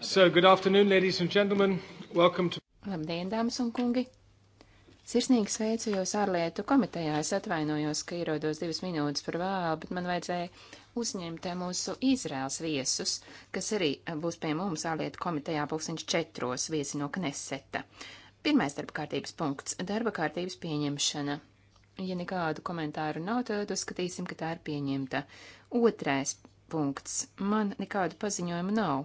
So, good afternoon, ladies and gentlemen. Welcome to. Labdien, dāmas un kungi! Sirsnīgi sveicu jūs ārlietu komitejā. Es atvainojos, ka ierodos divas minūtes par vēlu, bet man vajadzēja uzņemt mūsu Izraels viesus, kas arī būs pie mums ārlietu komitejā pulksteņš četros viesi no Kneseta. Pirmais darba kārtības punkts - darba kārtības pieņemšana. Ja nekādu komentāru nav, tad uzskatīsim, ka tā ir pieņemta. Otrais punkts. Man nekādu paziņojumu nav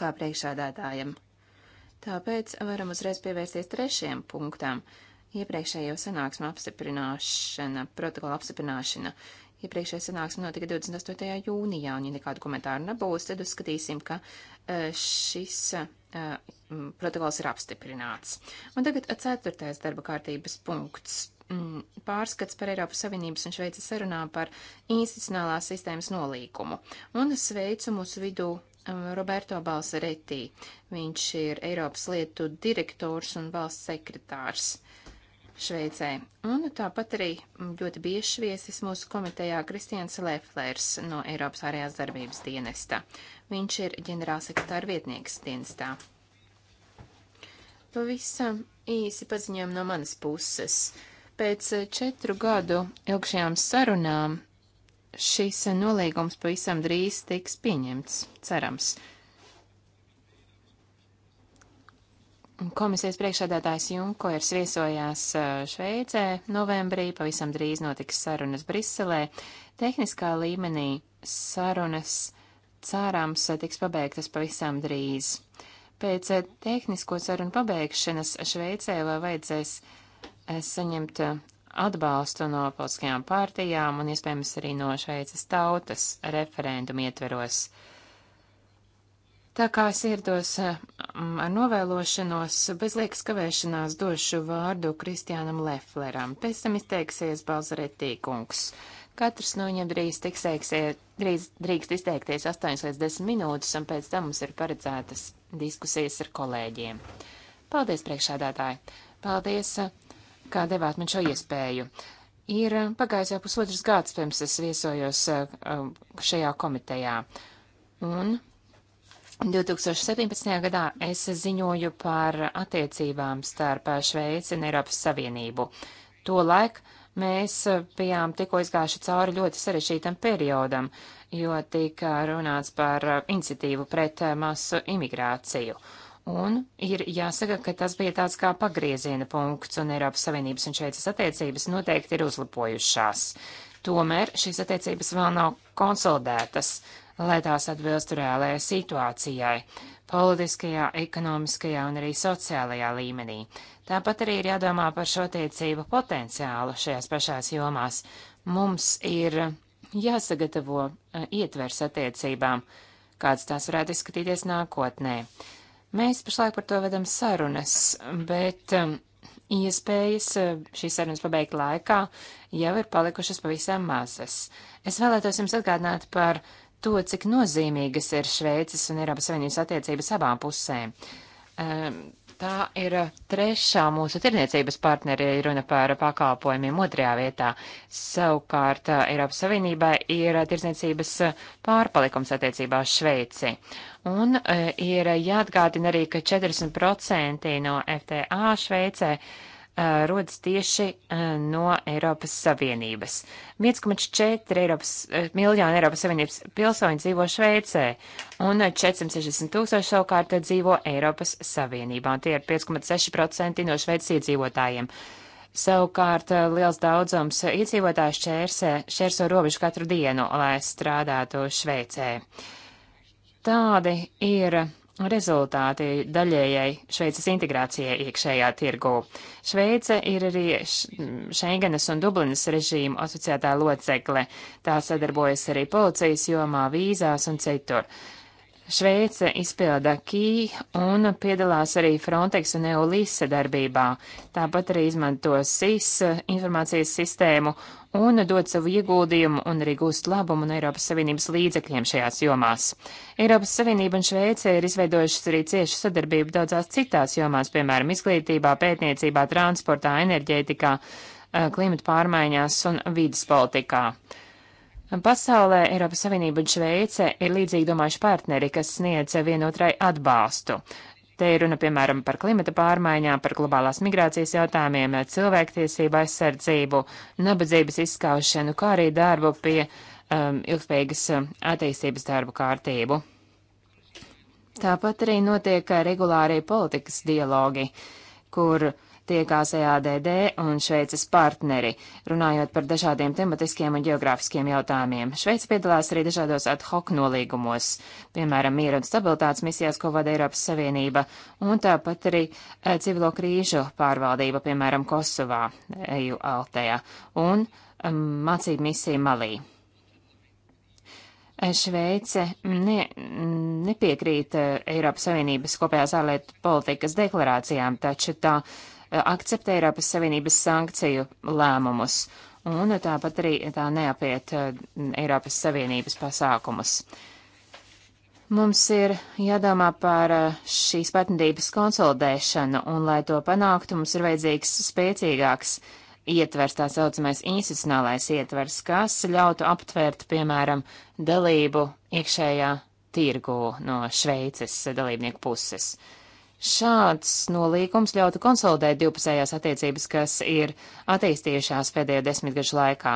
kā priekšādātājam. Tāpēc varam uzreiz pievērsties trešajam punktam - iepriekšējo sanāksmu apstiprināšana, protokola apstiprināšana. Iepriekšējā sanāksme notika 28. jūnijā, un ja nekādu komentāru nebūs, tad uzskatīsim, ka e, šis e, protokols ir apstiprināts. Un tagad ceturtais darba kārtības punkts Mm, pārskats par Eiropas Savienības un Šveices sarunām par institucionālās sistēmas nolīkumu. Un sveicu mūsu vidū um, Roberto Balsaretī. Viņš ir Eiropas lietu direktors un valsts sekretārs Šveicē. Un tāpat arī mm, ļoti bieži viesis mūsu komitejā Kristians Leflers no Eiropas ārējās darbības dienesta. Viņš ir ģenerālsekretāra vietnieks dienestā. Pavisam īsi paziņojumi no manas puses. Uh, Pēc četru gadu ilgšajām sarunām šis nolīgums pavisam drīz tiks pieņemts, cerams. Komisijas priekšsēdētājs Junkojers viesojās Šveicē novembrī, pavisam drīz notiks sarunas Briselē. Tehniskā līmenī sarunas cerams tiks pabeigtas pavisam drīz. Pēc tehnisko sarunu pabeigšanas Šveicē vēl vajadzēs saņemt atbalstu no politiskajām pārtījām un iespējams arī no Šveicas tautas referendumu ietveros. Tā kā es ierados eh, ar novēlošanos, bez liekas kavēšanās došu vārdu Kristiānam Lefleram, pēc tam izteiksies Balzaretī kungs. Katrs no viņiem drīz, eh, drīz drīkst izteikties 8 līdz 10 minūtes, un pēc tam mums ir paredzētas diskusijas ar kolēģiem. Paldies, priekšādātāji! Paldies! Uh, kā devāt man šo iespēju. Ir pagājis jau pusotrs gads, pirms es viesojos eh, eh, šajā komitejā. Un 2017. gadā es ziņoju par attiecībām starp Šveici un Eiropas Savienību. Tolaik mēs bijām tikko izgājuši cauri ļoti sarešķītam periodam, jo tika runāts par iniciatīvu pret masu imigrāciju. Uh, Un ir jāsaka, ka tas bija tāds kā pagrieziena punkts, un Eiropas Savienības un Šveicas attiecības noteikti ir uzlabojušās. Tomēr šīs attiecības vēl nav konsolidētas, lai tās atbilstu reālajai situācijai - politiskajā, ekonomiskajā un arī sociālajā līmenī. Tāpat arī ir jādomā par šo attiecību potenciālu šajās pašās jomās. Mums ir jāsagatavo eh, ietvers attiecībām, kāds tās varētu izskatīties nākotnē. Mēs pašlaik par to vedam sarunas, bet um, iespējas uh, šīs sarunas pabeigt laikā jau ir palikušas pavisam mazas. Es vēlētos jums atgādināt par to, cik nozīmīgas ir Šveices un Eiropas Savienības attiecības abām pusēm. Um, Tā ir trešā mūsu tirniecības partneri, ja runa par pakalpojumiem otrajā vietā. Savukārt eh, Eiropas Savienībai ir tirniecības pārpalikums attiecībā uz Šveici. Un eh, ir jāatgādina arī, ka 40% no FTA Šveicē Eh, rodas tieši eh, no Eiropas Savienības. 1,4 Eiropas, eh, miljonu Eiropas Savienības pilsoņu dzīvo Šveicē, un 460 tūkstoši savukārt dzīvo Eiropas Savienībā, un tie ir 5,6% no Šveices iedzīvotājiem. Savukārt liels daudzums iedzīvotāju šķērsē, šķērso robežu katru dienu, lai strādātu Šveicē. Tādi ir rezultāti daļējai Šveices integrācijai iekšējā tirgū. Šveice ir arī Schengenas un Dublinas režīmu asociētā locekle. Tā sadarbojas arī policijas jomā, vīzās un citur. Šveice izpilda kī un piedalās arī Frontex un EULIS sadarbībā. Tāpat arī izmanto SIS informācijas sistēmu un dod savu ieguldījumu un arī gūst labumu no Eiropas Savienības līdzekļiem šajās jomās. Eiropas Savienība un Šveice ir izveidojušas arī ciešu sadarbību daudzās citās jomās, piemēram, izglītībā, pētniecībā, transportā, enerģētikā, eh, klimata pārmaiņās un vidas politikā. Pasaulē Eiropas Savienība un Šveice ir līdzīgi domājuši partneri, kas sniedz vienotrai atbalstu. Te ir runa, piemēram, par klimata pārmaiņām, par globālās migrācijas jautājumiem, cilvēktiesību aizsardzību, nabadzības izskaušanu, kā arī darbu pie um, ilgspējīgas um, attīstības darbu kārtību. Tāpat arī notiek uh, regulārie politikas dialogi, kur uh, tie KZADD un Šveices partneri, runājot par dažādiem tematiskiem un geogrāfiskiem jautājumiem. Šveica piedalās arī dažādos ad hoc nolīgumos, piemēram, miera un stabilitātes misijās, ko vada Eiropas Savienība, un tāpat arī eh, civilo krīžu pārvaldība, piemēram, Kosovā, EU Altejā, un mācību misija Malī. Eh, Šveice ne, nepiekrīt eh, Eiropas Savienības kopējās ārlietu politikas deklarācijām, taču tā akceptē Eiropas Savienības sankciju lēmumus, un tāpat arī tā neapiet eh, Eiropas Savienības pasākumus. Mums ir jādomā par eh, šīs patentības konsolidēšanu, un, lai to panāktu, mums ir vajadzīgs spēcīgāks ietvers, tā saucamais institucionālais ietvers, kas ļautu aptvērt, piemēram, dalību iekšējā tirgu no Šveices dalībnieku puses. Šāds nolīgums ļautu konsolidēt divpusējās attiecības, kas ir attīstījušās pēdējo desmitgažu laikā.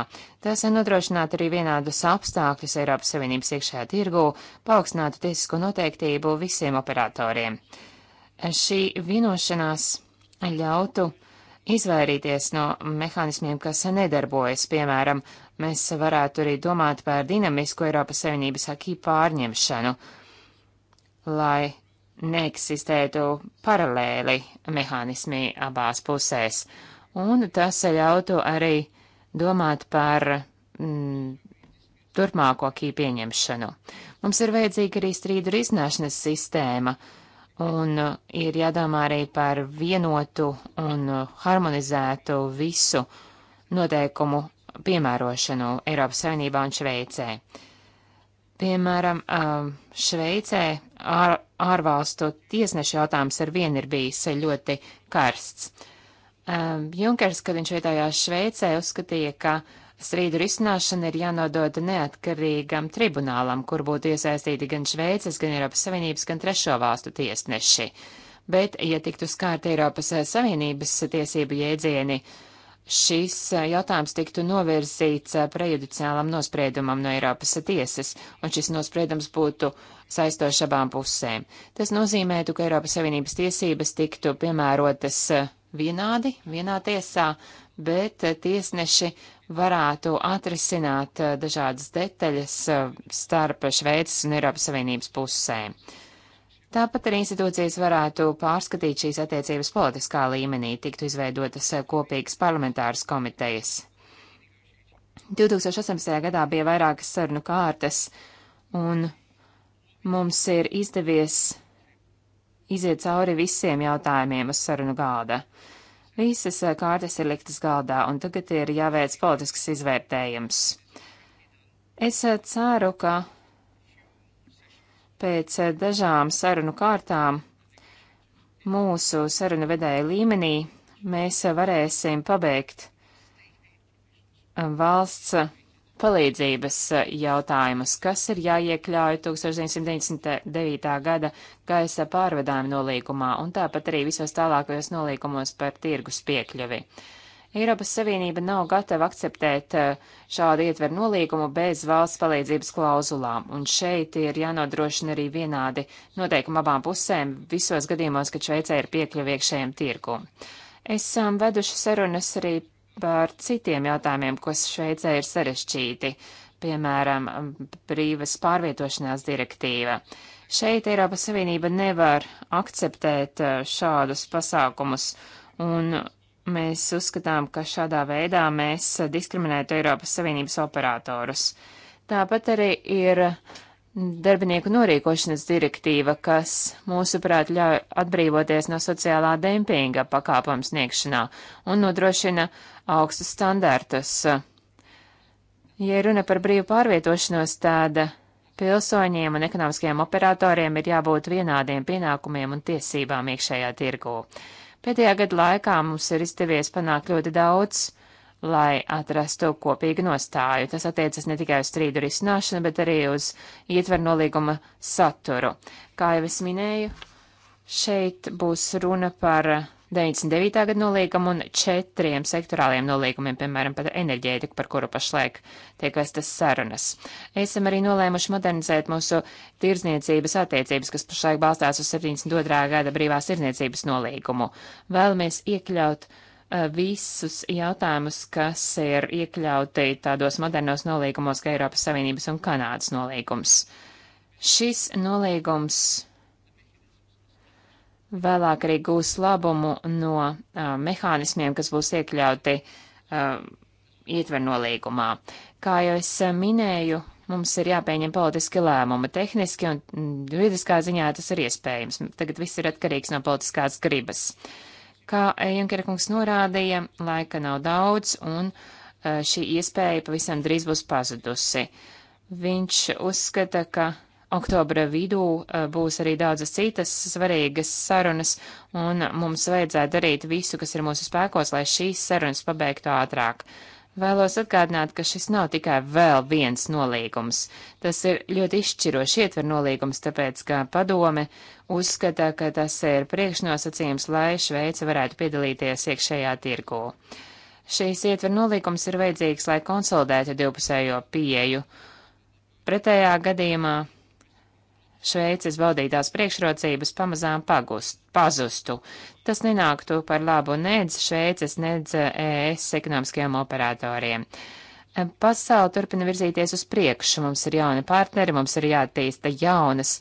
Tas nodrošinātu arī vienādus apstākļus Eiropas Savienības iekšējā tirgū, paaugstinātu tiesisko noteiktību visiem operatoriem. Šī vienošanās ļautu izvairīties no mehānismiem, kas nedarbojas, piemēram, mēs varētu arī domāt par dinamisku Eiropas Savienības akī pārņemšanu, lai neeksistētu paralēli mehānismi abās pusēs, un tas ļautu arī domāt par mm, turpmāko kī pieņemšanu. Mums ir vajadzīga arī strīdu risināšanas sistēma, un ir jādomā arī par vienotu un harmonizētu visu noteikumu piemērošanu Eiropas Savienībā un Šveicē. Piemēram, Šveicē ār, ārvalstu tiesnešu jautājums ar vienu ir bijis ļoti karsts. Junkers, kad viņš vietājās Šveicē, uzskatīja, ka strīdu risināšana ir jānodod neatkarīgam tribunālam, kur būtu iesaistīti gan Šveices, gan Eiropas Savienības, gan trešo valstu tiesneši. Bet, ja tiktu skārti Eiropas Savienības tiesību jēdzieni, uh, šis eh, jautājums tiktu novirzīts eh, prejudiciālam nospriedumam no Eiropas tiesas, un šis nospriedums būtu saistošs abām pusēm. Tas nozīmētu, ka Eiropas Savienības tiesības tiktu piemērotas eh, vienādi, vienā tiesā, bet tiesneši varētu atrisināt dažādas detaļas starp Šveices un Eiropas Savienības pusēm. Tāpat arī institūcijas varētu pārskatīt šīs attiecības politiskā līmenī, tiktu izveidotas eh, kopīgas parlamentāras komitejas. 2018. gadā bija vairākas sarunu kārtas, un mums ir izdevies iziet cauri visiem jautājumiem uz sarunu gāda. Visas eh, kārtas ir liktas galdā, un tagad ir jāveic politisks izvērtējums. Es eh, ceru, ka Pēc eh, dažām sarunu kārtām mūsu sarunu vedēja līmenī mēs varēsim pabeigt eh, valsts palīdzības eh, jautājumus, kas ir jāiekļauj 1999. gada gaisa pārvadājuma nolīgumā un tāpat arī visos tālākajos nolīgumos par tirgus piekļuvi. Eiropas Savienība nav gatava akceptēt eh, šādu ietveru nolīgumu bez valsts palīdzības klauzulām, un šeit ir jānodrošina arī vienādi noteikumi abām pusēm visos gadījumos, kad Šveicē ir piekļuvi iekšējiem tirgum. Esam veduši sarunas arī par citiem jautājumiem, kas Šveicē ir sarešķīti, piemēram, brīvas pārvietošanās direktīva. Šeit Eiropas Savienība nevar akceptēt eh, šādus pasākumus, un Mēs uzskatām, ka šādā veidā mēs diskriminētu Eiropas Savienības operatorus. Tāpat arī ir darbinieku norīkošanas direktīva, kas, mūsuprāt, ļauj atbrīvoties no sociālā dempinga pakāpam sniegšanā un nodrošina augstus standartus. Ja runa par brīvu pārvietošanos, tad pilsoņiem un ekonomiskajiem operatoriem ir jābūt vienādiem pienākumiem un tiesībām iekšējā tirgū. Pēdējā gada laikā mums ir izdevies panākt ļoti daudz, lai atrastu kopīgu nostāju. Tas attiecas ne tikai uz strīdu risināšanu, bet arī uz ietveru nolīguma saturu. Kā jau es minēju, šeit būs runa par 99. gada nolīgumu un četriem sektorāliem nolīgumiem, piemēram, par enerģētiku, par kuru pašlaik tiek vestas sarunas. Esam arī nolēmuši modernizēt mūsu tirzniecības attiecības, kas pašlaik balstās uz 72. gada brīvās tirzniecības nolīgumu. Vēlamies iekļaut uh, visus jautājumus, kas ir iekļauti tādos modernos nolīgumos, kā Eiropas Savienības un Kanādas nolīgums. Šis nolīgums vēlāk arī gūs labumu no uh, mehānismiem, kas būs iekļauti uh, ietvernolīgumā. Kā jau es minēju, mums ir jāpieņem politiski lēmumi. Tehniski un juridiskā ziņā tas ir iespējams. Tagad viss ir atkarīgs no politiskās gribas. Kā Junkera kungs norādīja, laika nav daudz un uh, šī iespēja pavisam drīz būs pazudusi. Viņš uzskata, ka Oktobra vidū eh, būs arī daudzas citas svarīgas sarunas, un mums vajadzētu darīt visu, kas ir mūsu spēkos, lai šīs sarunas pabeigtu ātrāk. Vēlos atgādināt, ka šis nav tikai vēl viens nolīgums. Tas ir ļoti izšķiroši ietver nolīgums, tāpēc, ka padome uzskata, ka tas ir priekšnosacījums, lai Šveica varētu piedalīties iekšējā tirgū. Šīs ietver nolīgums ir vajadzīgs, lai konsolidētu divpusējo pieeju. Pretējā gadījumā Šveices baudītās priekšrocības pamazām pagust, pazustu. Tas nenāktu par labu nedz Šveices, nedz e, ES ekonomiskajiem operatoriem. Pasauli turpina virzīties uz priekšu, mums ir jauni partneri, mums ir jātīsta jaunas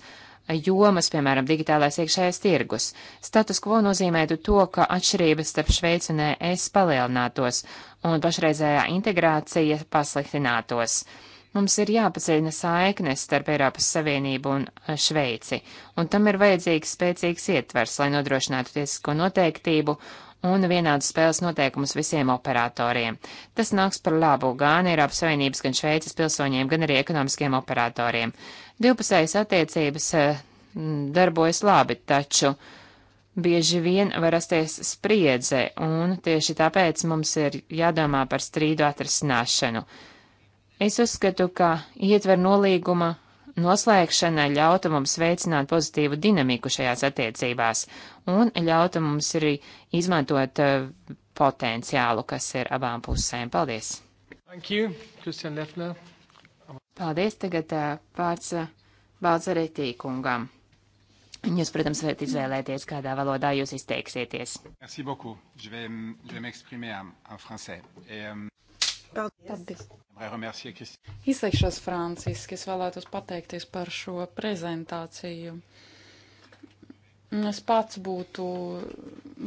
jomas, piemēram, digitālais iekšējais tirgus. Status quo nozīmētu to, ka atšķirības starp Šveici un ES palielinātos un pašreizējā integrācija pasliktinātos. Mums ir jāpaceļina saiknes starp Eiropas Savienību un eh, Šveici, un tam ir vajadzīgs spēcīgs ietvers, lai nodrošinātu tiesisko noteiktību un vienādas spēles noteikumus visiem operatoriem. Tas nāks par labu gan Eiropas Savienības, gan Šveices pilsoņiem, gan arī ekonomiskiem operatoriem. Divpusējas attiecības eh, darbojas labi, taču bieži vien var rasties spriedze, un tieši tāpēc mums ir jādomā par strīdu atrisināšanu. Es uzskatu, ka ietver nolīguma noslēgšana ļauta mums veicināt pozitīvu dinamiku šajās attiecībās un ļauta mums arī izmantot uh, potenciālu, kas ir abām pusēm. Paldies! Thank you, Christian Lefner. Paldies tagad uh, eh, pārts uh, eh, Balzarētī kungam. Jūs, protams, varat izvēlēties, kādā valodā jūs izteiksieties. Merci beaucoup. Je vais, je vais m'exprimer en, en français. Et, um... Paldies! Paldies. Izteikšos franciski. Es vēlētos pateikties par šo prezentāciju. Es pats būtu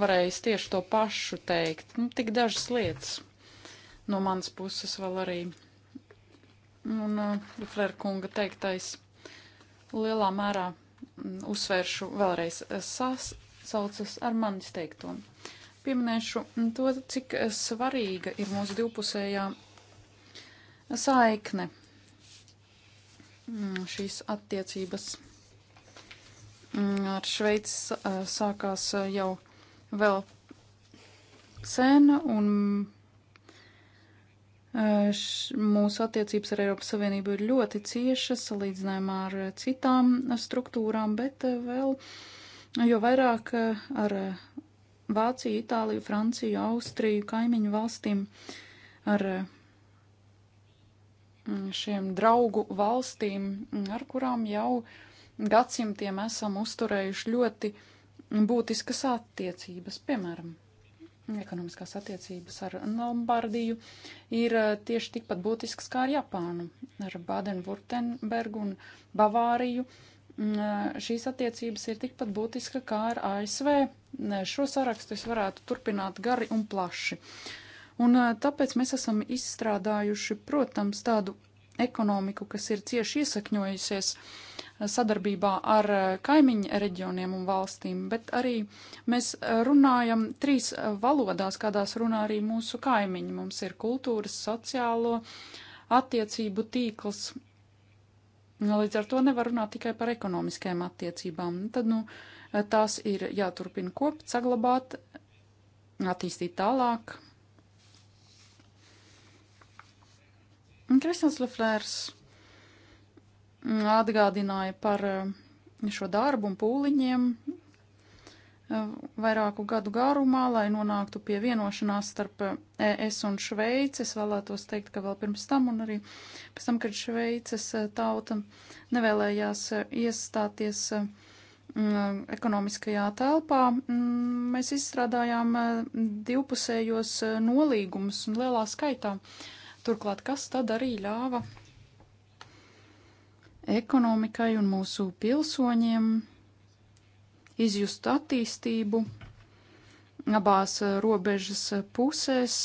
varējis tieši to pašu teikt. Nu, tik dažas lietas no manas puses vēl arī. Un uh, eh, Flērkunga teiktais lielā mērā mm, uzsvēršu vēlreiz sasaucas ar manis teikto. Uh, Pieminēšu to, cik svarīga ir mūsu divpusējā saikne mm, šīs attiecības. Mm, ar Šveici eh, sākās jau vēl sen, un eh, mūsu attiecības ar Eiropas Savienību ir ļoti ciešas, salīdzinājumā ar citām struktūrām, bet eh, vēl jo vairāk ar Vāciju, Itāliju, Franciju, Austriju, kaimiņu valstīm ar mm, šiem draugu valstīm, mm, ar kurām jau gadsimtiem esam uzturējuši ļoti būtiskas attiecības, piemēram, ekonomiskās attiecības ar Lombardiju ir eh, tieši tikpat būtiskas kā ar Japānu, ar Baden-Württembergu un Bavāriju E, šīs attiecības ir tikpat būtiska kā ar ASV. E, šo sarakstu es varētu turpināt gari un plaši. Un e, tāpēc mēs esam izstrādājuši, protams, tādu ekonomiku, kas ir cieši iesakņojusies sadarbībā ar kaimiņu reģioniem un valstīm, bet arī mēs runājam trīs valodās, kādās runā arī mūsu kaimiņi. Mums ir kultūras, sociālo attiecību tīkls Nu, līdz ar to nevar runāt tikai par ekonomiskajām attiecībām. Tad, nu, tās ir jāturpina kopt, saglabāt, attīstīt tālāk. Kristians Leflērs mm, atgādināja par eh, šo darbu un pūliņiem, Eh, vairāku gadu garumā, lai nonāktu pie vienošanās starp eh, ES un Šveici. Es vēlētos teikt, ka vēl pirms tam un arī pēc tam, kad Šveices eh, tauta nevēlējās iestāties ekonomiskajā telpā, mēs izstrādājām divpusējos nolīgumus un lielā skaitā. Turklāt, kas tad arī ļāva ekonomikai un mūsu pilsoņiem izjust attīstību abās eh, robežas eh, pusēs.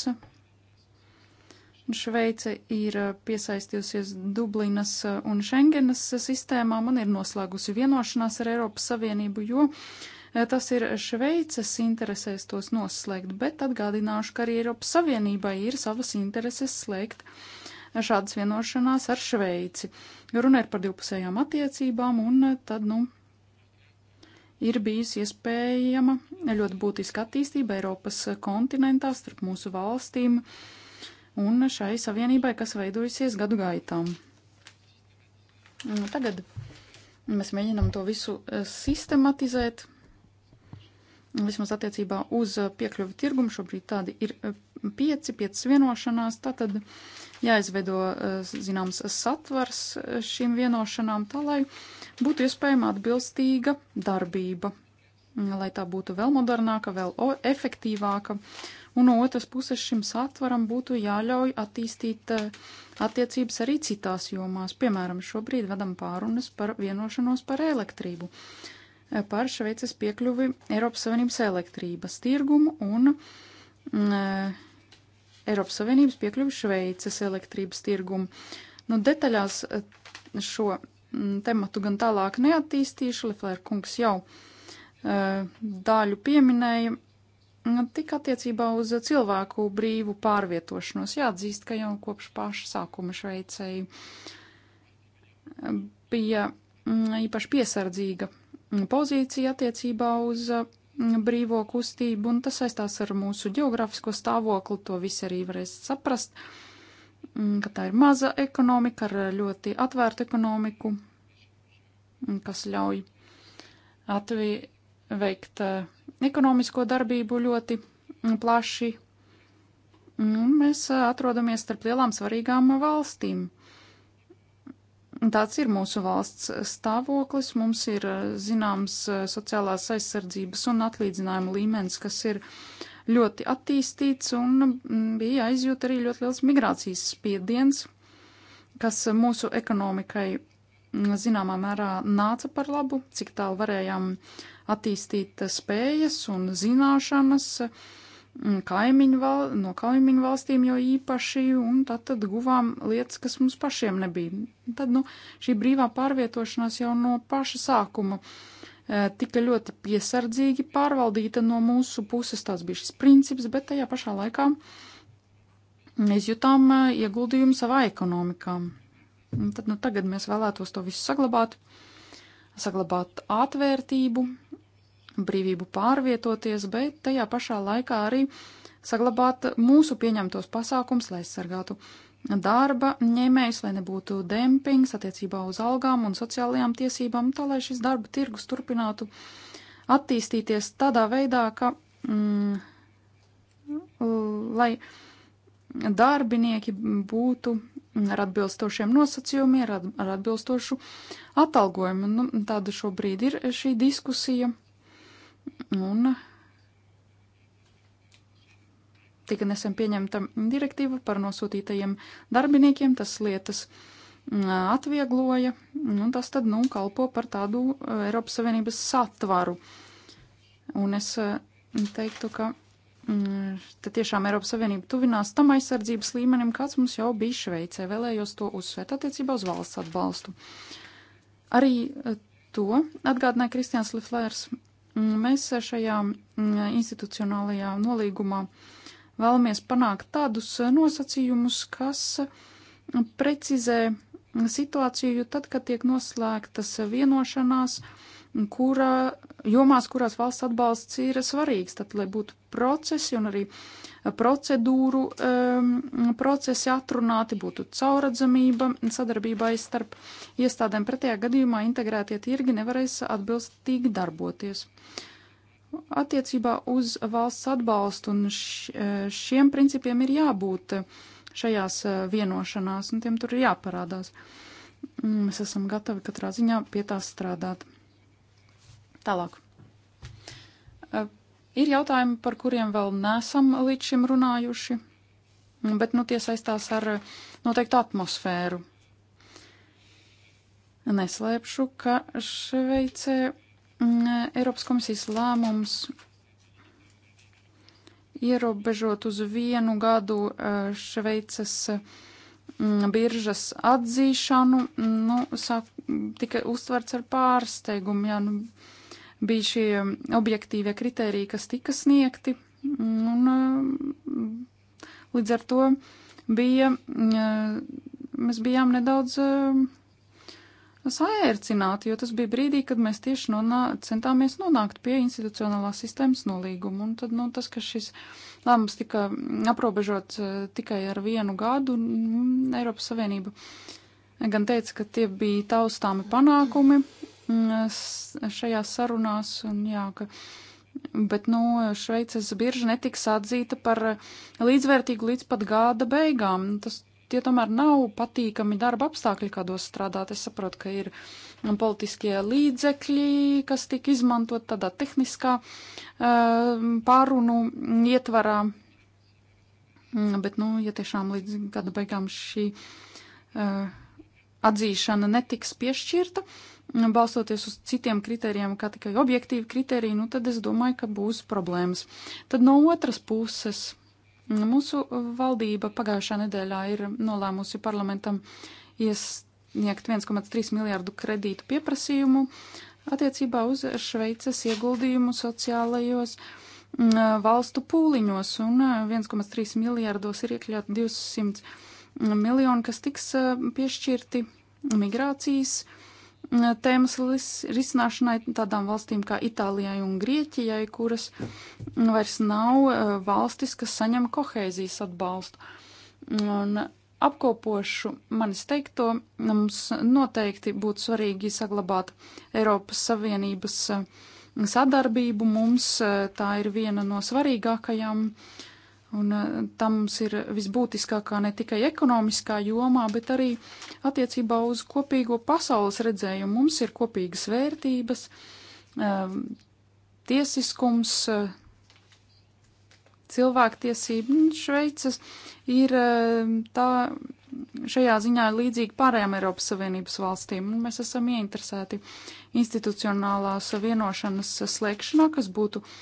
Šveice ir eh, piesaistījusies Dublinas un Schengenas sistēmām un ir noslēgusi vienošanās ar Eiropas Savienību, jo tas ir Šveices interesēs tos noslēgt, bet atgādināšu, ka arī Eiropas Savienībai ir savas intereses slēgt šādas vienošanās ar Šveici. Runa ir par divpusējām attiecībām un tad, nu, ir bijusi iespējama ļoti būtiska attīstība Eiropas kontinentā starp mūsu valstīm un šai savienībai, kas veidojusies gadu gaitām. Nu, tagad mēs mēģinam to visu eh, sistematizēt, vismaz attiecībā uz piekļuvi tirgumu šobrīd tādi ir eh, 5, 5 vienošanās, tātad jāizveido eh, zināms satvars eh, šīm vienošanām, tā lai būtu iespējama atbilstīga darbība, lai tā būtu vēl modernāka, vēl efektīvāka. Un no otras puses šim satvaram būtu jāļauj attīstīt eh, attiecības arī citās jomās. Piemēram, šobrīd vedam pārunas par vienošanos par elektrību, par Šveices piekļuvi Eiropas Savienības elektrības tirgumu un e, Eiropas Savienības piekļuvi Šveices elektrības tirgumu. Nu, detaļās eh, šo mm, tematu gan tālāk neattīstīšu, Leflēra kungs jau eh, daļu pieminēja, nu, tik attiecībā uz cilvēku brīvu pārvietošanos. Jāatzīst, ka jau kopš paša sākuma Šveicei eh, bija mm, īpaši piesardzīga pozīcija attiecībā uz brīvo kustību, un tas saistās ar mūsu geogrāfisko stāvokli, to visi arī varēs saprast, mm, ka tā ir maza ekonomika ar ļoti atvērtu ekonomiku, mm, kas ļauj atvi veikt eh, ekonomisko darbību ļoti mm, plaši. Un mēs eh, atrodamies starp lielām svarīgām valstīm. Tāds ir mūsu valsts stāvoklis. Mums ir eh, zināms eh, sociālās aizsardzības un atlīdzinājuma līmenis, kas ir ļoti attīstīts un mm, bija aizjūta arī ļoti liels migrācijas spiediens, kas eh, mūsu ekonomikai mm, zināmā mērā nāca par labu, cik tālu varējām attīstīt spējas un zināšanas, uh, Mm, kaimiņu val, no kaimiņu valstīm jau īpaši, un tad, tad guvām lietas, kas mums pašiem nebija. Tad, nu, šī brīvā pārvietošanās jau no paša sākuma e, tika ļoti piesardzīgi pārvaldīta no mūsu puses, tāds bija šis princips, bet tajā pašā laikā mēs jutām e, ieguldījumu savā ekonomikā. Un tad, nu, tagad mēs vēlētos to visu saglabāt, saglabāt atvērtību, brīvību pārvietoties, bet tajā pašā laikā arī saglabāt mūsu pieņemtos pasākums, lai aizsargātu darba ņēmējs, lai nebūtu dempings attiecībā uz algām un sociālajām tiesībām, tā lai šis darba tirgus turpinātu attīstīties tādā veidā, ka, mm, lai darbinieki būtu ar atbilstošiem nosacījumiem, ar, at, ar atbilstošu atalgojumu. Nu, tāda šobrīd ir šī diskusija Un tika nesen pieņemta direktīva par nosūtītajiem darbiniekiem, tas lietas mm, atviegloja, un nu, tas tad, nu, kalpo par tādu eh, Eiropas Savienības satvaru. Un es eh, teiktu, ka mm, te tiešām Eiropas Savienība tuvinās tam aizsardzības līmenim, kāds mums jau bija Šveicē. Vēlējos to uzsvērt attiecībā uz valsts atbalstu. Arī eh, to atgādināja Kristians Liflērs Mm, mēs šajā mm, institucionālajā nolīgumā vēlamies panākt tādus nosacījumus, kas precizē situāciju tad, kad tiek noslēgtas vienošanās, kurā, jomās, kurās valsts atbalsts ir svarīgs, tad, lai būtu procesi un arī uh, procedūru procesi atrunāti, būtu cauradzamība sadarbībai starp iestādēm. Pretējā gadījumā integrētie tirgi nevarēs atbilstīgi darboties. Attiecībā uz valsts atbalstu un e, šiem principiem ir jābūt šajās e, vienošanās, un tiem tur ir jāparādās. Mm, mēs esam gatavi katrā ziņā pie tās strādāt. Tālāk. Ir jautājumi, par kuriem vēl nesam līdz šim runājuši, bet nu, tie saistās ar noteiktu atmosfēru. Neslēpšu, ka Šveicē mm, Eiropas komisijas lēmums ierobežot uz vienu gadu e, Šveices mm, biržas atzīšanu, nu, sāk, tika uztverts ar pārsteigumu. Jā, nu, bija šie objektīvie kriteriji, kas tika sniegti, un uh, līdz ar to bija, uh, mēs bijām nedaudz uh, saērcināti, jo tas bija brīdī, kad mēs tieši nonā, centāmies nonākt pie institucionālās sistēmas nolīguma. Un tad, nu, tas, ka šis lēmums tika aprobežots tikai ar vienu gadu, Eiropas Savienība gan teica, ka tie bija taustāmi panākumi, Mm, šajās sarunās. Un, jā, ka, bet nu, Šveices birža netiks atzīta par eh, līdzvērtīgu līdz pat gada beigām. Tas, tie tomēr nav patīkami darba apstākļi, kādos strādāt. Es saprotu, ka ir politiskie līdzekļi, kas tika izmantot tādā tehniskā eh, pārunu ietvarā. Mm, bet, nu, ja tiešām līdz gada beigām šī eh, atzīšana netiks piešķirta, balstoties uz citiem kritērijiem, kā tikai objektīvi kritēriji, nu tad es domāju, ka būs problēmas. Tad no otras puses mūsu valdība pagājušā nedēļā ir nolēmusi parlamentam iesniegt 1,3 miljārdu kredītu pieprasījumu attiecībā uz Šveices ieguldījumu sociālajos mm, valstu pūliņos, un 1,3 eh, miljārdos ir iekļauts 200 miljoni, kas tiks eh, piešķirti migrācijas uh, tēmas risināšanai tādām valstīm kā Itālijai un Grieķijai, kuras vairs nav eh, valstis, kas saņem kohēzijas atbalstu. Un apkopošu manis teikto, mums noteikti būtu svarīgi saglabāt Eiropas Savienības eh, sadarbību. Mums eh, tā ir viena no svarīgākajām uh, Un e, tam mums ir visbūtiskākā ne tikai ekonomiskā jomā, bet arī attiecībā uz kopīgo pasaules redzējumu. Mums ir kopīgas vērtības, e, tiesiskums, e, cilvēktiesība. Šveicas ir tā šajā ziņā līdzīga pārējām Eiropas Savienības valstīm. Mēs esam ieinteresēti institucionālās vienošanas slēgšanā, kas būtu uh,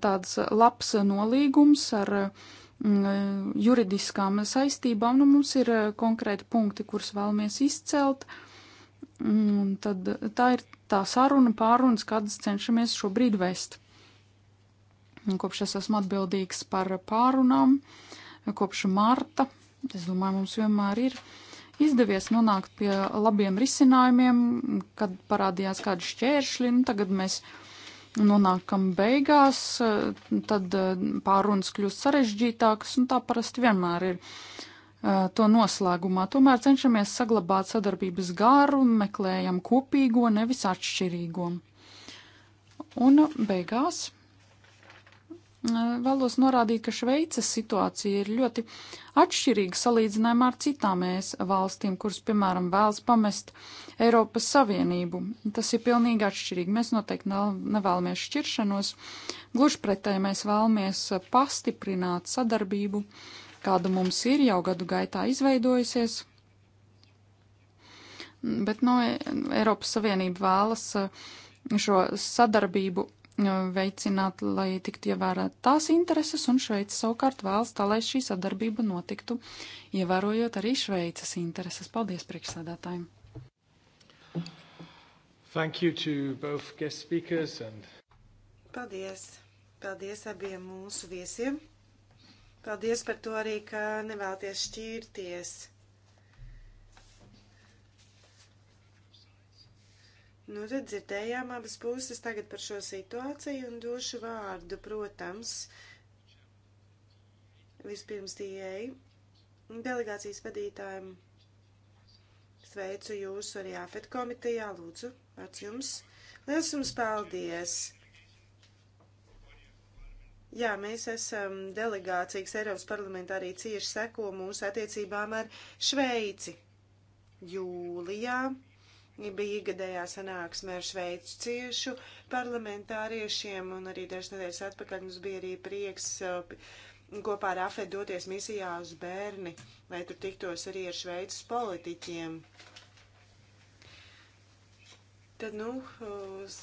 tāds labs nolīgums ar mm, juridiskām saistībām. Nu, mums ir eh, konkrēti punkti, kurus vēlamies izcelt. Un tad tā ir tā saruna, pārunas, kādas cenšamies šobrīd vest. Kopš es esmu atbildīgs par pārunām, kopš marta, es domāju, mums vienmēr ir izdevies nonākt pie labiem risinājumiem, kad parādījās kādi šķēršļi, nu tagad mēs uh, nonākam beigās, eh, tad eh, pārunas kļūst sarežģītākas, un tā parasti vienmēr ir eh, to noslēgumā. Tomēr cenšamies saglabāt sadarbības garu un meklējam kopīgo, nevis atšķirīgo. Un beigās Mm, eh, vēlos norādīt, ka Šveices situācija ir ļoti atšķirīga salīdzinājumā ar citām ES valstīm, kuras, piemēram, vēlas pamest Eiropas Savienību. Tas ir pilnīgi atšķirīgi. Mēs noteikti nevēlamies šķiršanos. Gluži pretēji mēs vēlamies pastiprināt sadarbību, kāda mums ir jau gadu gaitā izveidojusies. Mm, bet no eh, Eiropas Savienība vēlas eh, šo sadarbību Nu, veicināt, lai tiktu ievērot tās intereses, un Šveica savukārt vēlas tā, lai šī sadarbība notiktu, ievērojot arī Šveicas intereses. Paldies priekšsēdētājiem! Thank you to both guest speakers and... Paldies! Paldies abiem mūsu viesiem! Paldies par to arī, ka nevēlaties šķirties! Nu, tad dzirdējām abas puses tagad par šo situāciju un došu vārdu, protams, vispirms tieji delegācijas vadītājiem. Sveicu jūs arī AFET komitejā, lūdzu, vārds jums. Liels jums paldies! Jā, mēs esam delegācijas Eiropas parlamentā arī cieši seko mūsu attiecībām ar Šveici. Jūlijā bija ikgadējā sanāksme ar šveicu ciešu parlamentāriešiem, un arī dažas nedēļas atpakaļ mums bija arī prieks uh, kopā ar AFE doties misijā uz bērni, lai tur tiktos arī ar šveicas politiķiem. Tad, nu, uz...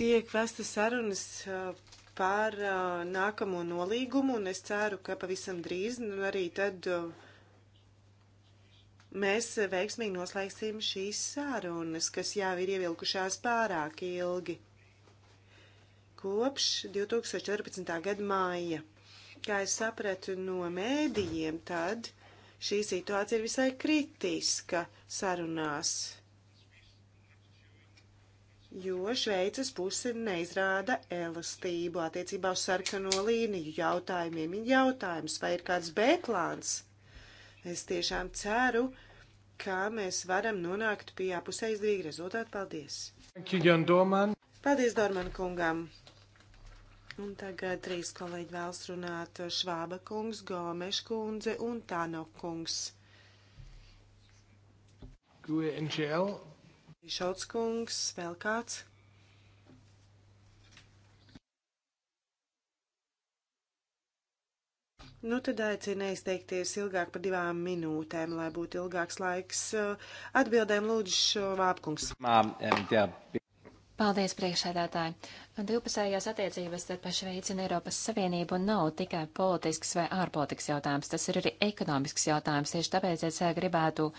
tiek vestas sarunas uh, par uh, nākamo nolīgumu, un es ceru, ka pavisam drīz, nu, arī tad. Uh, mēs veiksmīgi noslēgsim šīs sārunas, kas jau ir ievilkušās pārāk ilgi. Kopš 2014. gada māja, kā es sapratu no mēdījiem, tad šī situācija ir visai kritiska sarunās, jo Šveices puse neizrāda elastību attiecībā uz sarkano līniju jautājumiem. Ir jautājums, vai ir kāds B plāns? Es tiešām ceru, ka kā mēs varam nonākt pie apuseizdrīga rezultāta. Paldies! Paldies, Dorman kungam! Un tagad trīs kolēģi vēlas runāt - Švāba kungs, Gomeš kundze un Tāno kungs. Šauts kungs, vēl kāds? Nu, tad aicinu izteikties ilgāk par divām minūtēm, lai būtu ilgāks laiks uh, atbildēm. Lūdzu, Vāpkungs. Paldies, priekšsēdētāji. Divpusējās attiecības starp Šveici un Eiropas Savienību nav tikai politisks vai ārpolitikas jautājums, tas ir arī ekonomisks jautājums. Tieši tāpēc es eh, gribētu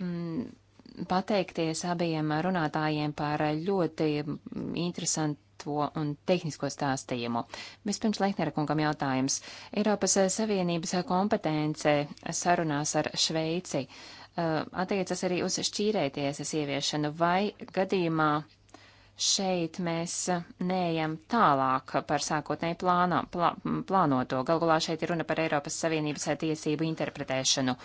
mm, pateikties abiem runātājiem par ļoti mm, interesantu to un tehnisko stāstījumu. Vispirms Lehnera kungam jautājums. Eiropas Savienības kompetence sarunās ar Šveici eh, attiecas arī uz šķīrētiesas ieviešanu vai gadījumā šeit mēs neejam tālāk par sākotnēji plāno, plā, plānoto. Galgulā šeit ir runa par Eiropas Savienības tiesību interpretēšanu,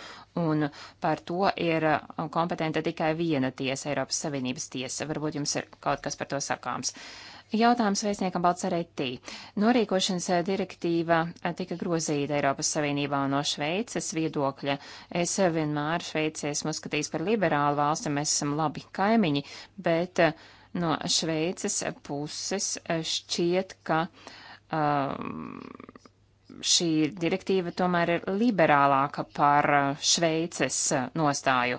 un par to ir kompetenta tikai viena tiesa, Eiropas Savienības tiesa. Varbūt jums ir kaut kas par to sakāms. Uh, Jautājums vēstniekam Balcaretti. Norīkošanas eh, direktīva eh, tika grozīta Eiropas Savienībā no Šveices viedokļa. Es eh, vienmēr Šveici esmu skatījis par liberālu valsti, mēs esam labi kaimiņi, bet no Šveices puses šķiet, ka. Um, šī direktīva tomēr ir liberālāka par uh, Šveices uh, nostāju.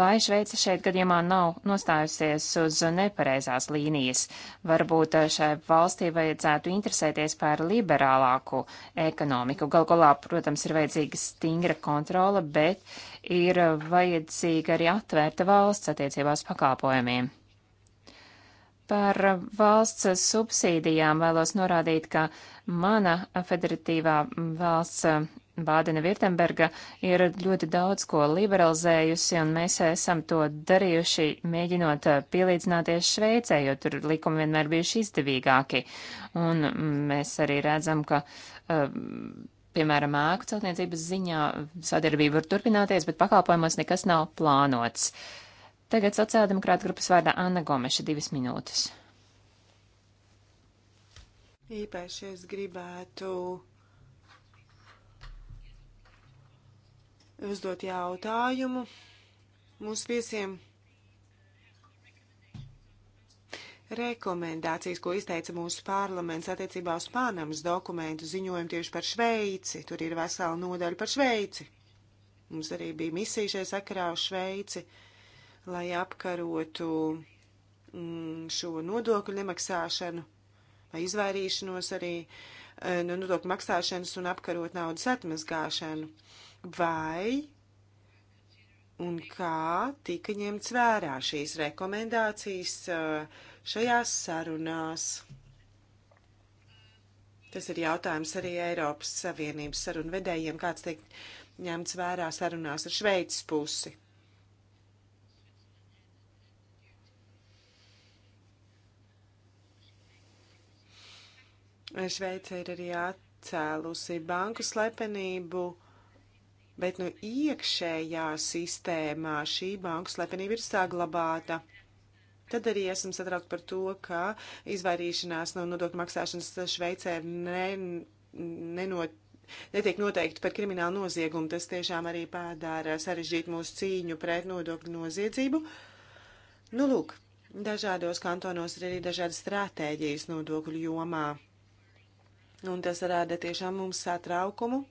Vai Šveice šeit gadījumā nav nostājusies uz nepareizās līnijas? Varbūt uh, šai valstī vajadzētu interesēties par liberālāku ekonomiku. Galgolā, protams, ir vajadzīga stingra kontrola, bet ir vajadzīga arī atvērta valsts attiecībās pakalpojumiem. Par valsts subsīdijām vēlos norādīt, ka mana federatīvā valsts Bādena-Virtemberga ir ļoti daudz ko liberalizējusi, un mēs esam to darījuši, mēģinot pielīdzināties Šveicē, jo tur likumi vienmēr bijuši izdevīgāki. Un mēs arī redzam, ka, piemēram, ēku celtniecības ziņā sadarbība var turpināties, bet pakalpojumos nekas nav plānots. Uh, Tagad sociāldemokrāta grupas vārdā Anna Gomeša divas minūtes. Īpaši es gribētu uzdot jautājumu mūsu viesiem. Rekomendācijas, ko izteica mūsu parlaments attiecībā uz Panamas dokumentu ziņojumu tieši par Šveici, tur ir vesela nodaļa par Šveici. Mums arī bija misija šajā sakarā uz Šveici. Uh, lai apkarotu mm, šo nodokļu nemaksāšanu vai izvairīšanos arī e, no nodokļu maksāšanas un apkarot naudas atmazgāšanu. Vai un kā tika ņemts vērā šīs rekomendācijas e, šajās sarunās? Tas ir jautājums arī Eiropas Savienības sarunvedējiem, kāds tiek ņemts vērā sarunās ar Šveicas pusi. Šveice ir arī atcēlusi banku slepenību, bet nu iekšējā sistēmā šī banku slepenība ir saglabāta. Tad arī esam satraukti par to, ka izvairīšanās no nodokļu maksāšanas Šveicē ne, nenot, netiek noteikti par kriminālu noziegumu. Tas tiešām arī pādāra sarežģīt mūsu cīņu pret nodokļu noziedzību. Nu, lūk, dažādos kantonos ir arī dažādas stratēģijas nodokļu jomā un tas rāda tiešām mums satraukumu.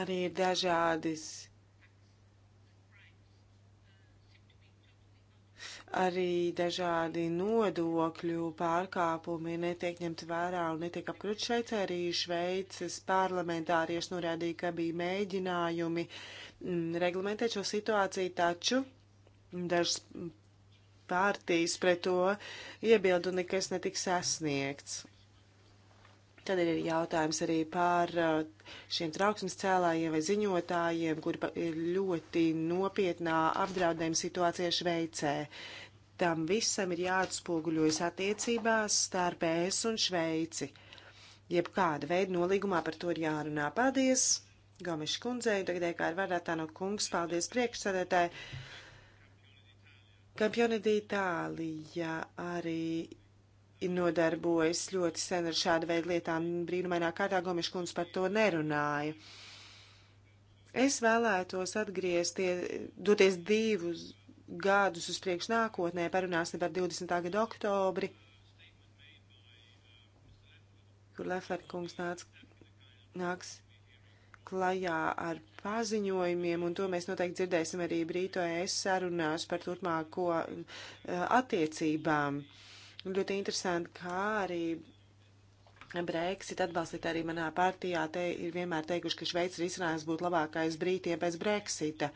Arī ir dažādas arī dažādi nodokļu pārkāpumi netiek ņemti vērā un netiek apkrut šeit. Arī Šveices parlamentārieši norādīja, ka bija mēģinājumi uh, reglamentēt šo situāciju, taču dažas pārtīs pret to iebildu un nekas netiks sasniegts. Tad ir jautājums arī par uh, šiem trauksmes cēlājiem vai ziņotājiem, kuri ir ļoti nopietnā apdraudējuma situācijā Šveicē. Tam visam ir jāatspoguļojas attiecībās starp ES un Šveici. Jebkāda veida nolīgumā par to ir jārunā. Paldies! Gomišs kundzei, tagad kā ir vērētā no kungs, paldies priekšsēdētāji. Kampione d'Itālija arī nodarbojas ļoti sen ar šādu veidu lietām. Brīnumainā kārtā Gomišs kundze par to nerunāja. Es vēlētos atgriezties, doties divus gadus uz priekšu nākotnē, parunāsim par 20. gada oktobri, kur Leflerkungs nāks, nāks klajā ar paziņojumiem, un to mēs noteikti dzirdēsim arī brīto es sarunās par turpmāko e, attiecībām. Ļoti interesanti, kā arī Brexit atbalstīt arī manā partijā. Te ir vienmēr teikuši, ka Šveices risinājums būtu labākais brītiem pēc Brexita.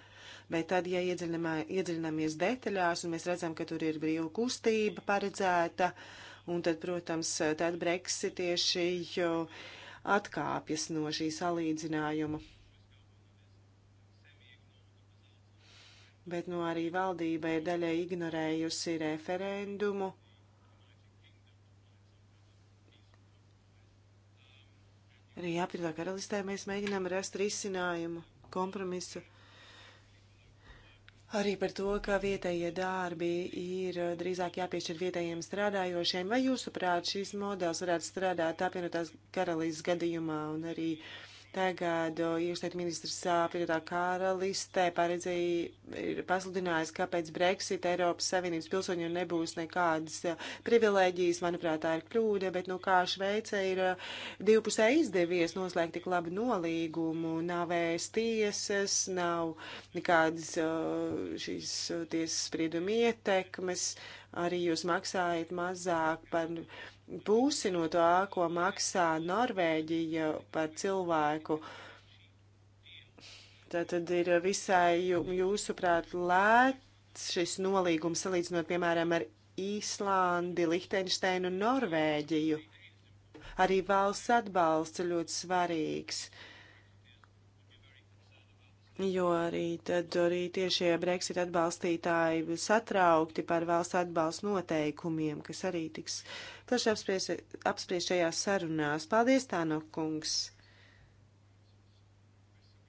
Bet tad, ja iedziļināmies detaļās un mēs redzam, ka tur ir brīva kustība paredzēta, un tad, protams, tad Brexitieši jau. Uh, atkāpjas no šī salīdzinājuma. Bet nu, arī valdība ir daļai ignorējusi referendumu. Arī apvienotā karalistē mēs mēģinām rast risinājumu, kompromisu arī par to, ka vietējie darbi ir eh, drīzāk jāpiešķir vietējiem strādājošiem. Vai jūsuprāt šīs modelis varētu strādāt apvienotās karalīs gadījumā un arī uh, Tagad iekšlietu ministrs apvienotā karalistē paredzēja, ir pasludinājis, ka pēc Brexit Eiropas Savienības pilsoņiem nebūs nekādas privilēģijas. Manuprāt, tā ir kļūda, bet nu kā Šveice ir divpusē izdevies noslēgt tik labu nolīgumu. Nav ēs tiesas, nav nekādas šīs tiesas sprieduma ietekmes, arī jūs maksājat mazāk par pusi no tā, ko maksā Norvēģija par cilvēku. Tātad ir visai, jūsuprāt, lēts šis nolīgums salīdzinot, piemēram, ar Īslandi, Lihtensteinu un Norvēģiju. Arī valsts atbalsts ir ļoti svarīgs. Uh, jo arī tad arī tiešie Brexit atbalstītāji satraukti par valsts atbalsta noteikumiem, kas arī tiks plaši apspriest apspries šajās sarunās. Paldies, Tāno kungs!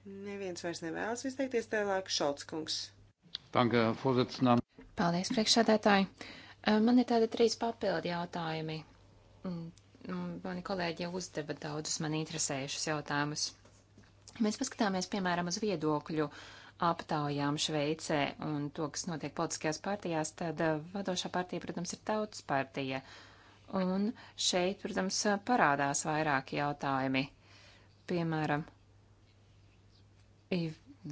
Neviens vairs nevēlas izteikties tālāk, Šalts kungs. Tanka, pozicinām. Paldies, priekšsēdētāji. Man ir tādi trīs papildi jautājumi. Mm, nu, mani kolēģi jau uzdeva daudzus man interesējušus jautājumus. Mēs paskatāmies, piemēram, uz viedokļu aptaujām Šveicē un to, kas notiek politiskajās partijās, tad eh, vadošā partija, protams, ir tautas partija. Un šeit, protams, parādās vairāki jautājumi. Piemēram,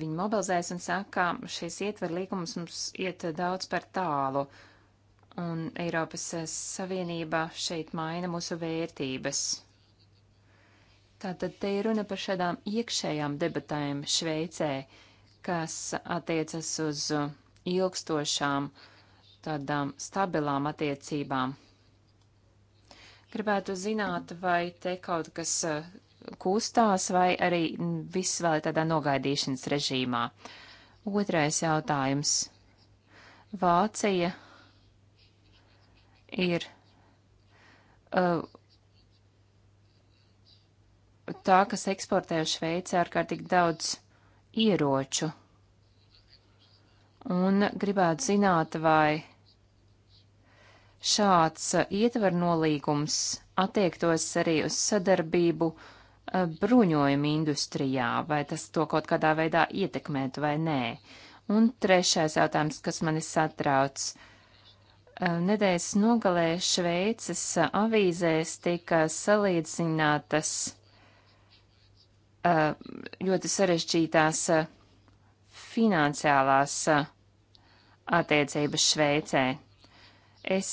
viņi mobilizēs un saka, ka šīs ietver līgumas mums iet daudz par tālu. Un Eiropas Savienība šeit maina mūsu vērtības. Tātad te ir runa par šādām iekšējām debatēm Šveicē, kas attiecas uz ilgstošām, tādām stabilām attiecībām. Gribētu zināt, vai te kaut kas eh, kustās, vai arī viss vēl ir tādā nogaidīšanas režīmā. Otrais jautājums. Vācija ir. Uh, tā, kas eksportē uz Šveici ārkārtīgi daudz ieroču. Un gribētu zināt, vai šāds ietver nolīgums attiektos arī uz sadarbību bruņojuma industrijā, vai tas to kaut kādā veidā ietekmētu vai nē. Un trešais jautājums, kas mani satrauc. Nedēļas nogalē Šveices avīzēs tika salīdzinātas Uh, ļoti sarežģītās uh, finansiālās uh, attiecības Šveicē. Es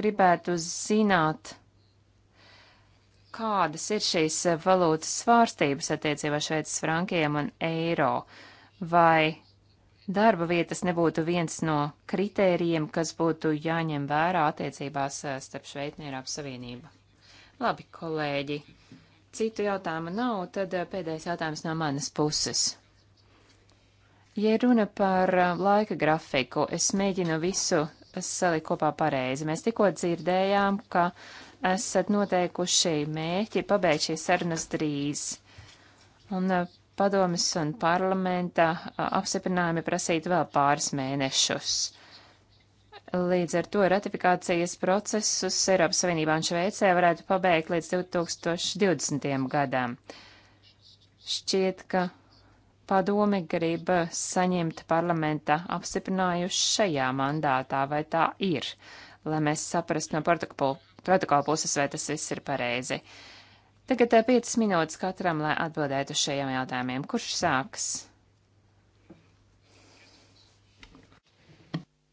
gribētu zināt, kādas ir šīs valūtas svārstības attiecībā Šveices frankiem un eiro, vai darba vietas nebūtu viens no kritērijiem, kas būtu jāņem vērā attiecībās starp Šveitni un Eiropas Savienību. Labi, kolēģi! citu jautājumu nav, tad eh, pēdējais jautājums no manas puses. Ja runa par eh, laika grafiku, es mēģinu visu salikt kopā pareizi. Mēs tikko dzirdējām, ka esat noteikuši mēķi pabeigt šīs sarunas drīz. Un eh, padomis un parlamenta apstiprinājumi prasītu vēl pāris mēnešus. Līdz ar to ratifikācijas procesus Eiropas Savienībā un Šveicē varētu pabeigt līdz 2020. gadam. Šķiet, ka padomi grib saņemt parlamenta apstiprinājuši šajā mandātā, vai tā ir, lai mēs saprastu no protokola puses, vai tas viss ir pareizi. Tagad 5 eh, minūtes katram, lai atbildētu uz šajiem jautājumiem. Kurš sāks?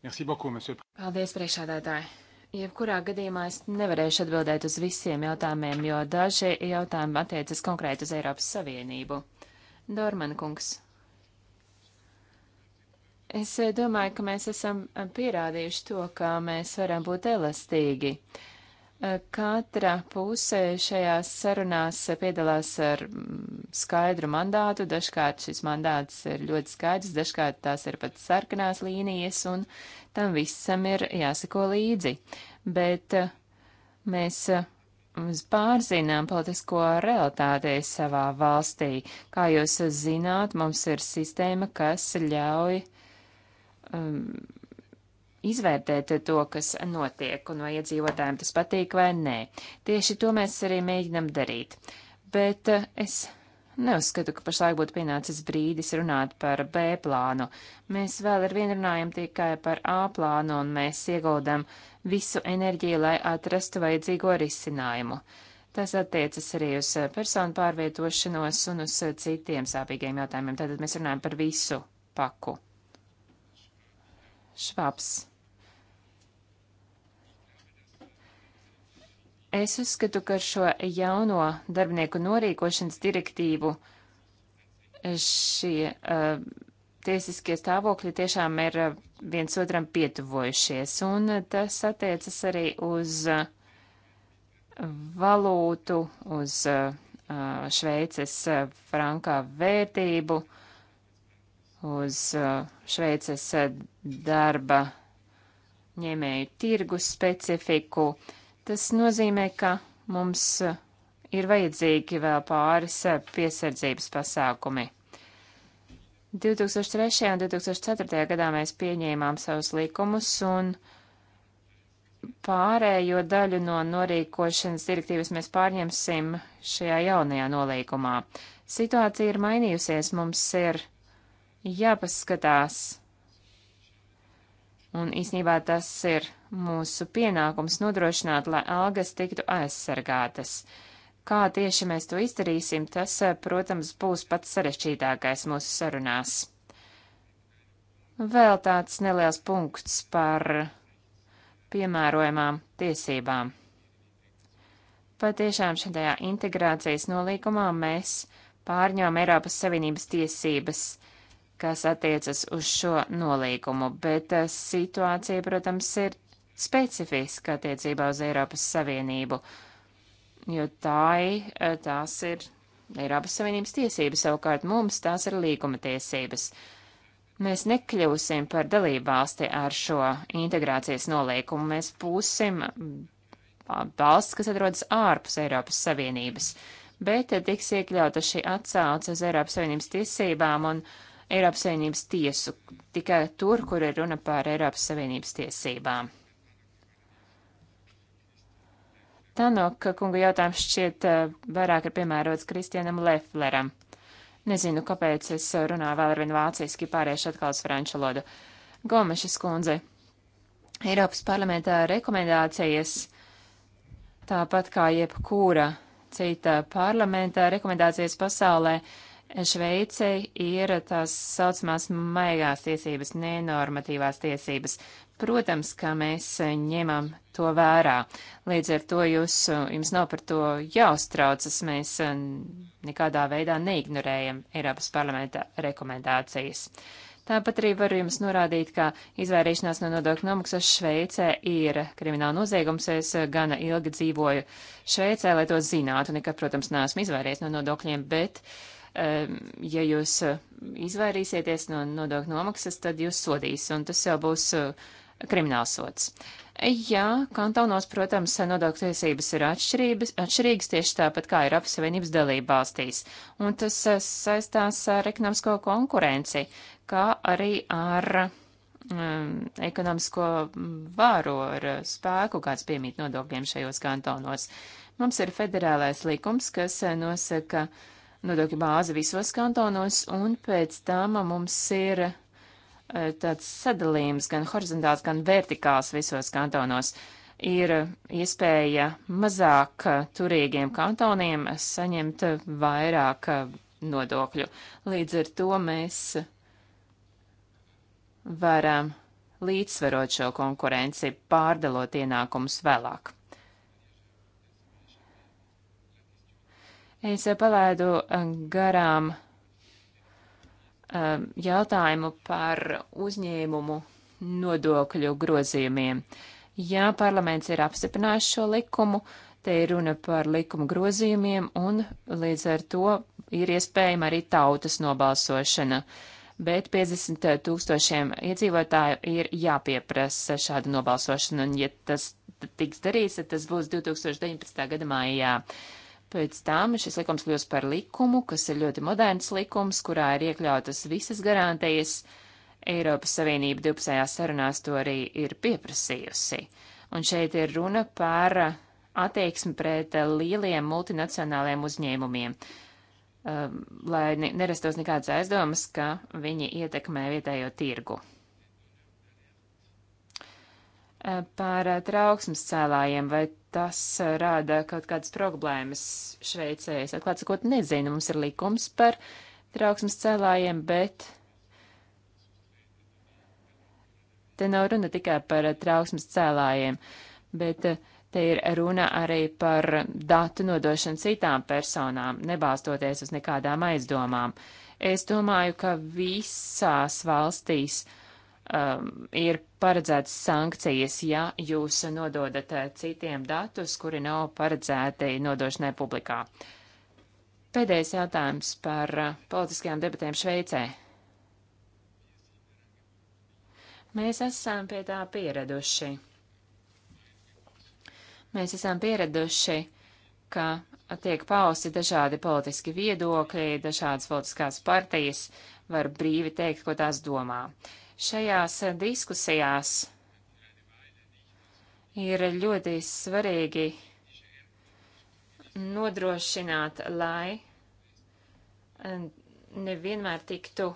Merci beaucoup, monsieur. Paldies, priekšādātāji. Jebkurā gadījumā es nevarēšu atbildēt uz visiem jautājumiem, jo daži jautājumi attiecas konkrēti uz Eiropas Savienību. Dorman kungs. Es eh, domāju, ka mēs esam eh, pierādījuši to, ka mēs varam būt elastīgi. Uh, Katra pusē šajās sarunās piedalās ar mm, skaidru mandātu. Dažkārt šis mandāts ir ļoti skaidrs, dažkārt tās ir pat sarkanās līnijas, un tam visam ir jāsako līdzi. Bet eh, mēs eh, pārzinām politisko realitāti savā valstī. Kā jūs zināt, mums ir sistēma, kas ļauj um, izvērtēt to, kas notiek, un vai iedzīvotājiem tas patīk vai nē. Tieši to mēs arī mēģinam darīt. Bet eh, es neuzskatu, ka pašlaik būtu pienācis brīdis runāt par B plānu. Mēs vēl ar vienu runājam tikai par A plānu, un mēs ieguldam visu enerģiju, lai atrastu vajadzīgo risinājumu. Tas attiecas arī uz personu pārvietošanos un uz citiem sāpīgiem jautājumiem. Tātad mēs runājam par visu paku. Švaps. Es uzskatu, ka ar šo jauno darbinieku norīkošanas direktīvu šie uh, tiesiskie stāvokļi tiešām ir uh, viens otram pietuvojušies, un uh, tas attiecas arī uz uh, valūtu, uz uh, Šveices uh, frankā vērtību, uz uh, Šveices uh, darba ņēmēju tirgus specifiku. Uh, Tas nozīmē, ka mums eh, ir vajadzīgi vēl pāris eh, piesardzības pasākumi. 2003. un 2004. gadā mēs pieņēmām savus likumus un pārējo daļu no norīkošanas direktīvas mēs pārņemsim šajā jaunajā nolīgumā. Situācija ir mainījusies, mums ir jāpaskatās Un īsnībā tas ir mūsu pienākums nodrošināt, lai algas tiktu aizsargātas. Kā tieši mēs to izdarīsim, tas, eh, protams, būs pats sarešķītākais mūsu sarunās. Vēl tāds neliels punkts par piemērojamām tiesībām. Patiešām šajā integrācijas nolīkumā mēs pārņēmām Eiropas Savienības tiesības. Uh, kas attiecas uz šo nolīgumu, bet eh, situācija, protams, ir specifiska attiecībā uz Eiropas Savienību, jo tā, eh, tās ir Eiropas Savienības tiesības, savukārt mums tās ir līguma tiesības. Mēs nekļūsim par dalībvalsti ar šo integrācijas nolīkumu, mēs būsim mm, valsts, kas atrodas ārpus Eiropas Savienības, bet eh, tiks iekļauta šī atsauce uz Eiropas Savienības tiesībām un uh, Eiropas Savienības tiesu, tikai tur, kur ir runa par Eiropas Savienības tiesībām. Tanoka kunga jautājums šķiet eh, vairāk ir piemērots Kristianam Lefleram. Nezinu, kāpēc es runāju vēl ar vienu vāciski, pāriešu atkal uz franču lodu. Gomešas kundze, Eiropas parlamentā rekomendācijas, tāpat kā jebkura cita parlamentā rekomendācijas pasaulē, uh, Šveicē ir tās saucamās maigās tiesības, nenormatīvās tiesības. Protams, ka mēs ņemam to vērā. Līdz ar to jūs, jums nav par to jāuztraucas. Mēs nekādā veidā neignorējam Eiropas parlamenta rekomendācijas. Tāpat arī varu jums norādīt, ka izvairīšanās no nodokļu nomaksas Šveicē ir krimināla noziegums. Es gana ilgi dzīvoju Šveicē, lai to zinātu. Nekad, protams, neesmu izvairies no nodokļiem, bet uh, ja jūs eh, izvairīsieties no nodokļu nomaksas, tad jūs sodīs, un tas jau būs eh, kriminālsods. Jā, kantonos, protams, nodokļu tiesības ir atšķirīgas tieši tāpat kā ir apsevienības dalība valstīs, un tas eh, saistās ar ekonomisko konkurenci, kā arī ar um, ekonomisko vāru, ar spēku, kāds piemīt nodokļiem šajos kantonos. Mums ir federālais likums, kas nosaka, uh, nodokļu bāzi visos kantonos, un pēc tam mums ir eh, tāds sadalījums gan horizontāls, gan vertikāls visos kantonos. Ir iespēja mazāk eh, turīgiem kantoniem saņemt vairāk eh, nodokļu. Līdz ar to mēs varam līdzsverot šo konkurenci, pārdalot ienākumus vēlāk. Es palaidu eh, garām eh, jautājumu par uzņēmumu nodokļu grozījumiem. Ja parlaments ir apstiprinājis šo likumu, te ir runa par likumu grozījumiem, un līdz ar to ir iespējama arī tautas nobalsošana. Bet 50 tūkstošiem iedzīvotāju ir jāpieprasa šāda nobalsošana, un ja tas tiks darīts, tad tas būs 2019. gada maijā. Uh, Pēc tam šis likums kļūst par likumu, kas ir ļoti moderns likums, kurā ir iekļautas visas garantijas. Eiropas Savienība 12. sarunās to arī ir pieprasījusi. Un šeit ir runa par attieksmi pret lieliem multinacionāliem uzņēmumiem, um, lai nerastos nekādas aizdomas, ka viņi ietekmē vietējo tirgu. Uh, par trauksmes cēlājiem vai tas eh, rada kaut kādas problēmas Šveicē. Es atklāt sakot, nezinu, mums ir likums par trauksmes cēlājiem, bet te nav runa tikai par trauksmes cēlājiem, bet eh, te ir runa arī par datu nodošanu citām personām, nebāstoties uz nekādām aizdomām. Es domāju, ka visās valstīs uh, um, ir paredzētas sankcijas, ja jūs nododat uh, citiem datus, kuri nav paredzēti nodošanai publikā. Pēdējais jautājums par uh, politiskajām debatēm Šveicē. Mēs esam pie tā pieraduši. Mēs esam pieraduši, ka tiek pausti dažādi politiski viedokļi, dažādas politiskās partijas var brīvi teikt, ko tās domā. Uh, Šajās diskusijās ir ļoti svarīgi nodrošināt, lai eh, nevienmēr tiktu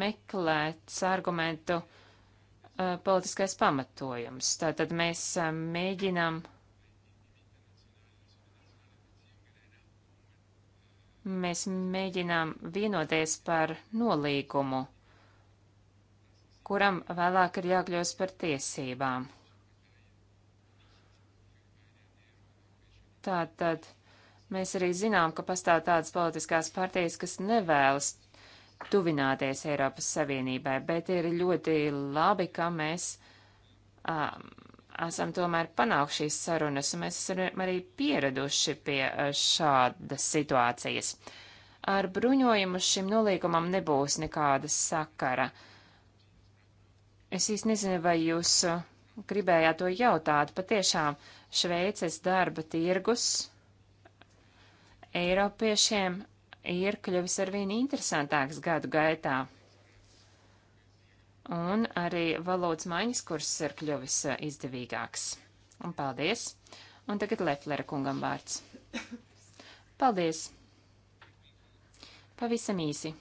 meklēts argumentu uh, politiskais pamatojums. Tātad mēs uh, eh, mēģinām mēs mēģinām vienoties par nolīgumu, kuram vēlāk ir jākļūst par tiesībām. Tātad mēs arī zinām, ka pastāv tādas politiskās partijas, kas nevēlas tuvināties Eiropas Savienībai, bet ir ļoti labi, ka mēs um, esam tomēr panākuši šīs sarunas, un mēs esam arī pieraduši pie šādas situācijas. Ar bruņojumu šim nolīgumam nebūs nekāda sakara. Uh, Es īsti nezinu, vai jūs uh, gribējāt to jautāt. Patiešām Šveices darba tirgus Eiropiešiem ir kļuvis arvien interesantāks gadu gaitā. Un arī valodas maiņas kurs ir kļuvis uh, izdevīgāks. Un paldies! Un tagad Leflera kungam vārds. Paldies! Pavisam īsi.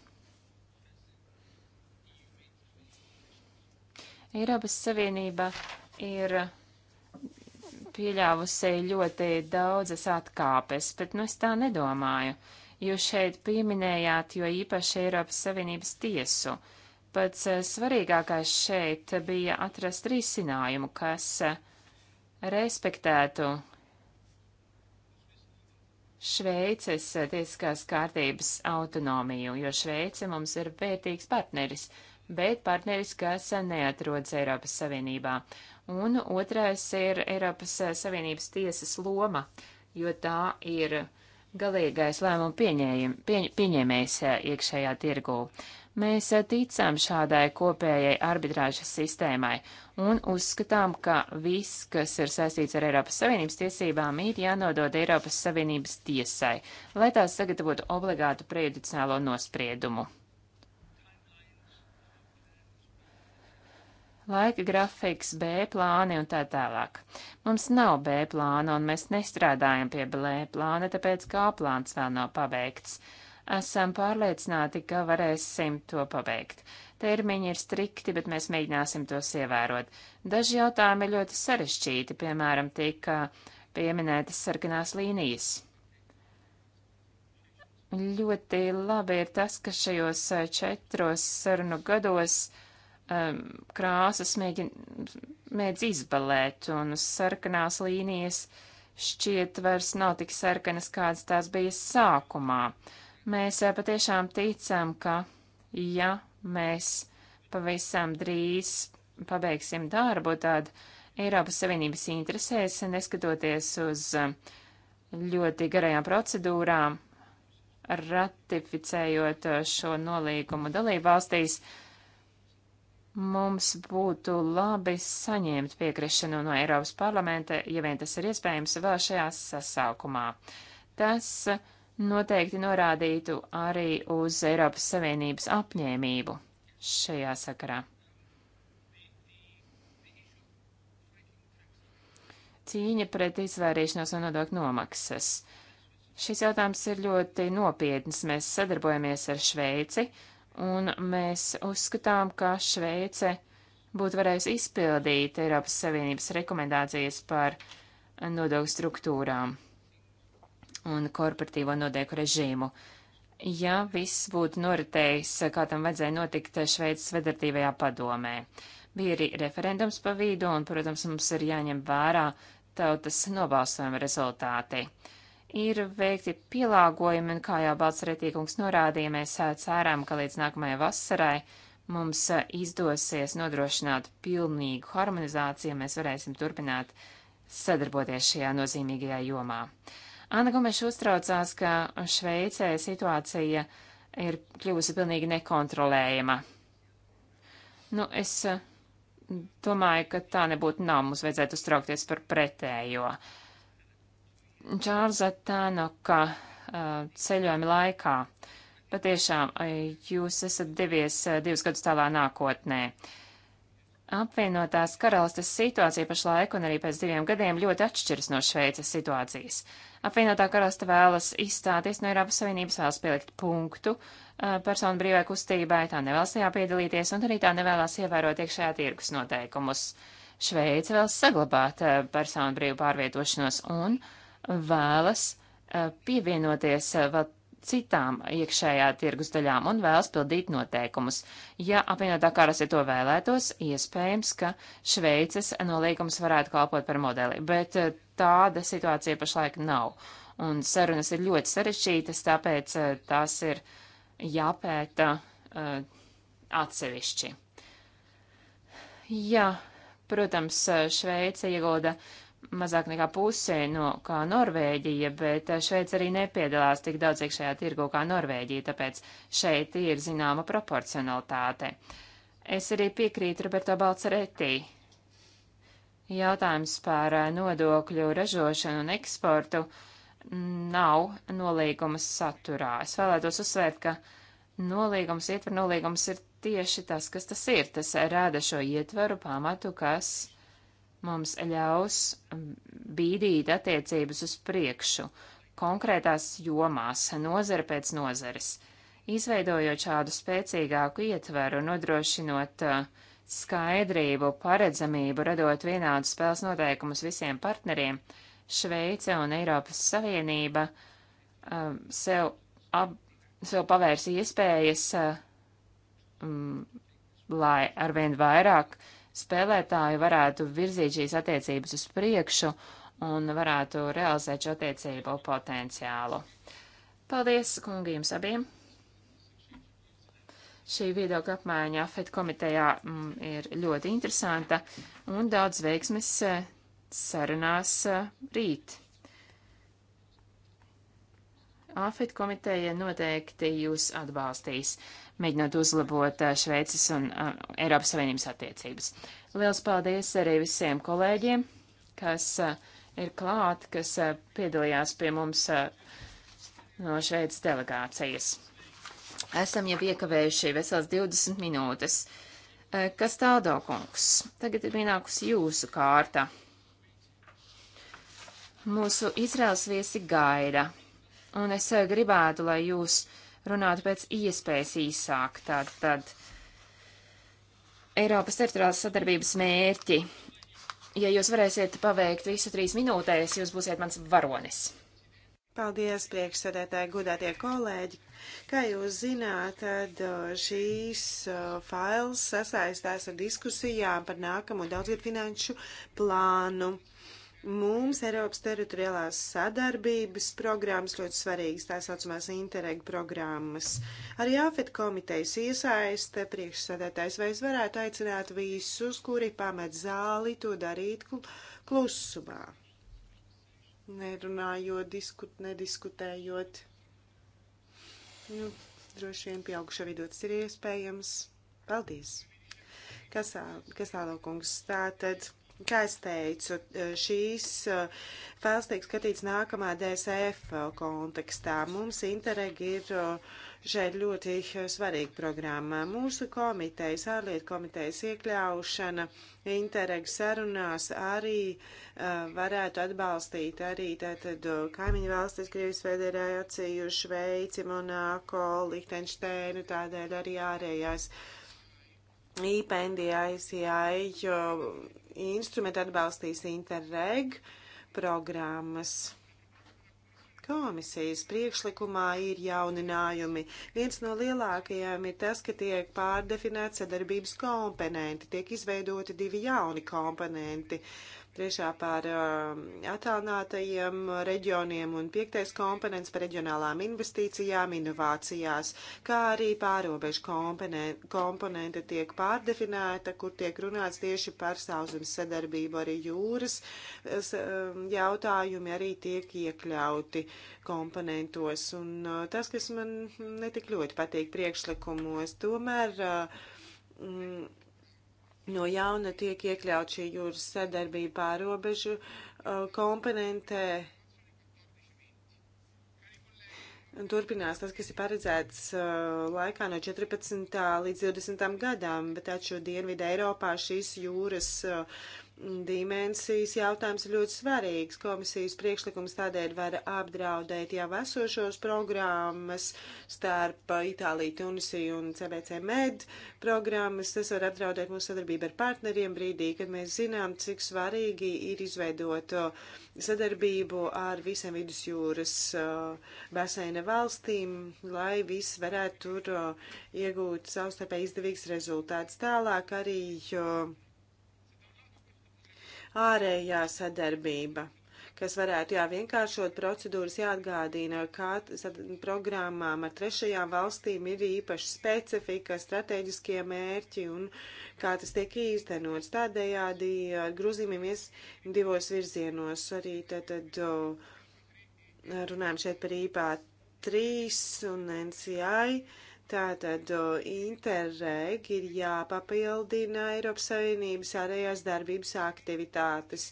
Eiropas Savienība ir pieļāvusi ļoti daudzas atkāpes, bet nu es tā nedomāju. Jūs šeit pieminējāt, jo īpaši Eiropas Savienības tiesu. Pats eh, svarīgākais šeit bija atrast risinājumu, kas eh, respektētu Šveices eh, tiesiskās kārtības autonomiju, jo Šveice mums ir vērtīgs partneris bet partneris, kas neatrodas Eiropas Savienībā. Un otrais ir Eiropas Savienības tiesas loma, jo tā ir galīgais lēmumu pieņēm, pieņ, pieņēmējs eh, iekšējā tirgū. Mēs eh, ticam šādai kopējai arbitrāžas sistēmai un uzskatām, ka viss, kas ir saistīts ar Eiropas Savienības tiesībām, ir jānodod Eiropas Savienības tiesai, lai tās sagatavotu obligātu prejudicinālo nospriedumu. laika grafiks, B plāni un tā tālāk. Mums nav B plāna un mēs nestrādājam pie B plāna, tāpēc kā plāns vēl nav pabeigts. Esam pārliecināti, ka varēsim to pabeigt. Termiņi ir strikti, bet mēs mēģināsim tos ievērot. Daži jautājumi ir ļoti sarežģīti, piemēram, tika pieminētas sarkanās līnijas. Ļoti labi ir tas, ka šajos četros sarunu gados uh, um, krāsas mēģina, mēdz izbalēt, un sarkanās līnijas šķiet vairs nav tik sarkanas, kādas tās bija sākumā. Mēs uh, patiešām ticam, ka ja mēs pavisam drīz pabeigsim darbu, tad Eiropas Savienības interesēs, neskatoties uz um, ļoti garajām procedūrām, ratificējot uh, šo nolīgumu dalību valstīs, uh, Mums būtu labi saņemt piekrišanu no Eiropas parlamenta, ja vien tas ir iespējams vēl šajā sasaukumā. Tas noteikti norādītu arī uz Eiropas Savienības apņēmību šajā sakarā. Cīņa pret izvairīšanos no nodokļu nomaksas. Šis jautājums ir ļoti nopietns. Mēs sadarbojamies ar Šveici un mēs uzskatām, ka Šveice būtu varējusi izpildīt Eiropas Savienības rekomendācijas par nodokļu struktūrām un korporatīvo nodēku režīmu. Ja viss būtu noritējis, kā tam vajadzēja notikt Šveices vedartīvajā padomē. Bija arī referendums pa vidu, un, protams, mums ir jāņem vērā tautas nobalsojuma rezultāti. Uh, ir veikti pielāgojumi, un kā jau Balts Retīkungs norādīja, mēs cerām, ka līdz nākamajai vasarai mums izdosies nodrošināt pilnīgu harmonizāciju, mēs varēsim turpināt sadarboties šajā nozīmīgajā jomā. Anna Gomeša uztraucās, ka Šveicē situācija ir kļuvusi pilnīgi nekontrolējama. Nu, es domāju, ka tā nebūtu nav. Mums vajadzētu uztraukties par pretējo. Čārza Tēnoka uh, ceļojuma laikā. Patiešām uh, jūs esat devies uh, divus gadus tālā nākotnē. Apvienotās karalistes situācija pašlaik un arī pēc diviem gadiem ļoti atšķiras no Šveices situācijas. Apvienotā karaliste vēlas izstāties no Eiropas Savienības, vēlas pielikt punktu personu brīvai kustībai, tā nevēlas tajā piedalīties un arī tā nevēlas ievērot iekšējā tirgus noteikumus. Šveice vēl saglabāt personu brīvu pārvietošanos un uh, vēlas eh, pievienoties eh, vēl citām iekšējā tirgus daļām un vēlas pildīt noteikumus. Ja apvienotā karaliste to vēlētos, iespējams, ka Šveices nolīgums varētu kalpot par modeli, bet eh, tāda situācija pašlaik nav. Un sarunas ir ļoti sarežģītas, tāpēc tās ir jāpēta uh, atsevišķi. Jā, protams, Šveice iegulda uh, mazāk nekā pusē no kā Norvēģija, bet eh, Šveica arī nepiedalās tik daudz iekšējā tirgu kā Norvēģija, tāpēc šeit ir zināma proporcionalitāte. Es arī piekrītu Roberto Balceretī. Jautājums par eh, nodokļu ražošanu un eksportu nav nolīgumas saturā. Es vēlētos uzsvērt, ka nolīgums, ietver nolīgums ir tieši tas, kas tas ir. Tas rāda šo ietveru pamatu, kas mums ļaus um, bīdīt attiecības uz priekšu, konkrētās jomās, nozare pēc nozares, izveidojot šādu spēcīgāku ietveru, nodrošinot uh, skaidrību, paredzamību, radot vienādus spēles noteikumus visiem partneriem, Šveice un Eiropas Savienība um, sev, ab, sev pavērs iespējas, um, lai arvien vairāk uh, spēlētāji varētu virzīt šīs attiecības uz priekšu un varētu realizēt šo attiecību potenciālu. Paldies, kungi, jums abiem! Šī viedokļa apmaiņa AFET komitejā m, mm, ir ļoti interesanta un daudz veiksmes eh, sarunās eh, rīt. AFET komiteja noteikti jūs atbalstīs mēģinot uzlabot Šveices un Eiropas Savienības attiecības. Liels paldies arī visiem kolēģiem, kas ir klāt, kas piedalījās pie mums no Šveices delegācijas. Esam jau iekavējuši vesels 20 minūtes. Kas tādā, kungs? Tagad ir pienākusi jūsu kārta. Mūsu Izraels viesi gaida, un es gribētu, lai jūs runātu pēc iespējas īsāk. Tātad Eiropas teritoriālās sadarbības mērķi. Ja jūs varēsiet paveikt visu trīs minūtēs, jūs būsiet mans varonis. Paldies, priekšsēdētāji, godātie kolēģi. Kā jūs zināt, tad šīs fails sasaistās ar diskusijām par nākamo daudzgad finanšu plānu. Mums Eiropas teritoriālās sadarbības programmas ļoti svarīgas, tā saucamās Interreg programmas. Arī AFET komitejas iesaiste priekšsēdētājs vai es varētu aicināt visus, kuri pamet zāli, to darīt klusumā. Nerunājot, diskut, nediskutējot. Nu, droši vien pieaugušo vidots ir iespējams. Paldies! Kas, tā, kas tālāk, kungs? Tātad. Tā Kā es teicu, šīs eh, fails tiek skatīts nākamā DSF eh, kontekstā. Mums Interreg ir eh, šeit ļoti svarīga programma. Mūsu komitejas, ārlietu komitejas iekļaušana Interreg sarunās arī varētu atbalstīt arī tātad kaimiņu valstis, Krievijas federāciju, Šveici, Monako, Lihtenšteinu, tādēļ arī ārējās. IPNDICI instrumenti atbalstīs Interreg programmas. Komisijas priekšlikumā ir jauninājumi. Viens no lielākajiem ir tas, ka tiek pārdefinēts sadarbības komponenti, tiek izveidoti divi jauni komponenti. Uh, priekšā par um, attālinātajiem reģioniem un piektais komponents par reģionālām investīcijām, inovācijās, kā arī pārobežu komponente, komponente tiek pārdefinēta, kur tiek runāts tieši par sausums sadarbību, arī jūras eh, um, jautājumi arī tiek iekļauti komponentos. Un uh, tas, kas man netik ļoti patīk priekšlikumos, tomēr. Uh, mm, no jauna tiek iekļaut šī jūras sadarbība pārobežu uh, komponentē. Un turpinās tas, kas ir paredzēts uh, laikā no 14. līdz 20. gadām, bet taču Dienvidē Eiropā šīs jūras uh, dimensijas jautājums ir ļoti svarīgs. Komisijas priekšlikums tādēļ var apdraudēt jau esošos programmas starp Itāliju, Tunisiju un CBC Med programmas. Tas var apdraudēt mūsu sadarbību ar partneriem brīdī, kad mēs zinām, cik svarīgi ir izveidot uh, sadarbību ar visiem vidusjūras uh, basēna valstīm, lai viss varētu tur uh, iegūt savstarpēji izdevīgs rezultāts. Tālāk arī jo, ārējā sadarbība kas varētu jā, vienkāršot procedūras, jāatgādina, kā programmām ar trešajām valstīm ir īpaša specifika, strateģiskie mērķi un kā tas tiek īstenots. Tādējādi grūzīmies divos virzienos arī tad, tad runājam šeit par IPA 3 un NCI. Tātad Interreg ir jāpapildina Eiropas Savienības ārējās darbības aktivitātes.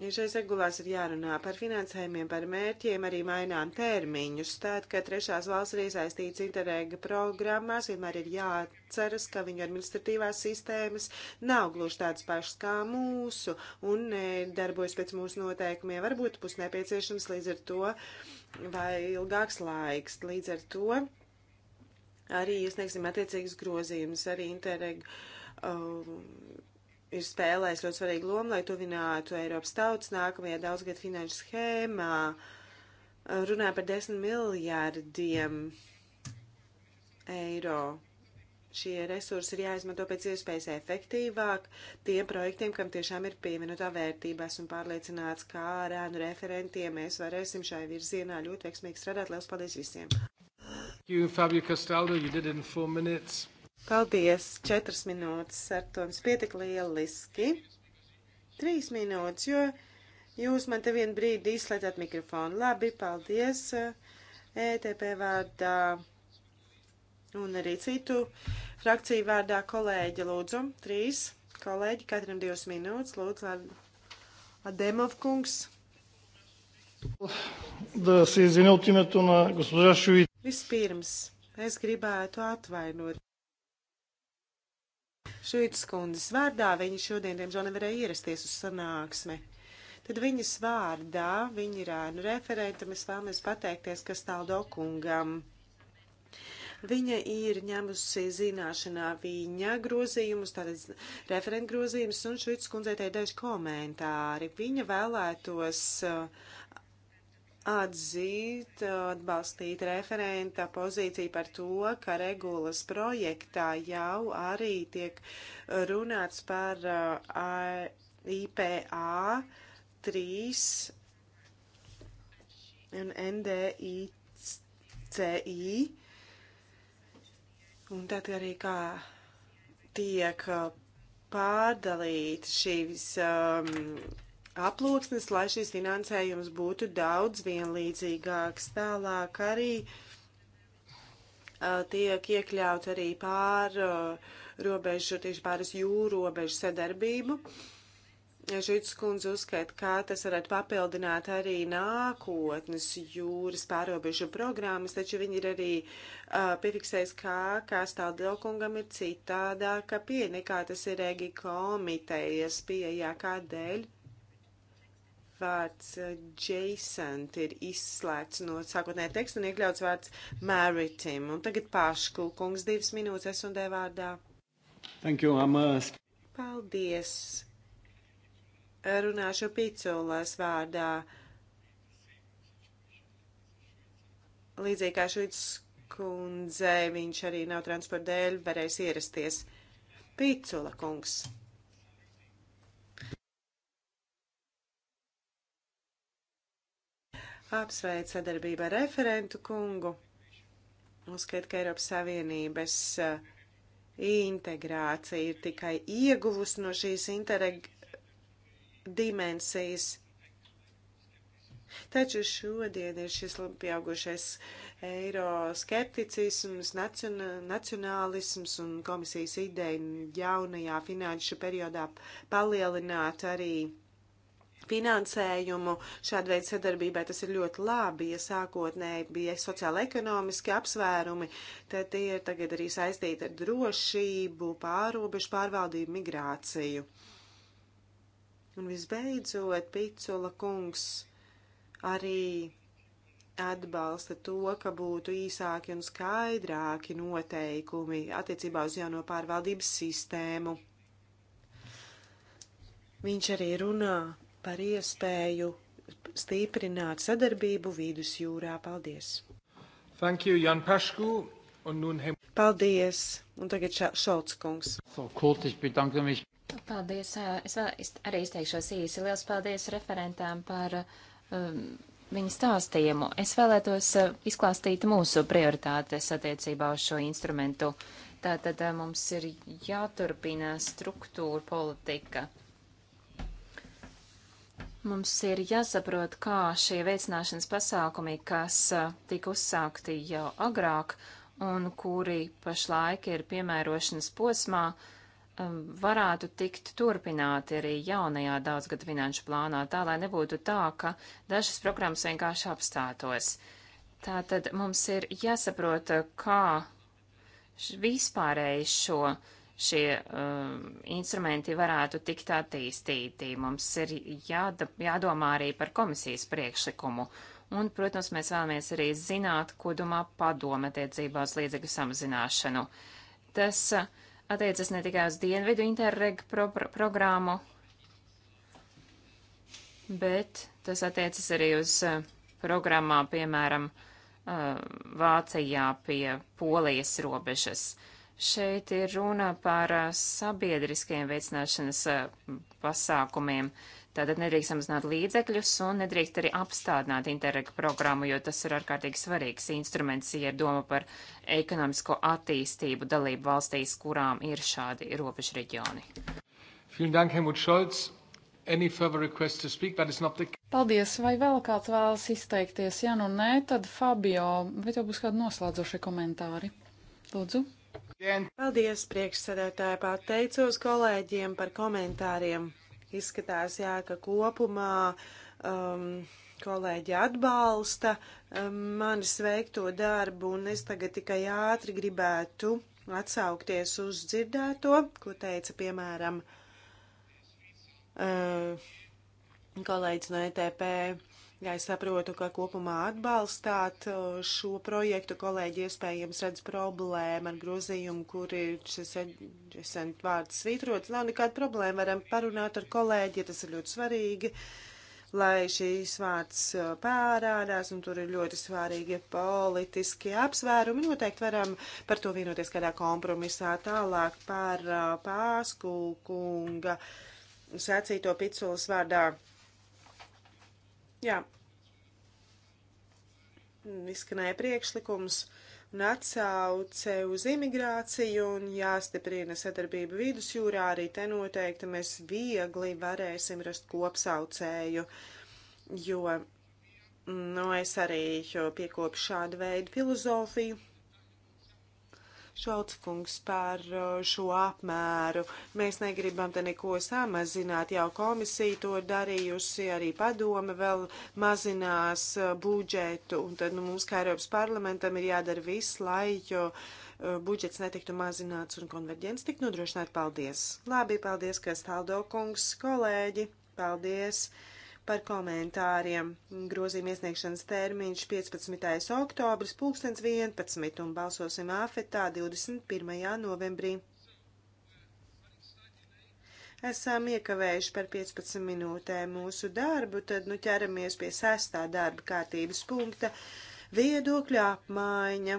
Ja šais regulās ir jārunā par finansējumiem, par mērķiem, arī mainām termiņus. Tātad, ka trešās valsts ir iesaistīts Interreg programmās, vienmēr ir jāatceras, ka viņu administratīvās sistēmas nav gluži tādas pašas kā mūsu un darbojas pēc mūsu noteikumiem. Varbūt būs nepieciešams līdz ar to. Uh, vai ilgāks laiks. Līdz ar to arī iesniegsim attiecīgus grozījumus. Arī Interreg uh, ir spēlējis ļoti svarīgu lomu, lai tuvinātu Eiropas tautas nākamajā daudzgad finanšu schēmā. Runāja par desmit miljārdiem eiro šie resursi ir jāizmanto pēc iespējas efektīvāk tiem projektiem, kam tiešām ir pievienotā vērtība. Esmu pārliecināts, kā ar ēnu referentiem mēs varēsim šai virzienā ļoti veiksmīgi strādāt. Lielas paldies visiem! You, Fabio Castaldo, you did it in four minutes. Paldies! Četras minūtes ar to jums pietika lieliski. Trīs minūtes, jo jūs man te vienu brīdi izslēdzat mikrofonu. Labi, paldies! ETP eh, e vārdā. Uh, un arī citu frakciju vārdā kolēģi lūdzu. Trīs kolēģi, katram divas minūtes. Lūdzu, Ademov kungs. Да се извиня от името на госпожа Шуит. Vispirms, es gribētu atvainot Šuitas kundzes vārdā. Viņa šodien, diemžēl, nevarēja ierasties uz sanāksmi. Tad viņas vārdā, viņa ir ēnu referenta, mēs vēlamies pateikties Kastaldo kungam Viņa ir ņēmusi zināšanā viņa grozījumus, tātad referent grozījumus, un Švits kundzei te daži komentāri. Viņa vēlētos uh, atzīt, uh, atbalstīt referenta pozīciju par to, ka regulas projektā jau arī tiek runāts par uh, IPA 3 un NDICI Un tad arī kā tiek uh, pārdalīts šīs um, aplūksnes, lai šis finansējums būtu daudz vienlīdzīgāks. Tālāk arī uh, tiek iekļauts arī pār uh, robežu, tieši pāris jūru robežu sadarbību. Uh, Žuģis kundze uzskata, kā tas varētu papildināt arī nākotnes jūras pārobežu programmas, taču viņi ir arī uh, piefiksējis, kā, kā stāvdokungam ir citādāka pieeja nekā tas ir Regi komitejas pieejā, kādēļ vārds Jason ir izslēgts no sākotnējā teksta un iekļauts vārds Maritim. Un tagad Pašku kungs divas minūtes S un D vārdā. Thank you, I'm a... Paldies runāšu Picolas vārdā. Līdzīgi kā Šuits kundze, viņš arī nav transporta dēļ, varēs ierasties. Picula kungs. Apsveic sadarbību ar referentu kungu. Uzskat, ka Eiropas Savienības uh, integrācija ir tikai ieguvusi no šīs intereg dimensijas. Taču šodien ir šis pieaugušais eiroskepticisms, nacionālisms un komisijas ideja jaunajā finanšu periodā palielināt arī finansējumu šāda veida sadarbībai. Tas ir ļoti labi, ja sākotnēji bija sociāla-ekonomiski apsvērumi, tad tie ir tagad arī saistīti ar drošību, pārobežu pārvaldību, migrāciju. Uh, Un visbeidzot, Picula kungs arī atbalsta to, ka būtu īsāki un skaidrāki noteikumi attiecībā uz jauno pārvaldības sistēmu. Viņš arī runā par iespēju stiprināt sadarbību vidusjūrā. Paldies! Thank you, Jan Pašku, un nun Hem. Paldies! Un tagad Šalts kungs. So, Kult, Paldies. Es vēl arī izteikšos īsi. Liels paldies referentām par um, viņa stāstījumu. Es vēlētos izklāstīt mūsu prioritātes attiecībā uz šo instrumentu. Tātad mums ir jāturpina struktūra politika. Mums ir jāsaprot, kā šie veicināšanas pasākumi, kas tika uzsākti jau agrāk un kuri pašlaik ir piemērošanas posmā, uh, Um, varētu tikt turpināti arī jaunajā daudzgadu finanšu plānā, tā lai nebūtu tā, ka dažas programmas vienkārši apstātos. Tātad mums ir jāsaprot, uh, kā vispārēji šo šie um, instrumenti varētu tikt attīstīti. Mums ir jāda, jādomā arī par komisijas priekšlikumu. Un, protams, mēs vēlamies arī zināt, ko domā padome attiecībā uz līdzekļu samazināšanu. Tas uh, attiecas ne tikai uz dienvidu interreg pro pro programmu, bet tas attiecas arī uz uh, programmām, piemēram, uh, Vācijā pie Polijas robežas. Šeit ir runa par uh, sabiedriskiem veicināšanas pasākumiem. Tātad nedrīkst samazināt līdzekļus un nedrīkst arī apstādināt Interreg programmu, jo tas ir ārkārtīgi svarīgs instruments, ja ir doma par ekonomisko attīstību dalību valstīs, kurām ir šādi robežu reģioni. Paldies, vai vēl kāds vēlas izteikties? Ja nu nē, tad Fabio, vai tev būs kādi noslēdzošie komentāri? Lūdzu. Paldies, priekšsēdētāji, pateicos kolēģiem par komentāriem. Izskatās, jā, ka kopumā um, kolēģi atbalsta um, manis veikto darbu, un es tagad tikai ātri gribētu atsaukties uz dzirdēto, ko teica, piemēram, uh, kolēģis no ETP Jā, es saprotu, ka kopumā atbalstāt uh, šo projektu kolēģi iespējams redz problēmu ar grozījumu, kur ir šis adjacent vārds svītrots. Nav nekāda problēma, varam parunāt ar kolēģi, ja tas ir ļoti svarīgi lai šīs vārds uh, pārādās, un tur ir ļoti svārīgi politiski apsvērumi. Noteikti varam par to vienoties kādā kompromisā tālāk par uh, Pāsku kunga sacīto piculas vārdā. Jā, izskanēja priekšlikums un atsauce uz imigrāciju un jāstiprina sadarbība vidusjūrā, arī te noteikti mēs viegli varēsim rast kopsaucēju, jo, nu, es arī piekopšu šādu veidu filozofiju Šauckungs par uh, šo apmēru. Mēs negribam te neko samazināt, jau komisija to ir darījusi, arī padome vēl mazinās uh, budžetu, un tad nu, mums kā Eiropas parlamentam ir jādara viss, lai jo, uh, budžets netiktu mazināts un konverģents tik nodrošināt. Paldies! Labi, paldies, Kastaldo kungs, kolēģi! Paldies! par komentāriem. Grozījuma iesniegšanas termiņš 15. oktobris 2011 un balsosim āfetā 21. novembrī. Esam iekavējuši par 15 minūtēm mūsu darbu, tad nu ķeramies pie sestā darba kārtības punkta - viedokļu apmaiņa.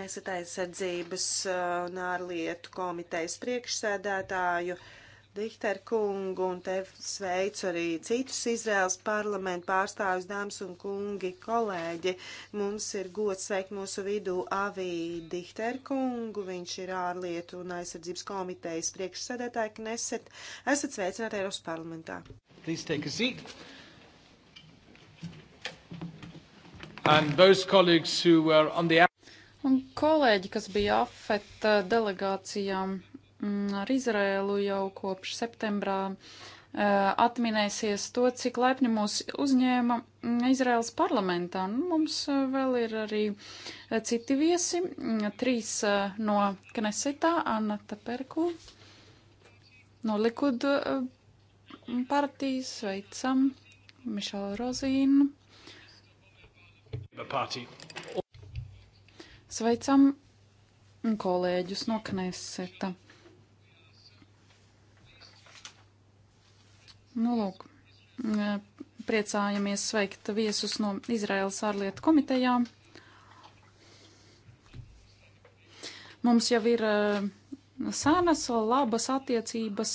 Nesat aizsardzības uh, un ārlietu komitejas priekšsēdētāju. Uh, Dihter kungu un te sveicu arī citus Izraels parlamentu pārstāvis dāmas un kungi kolēģi. Mums ir gods sveikt mūsu vidū Avī Dihter kungu, viņš ir ārlietu un aizsardzības komitejas priekšsēdētāji, ka nesat, esat sveicināti Eiropas parlamentā. Please take a seat. And those colleagues who were on the... Un kolēģi, kas bija afet eh, delegācijām Mm, ar Izrēlu jau kopš septembrā eh, atminēsies to, cik laipni mūs uzņēma Izraels parlamentā. Nu, mums eh, vēl ir arī eh, citi viesi, mm, trīs no Knesetā, Anna Taperku, no Likud partijas, veicam, Mišela Rozīnu. Sveicam kolēģus no Kneseta. Nu, lūk, e, priecājamies sveikt viesus no Izraēlas ārlietu komitejā. Mums jau ir e, senas, labas attiecības,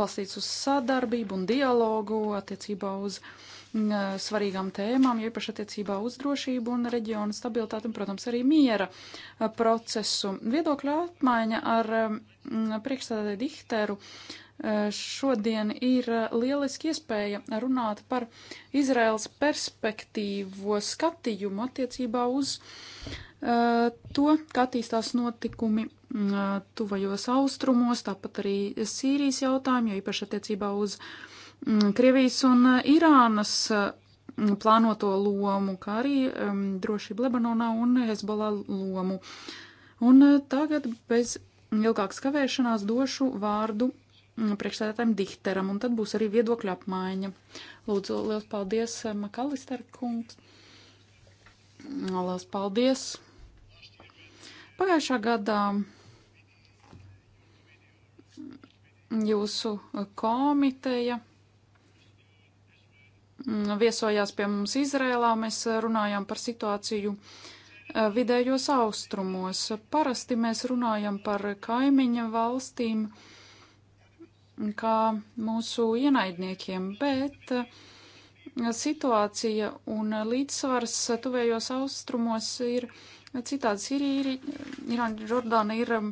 balstīts uz sadarbību un dialogu attiecībā uz mm, e, svarīgām tēmām, jo īpaši attiecībā uz drošību un reģionu stabilitāti un, protams, arī miera procesu. Viedokļa apmaiņa ar mm, priekšstādāju Dihteru Eh, šodien ir eh, lieliski iespēja runāt par Izraels perspektīvo skatījumu attiecībā uz uh, to, kā attīstās notikumi uh, tuvajos austrumos, tāpat arī Sīrijas jautājumu, jo īpaši attiecībā uz um, Krievijas un Irānas uh, plānoto lomu, kā arī um, drošību Lebanonā un Hezbollah lomu. Un tagad bez ilgākas kavēšanās došu vārdu Mm, priekšstādātājiem Dihteram, un tad būs arī viedokļa apmaiņa. Lūdzu, liels paldies, eh, Makalister kungs. Mm, liels paldies. Pagājušā gadā mm, jūsu komiteja viesojās pie mums Izrēlā, mēs eh, runājām par situāciju eh, vidējos austrumos. Parasti mēs runājam par kaimiņa valstīm. Uh, kā mūsu ienaidniekiem, bet eh, situācija un līdzsvars tuvējos austrumos ir citādi. Sirija, Irāna, Jordāna ir eh,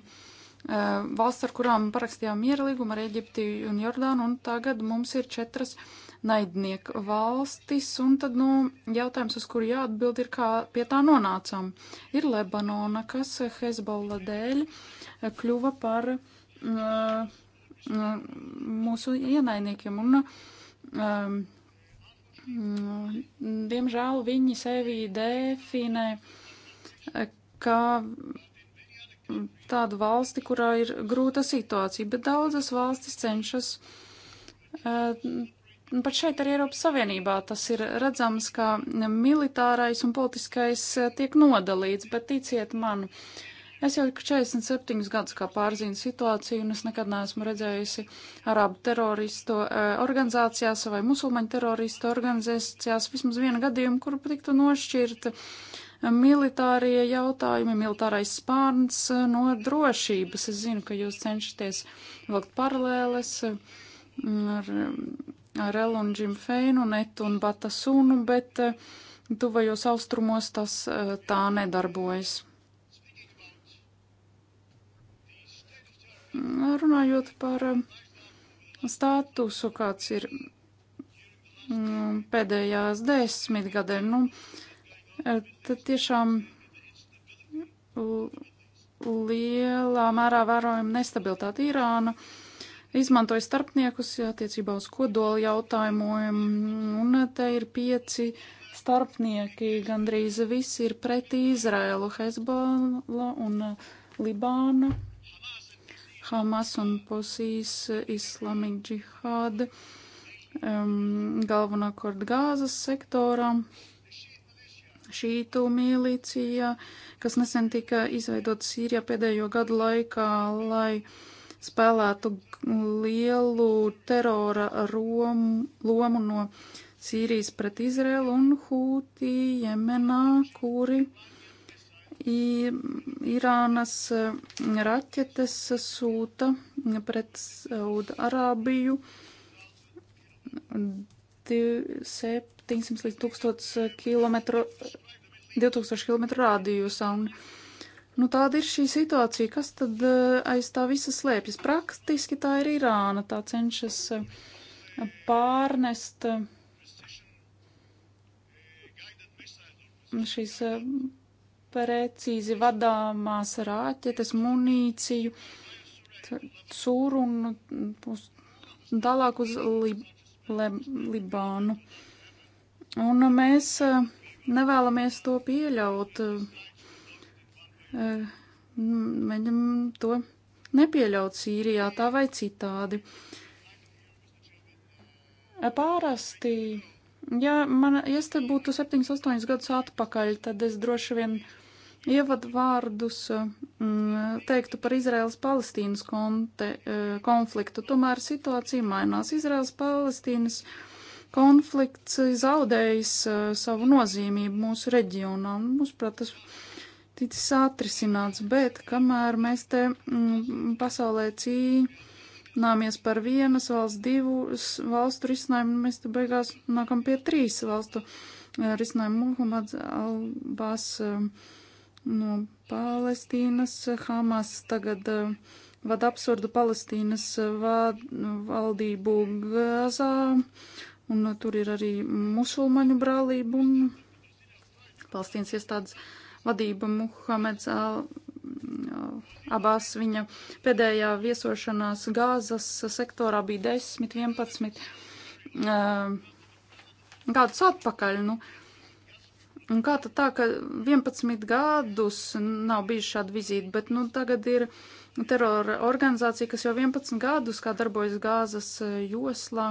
valsts, ar kurām parakstījām miera līgumu ar Eģipti un Jordānu, un tagad mums ir četras naidnieku valstis, un tad, nu, jautājums, uz kuru jāatbild, ir, kā pie tā nonācām. Ir Lebanona, kas Hezbollah dēļ eh, kļuva par uh, Nu, mūsu ienaidniekiem. Un, um, nu, diemžēl viņi sevi definē eh, kā tādu valsti, kurā ir grūta situācija, bet daudzas valstis cenšas. Eh, pat šeit arī Eiropas Savienībā tas ir redzams, ka militārais un politiskais eh, tiek nodalīts, bet ticiet man, uh, Es jau 47 gadus kā pārzinu situāciju, un es nekad neesmu redzējusi arābu teroristu eh, organizācijās vai musulmaņu teroristu organizācijās vismaz vienu gadījumu, kur tiktu nošķirta eh, militārie jautājumi, militārais spārns eh, no drošības. Es zinu, ka jūs cenšaties vilkt paralēles ar, ar Elu un Džim Feinu, Netu un Batasunu, bet tuvajos austrumos tas tā nedarbojas. Runājot par um, statusu, kāds ir mm, pēdējās desmitgadē, nu, eh, tad tiešām lielā mērā vērojama nestabilitāte Irāna. Izmantoja starpniekus attiecībā uz kodoli jautājumu, un te ir pieci starpnieki, gandrīz visi ir pret Izraēlu, Hezbollah un eh, Libānu. Hamas un pusīs eh, Islamic Jihad um, galvenokārt gāzes sektorā. Šītu milicija, kas nesen tika izveidota Sīrijā pēdējo gadu laikā, lai spēlētu lielu terora romu, lomu no Sīrijas pret Izraelu un Hūtī Jemenā, kuri uh, Irānas eh, raķetes sūta pret Saudārābiju 700 līdz 1000 km, 2000 km rādījusā. Un, nu, tāda ir šī situācija. Kas tad eh, aiz tā visa slēpjas? Praktiski tā ir Irāna. Tā cenšas eh, pārnest šīs precīzi vadāmās rāķetes, munīciju, cūru un uz, tālāk uz Lib Le Libānu. Un mēs eh, nevēlamies to pieļaut. Eh, mēģinam to nepieļaut Sīrijā tā vai citādi. Eh, pārasti, ja, man, ja es te būtu 7-8 gadus atpakaļ, tad es droši vien uh, ievadvārdus mm, teiktu par Izraels-Palestīnas e, konfliktu. Tomēr situācija mainās. Izraels-Palestīnas konflikts zaudējis e, savu nozīmību mūsu reģionā. Mūsuprāt, tas ticis atrisināts, bet kamēr mēs te mm, pasaulē cīnāmies par vienas valsts, divas valstu risinājumu, mēs te beigās nākam pie trīs valstu e, risinājumu. Muhamads Albās. Uh, no Palestīnas. Hamas tagad eh, vada absurdu Palestīnas eh, valdību Gazā, un eh, tur ir arī musulmaņu brālība, un Palestīnas iestādes vadība Muhameds abās viņa pēdējā viesošanās gāzas sektorā bija 10, 11 uh, gadus atpakaļ. Nu, uh, Un kā tad tā, ka 11 gadus nav bijuši šādi vizīti, bet nu tagad ir terora organizācija, kas jau 11 gadus kā darbojas gāzas eh, joslā.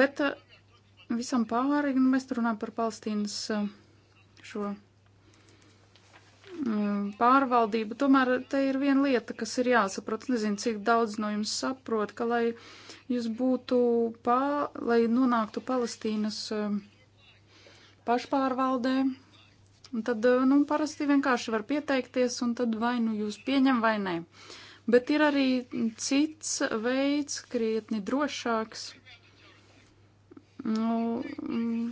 Bet eh, visam pāri, nu mēs runājam par Palestīnas eh, šo mm, pārvaldību. Tomēr te ir viena lieta, kas ir jāsaprot. Nezinu, cik daudz no jums saprot, ka lai jūs būtu, pā, lai nonāktu Palestīnas uh, pašpārvaldē. Un tad, eh, nu, parasti vienkārši var pieteikties, un tad vai nu jūs pieņem vai nē. Bet ir arī cits veids, krietni drošāks. Nu,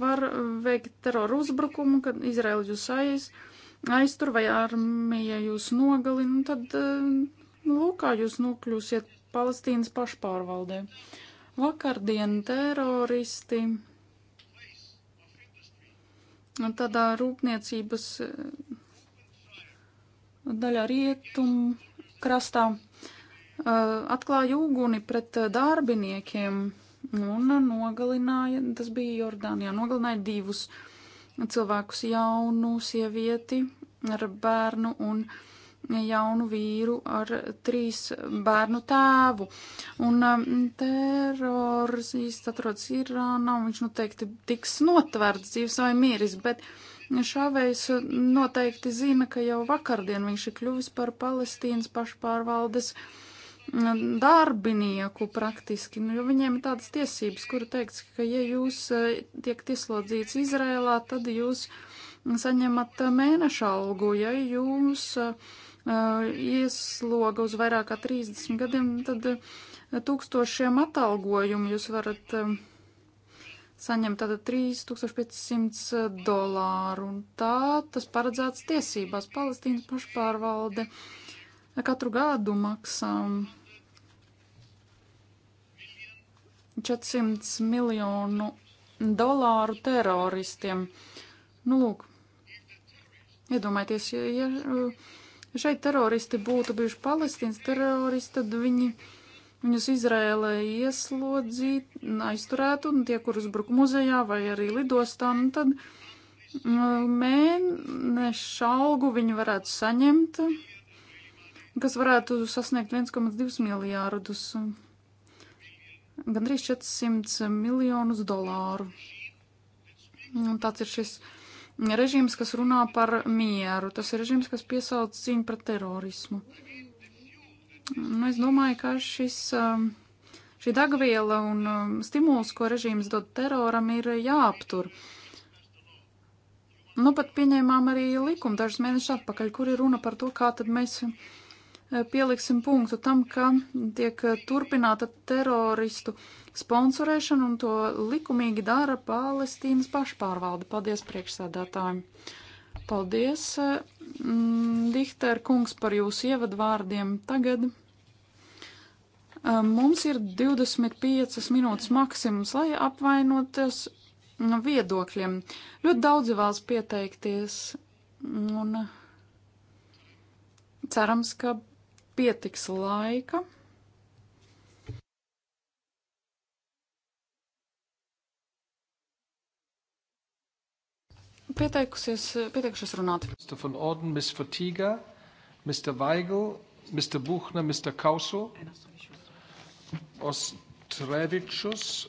var veikt teroru uzbrukumu, kad Izraēla jūs aiz, aiztur vai armija jūs nogalina, eh, nu, tad lūkā jūs nokļūsiet Palestīnas pašpārvaldē. Vakardien teroristi tādā rūpniecības eh, daļā rietum krastā eh, atklāja uguni pret eh, darbiniekiem un nogalināja, tas bija Jordānijā, nogalināja divus cilvēkus jaunu sievieti ar bērnu un bērnu jaunu vīru ar trīs bērnu tēvu. Un um, terors īsti atrodas Irānā, un viņš noteikti tiks notverts dzīves vai mieris, bet Šāvējs noteikti zina, ka jau vakardien viņš ir kļuvis par Palestīnas pašpārvaldes mm, darbinieku praktiski, nu, jo viņiem ir tādas tiesības, kura teikts, ka ja jūs eh, tiek ieslodzīts Izrēlā, tad jūs saņemat eh, mēneša algu, ja jūs uh, eh, Eh, iesloga uz vairāk kā 30 gadiem, tad eh, tūkstošiem atalgojumu jūs varat eh, saņemt tātad 3500 dolāru. Un tā tas paredzēts tiesībās. Palestīnas pašpārvalde katru gadu maksā 400 miljonu dolāru teroristiem. Nu, lūk, iedomājieties, ja, ja šeit teroristi būtu bijuši palestīnas teroristi, tad viņi, viņus Izrēlē ieslodzīt, aizturētu, un tie, kur uzbruk muzejā vai arī lidostā, nu tad mm, mēneša algu viņi varētu saņemt, kas varētu sasniegt 1,2 miljārdus, gandrīz 400 miljonus dolāru. Un tāds ir šis režīms, kas runā par mieru, tas ir režīms, kas piesauc cīņu pret terorismu. Nu, es domāju, ka šis, um, šī dagviela un um, stimuls, ko režīms dod teroram, ir jāaptur. Nu, pat pieņēmām arī likumu dažus mēnešus atpakaļ, kur ir runa par to, kā tad mēs pieliksim punktu tam, ka tiek eh, turpināta teroristu sponsorēšana un to likumīgi dara Palestīnas pašpārvalde. Paldies priekšsēdētājiem! Paldies, eh, mm, Dihter kungs, par jūsu ievadvārdiem. Tagad eh, mums ir 25 minūtes maksimums, lai apvainoties viedokļiem. Ļoti daudzi vēlas pieteikties un cerams, ka pietiks laika. Pieteikusies, pieteikušies runāt. Mr. von Orden, Ms. Fatiga, Mr. Weigel, Mr. Buchner, Mr. Kausu, Ostrevichus,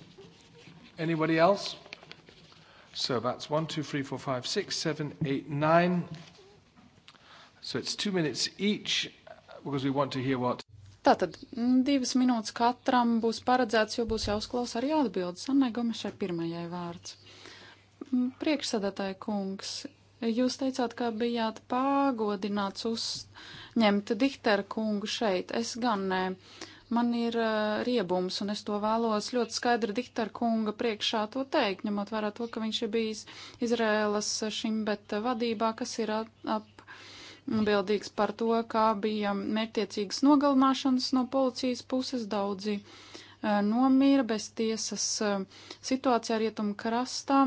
anybody else? So that's one, two, three, four, five, six, seven, eight, nine. So it's two minutes each because we want to hear what. Tātad mm, divas minūtes katram būs paredzēts, jo būs jāuzklaus arī atbildes. Annai Gomešai pirmajai vārds. Mm, priekšsēdētāja kungs, jūs teicāt, ka bijāt pagodināts uzņemt Dihtera kungu šeit. Es gan nē. Man ir uh, riebums, un es to vēlos ļoti skaidri Dihtera kunga priekšā to teikt, ņemot vērā to, ka viņš ir bijis Izrēlas šim, bet vadībā, kas ir ap bildīgs par to, kā bija mērķtiecīgas nogalināšanas no policijas puses daudzi e, nomira bez tiesas e, situācijā rietumu krastā.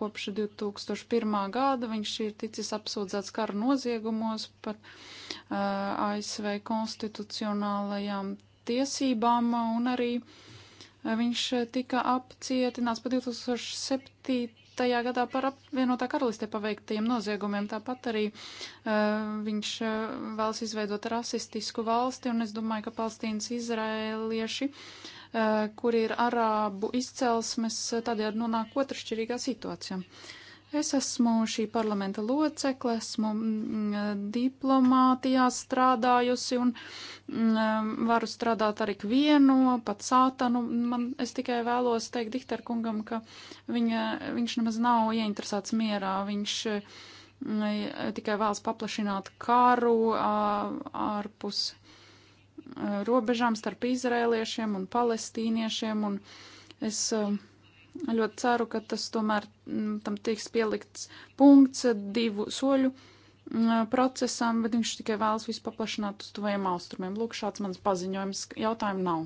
Kopš 2001. gada viņš ir ticis apsūdzēts kara noziegumos par uh, e, ASV konstitucionālajām tiesībām un arī viņš tika apcietināts pa 2007 gadā par apvienotā karalistē paveiktajiem noziegumiem. Tāpat arī uh, viņš uh, vēlas izveidot rasistisku valsti, un es domāju, ka palestīnas izrēlieši, uh, kuri ir arābu izcelsmes, tādējādi nonāk otršķirīgā situācijā. Uh, Es esmu šī parlamenta locekle, esmu mm, mm, diplomātijā strādājusi un mm, varu strādāt ar ikvienu, pat sātanu. Man, es tikai vēlos teikt diktarkungam, ka viņa, viņš nemaz nav ieinteresēts mierā. Viņš tikai vēlas paplašināt karu ārpus robežām starp izrēliešiem un palestīniešiem. Un es, uh, Ļoti ceru, ka tas tomēr mm, tam tiks pielikts punkts divu soļu mm, procesam, bet viņš tikai vēlas visu paplašināt uz tuvajiem austrumiem. Lūk, šāds mans paziņojums. Jautājumu nav.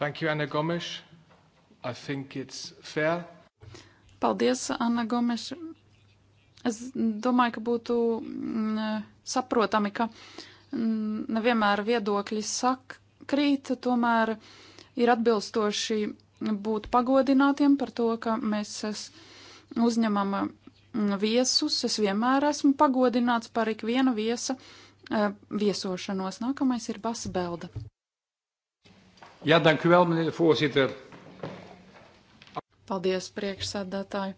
Thank you, Anna Gomes. I think it's fair. Paldies, Anna Gomes. Es domāju, ka būtu mm, saprotami, ka nevienmēr viedokļi sak piekrīt, tomēr ir atbilstoši būt pagodinātiem par to, ka mēs uzņemam mm, viesus. Es vienmēr esmu pagodināts par ikvienu viesa eh, viesošanos. Nākamais ir Basa Belda. Jā, danku vēl, man ir fosītēr. Paldies, priekšsēdētāji.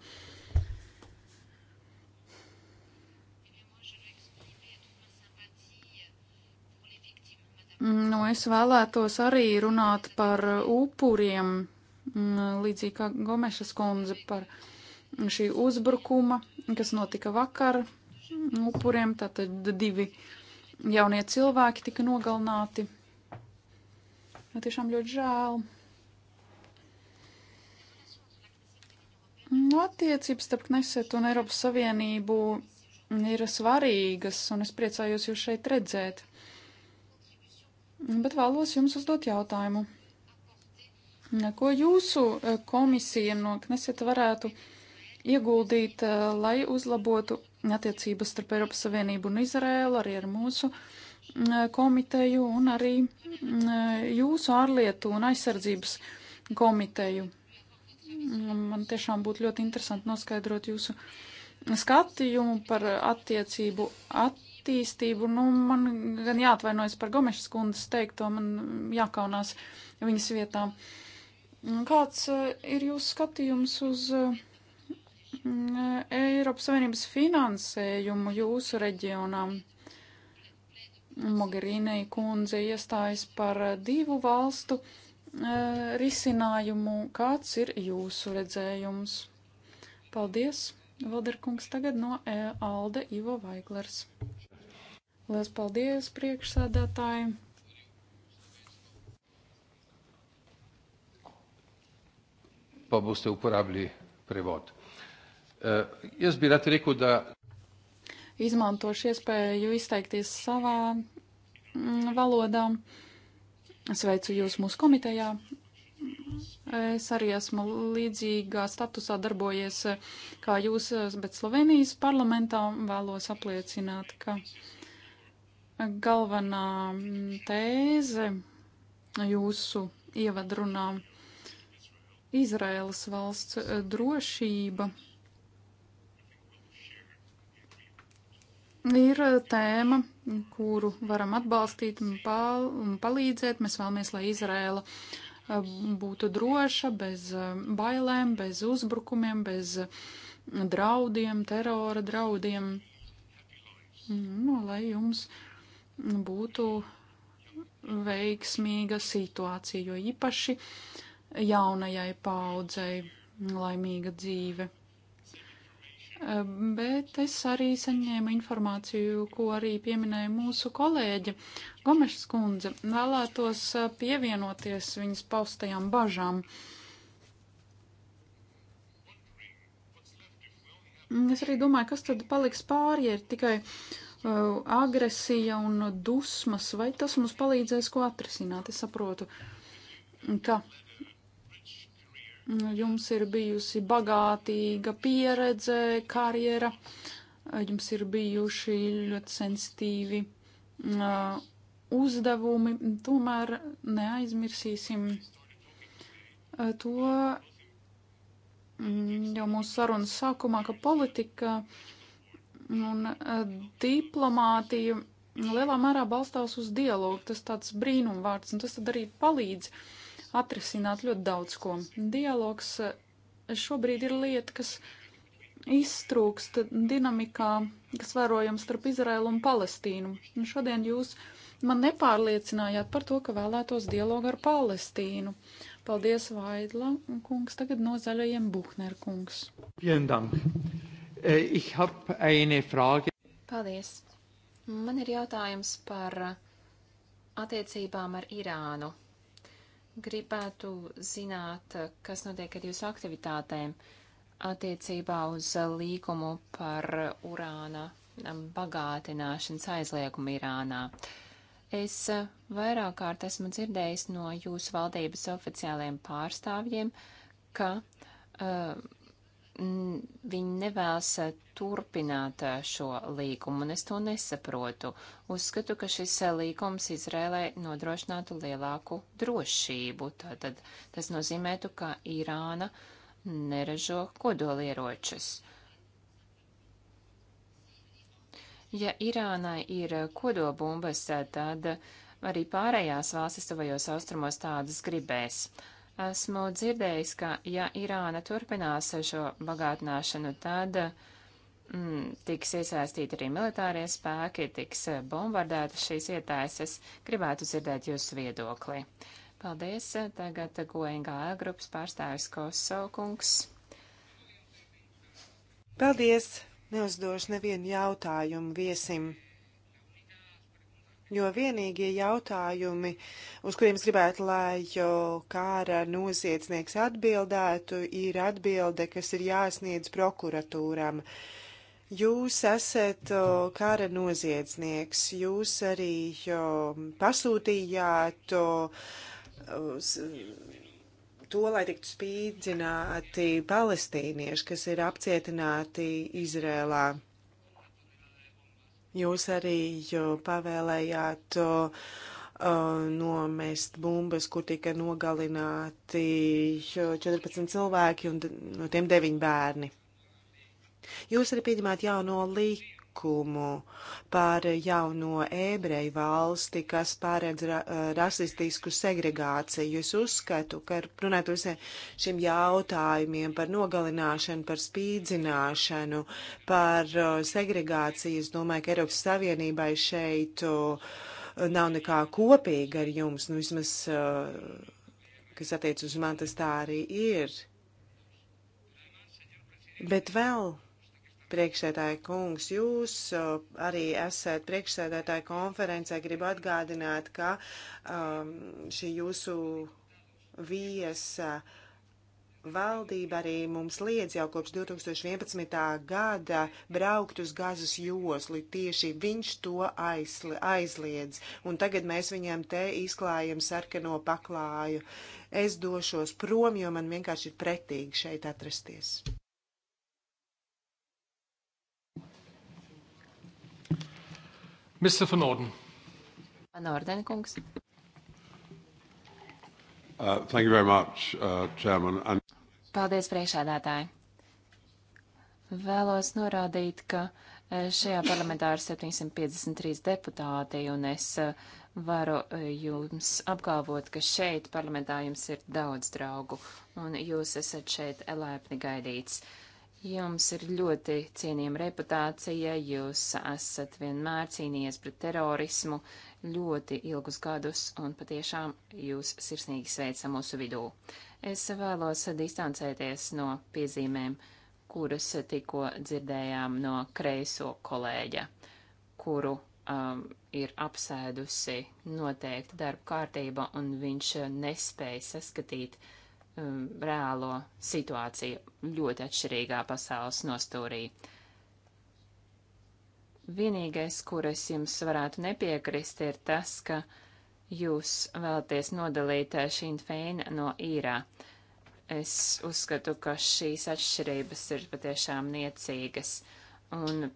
Nu, es vēlētos arī runāt par upuriem, mm, līdzīgi kā Gomešas kundze par šī uzbrukuma, kas notika vakar mm, upuriem, tātad divi jaunie cilvēki tika nogalināti. Ja nu, tiešām ļoti žēl. Nu, attiecības starp Knesetu un Eiropas Savienību ir svarīgas, un es priecājos jūs šeit redzēt bet vēlos jums uzdot jautājumu. Ko jūsu e, komisija no Kneseta varētu ieguldīt, e, lai uzlabotu attiecības starp Eiropas Savienību un Izrēlu, arī ar mūsu e, komiteju un arī jūsu ārlietu un aizsardzības komiteju? Nu, man tiešām būtu ļoti interesanti noskaidrot jūsu skatījumu par attiecību attīstību attīstību. Nu, man gan jāatvainojas par Gomešas kundas teikto, man jākaunās viņas vietā. Kāds eh, ir jūsu skatījums uz eh, Eiropas Savienības finansējumu jūsu reģionām? Mogherīnei kundze iestājas par eh, divu valstu risinājumu. Kāds ir jūsu redzējums? Paldies! Valderkungs tagad no e Alde Ivo Vaiglers. Lielas paldies priekšsādātājiem! pa boste uporabili prevod. Jaz e, bi rad rekel, da. Izmantošu iespēju izteikties savā mm, valodā. Sveicu jūs mūsu komitejā. Es arī esmu līdzīgā statusā darbojies e, kā jūs, e, bet Slovenijas parlamentā vēlos apliecināt, ka. Uh, galvenā mm, tēze jūsu ievadrunā Izraēlas valsts eh, drošība ir eh, tēma, kuru varam atbalstīt un, pal un palīdzēt. Mēs vēlamies, lai Izraēla eh, būtu droša, bez bailēm, bez uzbrukumiem, bez draudiem, terora draudiem. Mm, nu, lai jums uh, būtu veiksmīga situācija, jo īpaši jaunajai paudzei laimīga dzīve. Eh, bet es arī saņēmu informāciju, ko arī pieminēja mūsu kolēģe Gomešs kundze. Vēlētos eh, pievienoties viņas paustajām bažām. Es arī domāju, kas tad paliks pāri, ja ir tikai uh, agresija un dusmas, vai tas mums palīdzēs ko atrisināt? Es saprotu, ka mm, jums ir bijusi bagātīga pieredze, karjera, jums ir bijuši ļoti sensitīvi uzdevumi, tomēr neaizmirsīsim to mm, jau mūsu sarunas sākumā, ka politika uh, Un e, diplomātija lielā mērā balstās uz dialogu. Tas tāds brīnumvārds, un tas tad arī palīdz atrisināt ļoti daudz ko. Dialogs e, šobrīd ir lieta, kas iztrūkst dinamikā, kas vērojams starp Izraelu un Palestīnu. Un šodien jūs man nepārliecinājāt par to, ka vēlētos dialogu ar Palestīnu. Paldies, Vaidla kungs, tagad no zaļajiem Buhner kungs. Piendam. Eh, ich habe eine Frage. Paldies. Man ir jautājums par attiecībām ar Irānu. Gribētu zināt, kas notiek ar jūsu aktivitātēm attiecībā uz līgumu par urāna um, bagātināšanas aizliegumu Irānā. Es eh, vairāk kārt esmu dzirdējis no jūsu valdības oficiālajiem pārstāvjiem, ka uh, viņi nevēlas e, turpināt e, šo līgumu, un es to nesaprotu. Uzskatu, ka šis e, līgums Izrēlē nodrošinātu lielāku drošību. Tātad tas nozīmētu, ka Irāna neražo kodolieročus. Ja Irānai ir kodobumbas, tad arī pārējās valstis tuvajos austrumos tādas gribēs. Uh, Esmu dzirdējis, ka ja Irāna turpinās šo bagātināšanu, tad mm, tiks iesaistīti arī militārie spēki, tiks eh, bombardētas šīs ietājas. Es gribētu dzirdēt jūsu viedokli. Paldies. Tagad GONGL grupas pārstāvis Kosaukungs. Paldies! Neuzdošu nevienu jautājumu viesim jo vienīgie jautājumi, uz kuriem es gribētu, lai kāra noziedznieks atbildētu, ir atbilde, kas ir jāsniedz prokuratūram. Jūs esat kara noziedznieks, jūs arī pasūtījāt to, lai tiktu spīdzināti palestīnieši, kas ir apcietināti Izrēlā. Jūs arī pavēlējāt nomest bumbas, kur tika nogalināti 14 cilvēki un no tiem 9 bērni. Jūs arī pieņemāt jauno likumu likumu par jauno ebreju valsti, kas pārēdz ra rasistisku segregāciju. Es uzskatu, ka runāt uz šiem jautājumiem par nogalināšanu, par spīdzināšanu, par segregāciju, es domāju, ka Eiropas Savienībai šeit nav nekā kopīga ar jums. Nu, vismaz, kas attiec uz man, tas tā arī ir. Bet vēl Priekšsēdētāji kungs, jūs arī esat priekšsēdētāji konferencē. Gribu atgādināt, ka um, šī jūsu viesa valdība arī mums liedz jau kopš 2011. gada braukt uz gazas josli. Tieši viņš to aizliedz. Un tagad mēs viņam te izklājam sarkano paklāju. Es došos prom, jo man vienkārši ir pretīgi šeit atrasties. Mr. Van Orden. Van Orden, kungs. Uh, thank you very much, uh, Chairman. And... Paldies, priekšādātāji. Vēlos norādīt, ka uh, šajā parlamentā ir 753 deputāti, un es uh, varu uh, jums apgalvot, ka šeit parlamentā jums ir daudz draugu, un jūs esat šeit laipni gaidīts. Uh, Jums ir ļoti cienījama reputācija, jūs esat vienmēr cīnījies pret terorismu ļoti ilgus gadus, un patiešām jūs sirsnīgi sveicam mūsu vidū. Es vēlos distancēties no piezīmēm, kuras tikko dzirdējām no kreiso kolēģa, kuru um, ir apsēdusi noteikta darba kārtība, un viņš nespēja saskatīt, uh, um, reālo situāciju ļoti atšķirīgā pasaules nostūrī. Vienīgais, kur es jums varētu nepiekrist, ir tas, ka jūs vēlaties nodalīt Šīnfeina uh, no īrā. Es uzskatu, ka šīs atšķirības ir patiešām niecīgas, un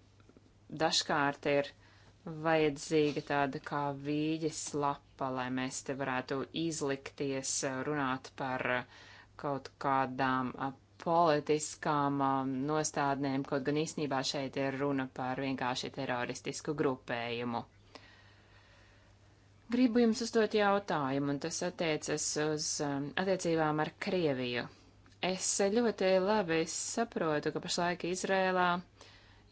dažkārt ir uh, vajadzīga tāda kā vīģes lapa, lai mēs te varētu izlikties, runāt par kaut kādām politiskām nostādnēm, kaut gan īsnībā šeit ir runa par vienkārši teroristisku grupējumu. Gribu jums uzdot jautājumu, un tas attiecas uz attiecībām ar Krieviju. Es ļoti labi saprotu, ka pašlaik Izrēlā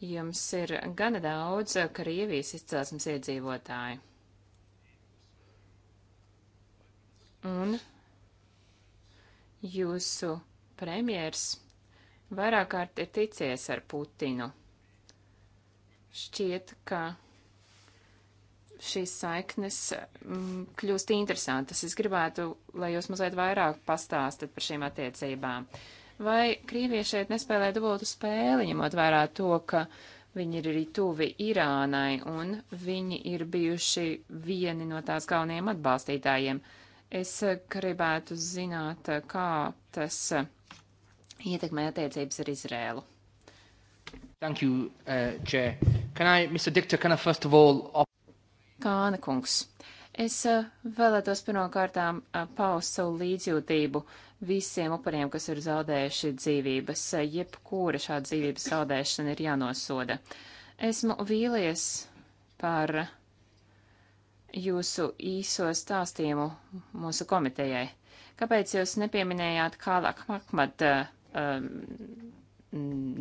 Jums ir gana daudz eh, Krievijas izcelsmes iedzīvotāji. Un jūsu premjers vairāk kārt ir ticies ar Putinu. Šķiet, ka šīs saiknes m, mm, kļūst interesantas. Es gribētu, lai jūs mazliet vairāk pastāstat par šīm attiecībām. Uh, Vai Krievija šeit nespēlē dubultu spēli, ņemot vērā to, ka viņi ir arī tuvi Irānai un viņi ir bijuši vieni no tās galvenajiem atbalstītājiem? Es eh, gribētu zināt, eh, kā tas eh, ietekmē attiecības ar Izrēlu. Thank you, uh, Chair. Can I, Mr. Dictor, can I first of all... Op- Kāna kungs. Es vēlētos pirmkārtām paust savu līdzjūtību visiem upuriem, kas ir zaudējuši dzīvības. Jebkura šāda dzīvības zaudēšana ir jānosoda. Esmu vīlies par jūsu īso stāstījumu mūsu komitejai. Kāpēc jūs nepieminējāt Kālāk Makmat um,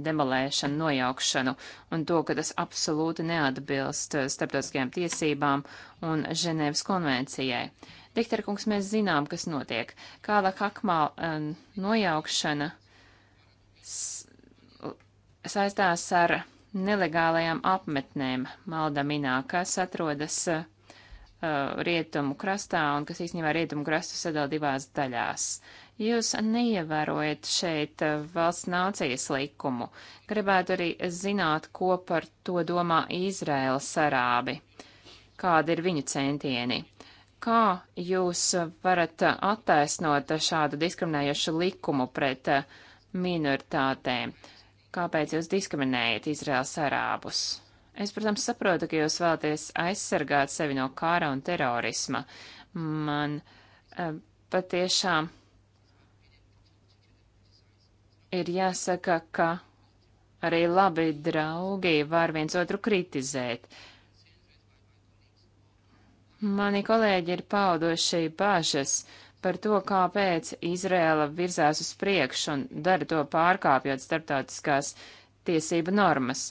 demolēšanu, nojaukšanu un to, ka tas absolūti neatbilst uh, starptautiskajām tiesībām un Ženēvas konvencijai? Dikterkungs, mēs zinām, kas notiek. Kāla Hakmāla um, nojaukšana saistās ar nelegālajām apmetnēm Maldaminā, kas atrodas uh, rietumu krastā un kas īstenībā rietumu krastu sadala divās daļās. Jūs neievērojat šeit uh, valsts nācijas likumu. Gribētu arī zināt, ko par to domā Izraels arābi. Kādi ir viņu centieni? Kā jūs varat attaisnot šādu diskriminējošu likumu pret eh, minoritātēm? Kāpēc jūs diskriminējat Izraels arābus? Es, protams, saprotu, ka jūs vēlaties aizsargāt sevi no kara un terorisma. Man eh, patiešām ir jāsaka, ka arī labi draugi var viens otru kritizēt. Mani kolēģi ir paudoši bāžas par to, kāpēc Izrēla virzās uz priekšu un dara to pārkāpjot starptautiskās tiesību normas.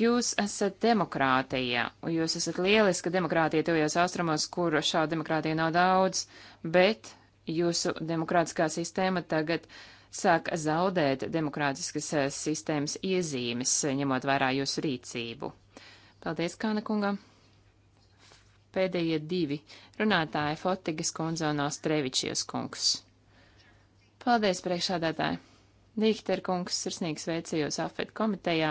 Jūs esat demokrātija, un jūs esat lieliska demokrātija tuvajos austrumos, kur šāda demokrātija nav daudz, bet jūsu demokrātiskā sistēma tagad sāk zaudēt demokrātiskas eh, sistēmas iezīmes, ņemot vērā jūsu rīcību. Paldies, Kāna kungam! pēdējie divi runātāji Fotigas kundze un Austrevičies kungs. Paldies, priekšādātāji! Dīkter kungs sirsnīgi sveicījos AFET komitejā,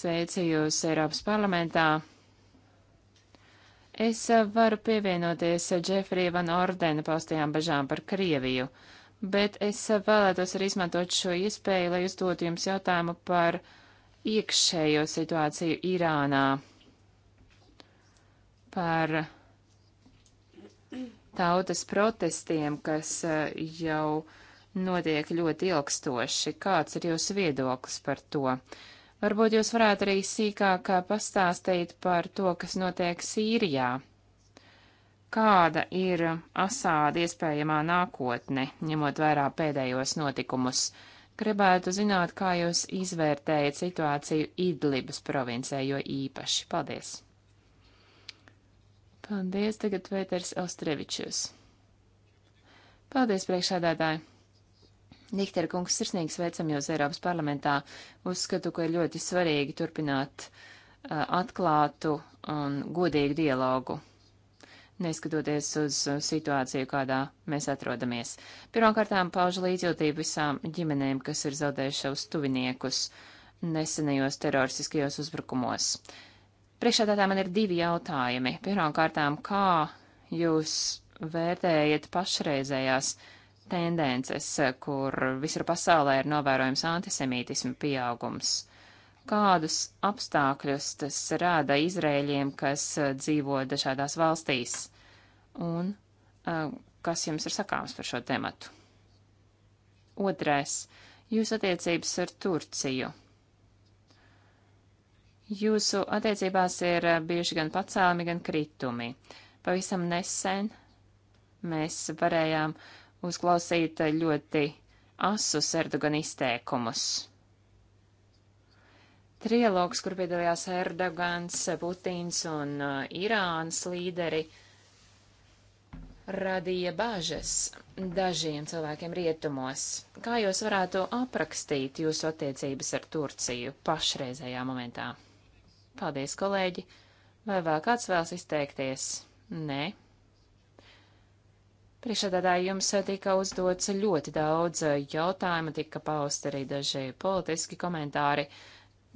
sveicījos Eiropas parlamentā. Es eh, varu pievienoties Džefrija Van Ordena paustajām bažām par Krieviju, bet es eh, vēlētos arī izmantot šo iespēju, lai uzdotu jums jautājumu par iekšējo situāciju Irānā par tautas protestiem, kas eh, jau notiek ļoti ilgstoši. Kāds ir jūsu viedoklis par to? Varbūt jūs varētu arī sīkāk eh, pastāstīt par to, kas notiek Sīrijā. Kāda ir Asāda iespējamā nākotne, ņemot vērā pēdējos notikumus? Gribētu zināt, kā jūs izvērtējat situāciju Idlibas provincē, jo īpaši. Paldies! Paldies, tagad Vēters Ostrevičus. Paldies, priekšādātāji! Dihtera kungs sirsnīgi sveicam jūs Eiropas parlamentā. Uzskatu, ka ir ļoti svarīgi turpināt uh, atklātu un godīgu dialogu, neskatoties uz situāciju, kādā mēs atrodamies. Pirmkārtām paužu līdzjūtību visām ģimenēm, kas ir zaudējuši savus tuviniekus nesenajos teroristiskajos uzbrukumos. Uh, Priekšādātā man ir divi jautājumi. Pirmkārtām, kā jūs vērtējat pašreizējās tendences, kur visur pasaulē ir novērojams antisemītismu pieaugums? Kādus apstākļus tas rada Izrēļiem, kas eh, dzīvo dažādās valstīs? Un eh, kas jums ir sakāms par šo tematu? Otrais - jūsu attiecības ar Turciju. Jūsu attiecībās ir eh, bieži gan pacēlumi, gan kritumi. Pavisam nesen mēs varējām uzklausīt eh, ļoti asus Erdogan izteikumus. Trialogs, kur piedalījās Erdogans, Putins un eh, Irānas līderi, radīja bāžas dažiem cilvēkiem rietumos. Kā jūs varētu aprakstīt jūsu attiecības ar Turciju pašreizējā momentā? Paldies, kolēģi! Vai vēl kāds vēlas izteikties? Nē. Priekšādādāji jums tika uzdots ļoti daudz eh, jautājumu, tika pausti arī daži politiski komentāri.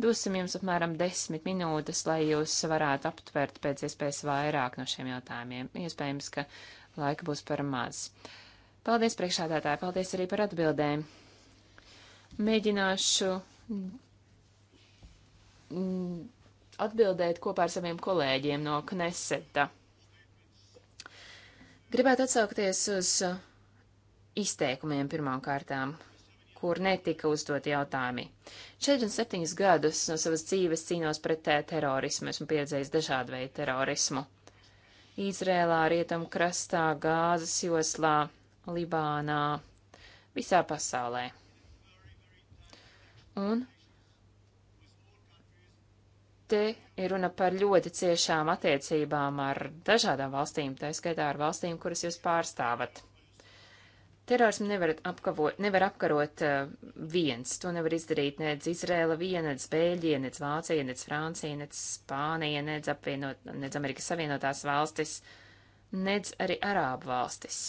Dosim jums apmēram desmit minūtes, lai jūs varētu aptvert pēc iespējas vairāk no šiem jautājumiem. Iespējams, ka laika būs par maz. Paldies priekšādātāji, paldies arī par atbildēm. Mēģināšu mm, atbildēt kopā ar saviem kolēģiem no Kneseta. Gribētu atsaukties uz izteikumiem pirmām kārtām, kur netika uzdot jautājumi. 47 gadus no savas dzīves cīnos pret terorismu, esmu pieredzējis dažādu veidu terorismu. Izrēlā, Rietum krastā, Gāzes joslā, Libānā, visā pasaulē. Un Te ir runa par ļoti ciešām attiecībām ar dažādām valstīm, tā skaitā ar valstīm, kuras jūs pārstāvat. Terorismu nevar, apkavo, nevar apkarot uh, viens, to nevar izdarīt nec Izrēla viena, nec Bēļģija, nec Vācija, nec Francija, nec Spānija, nec, apvienot, nec Amerikas Savienotās valstis, nec arī Arābu valstis.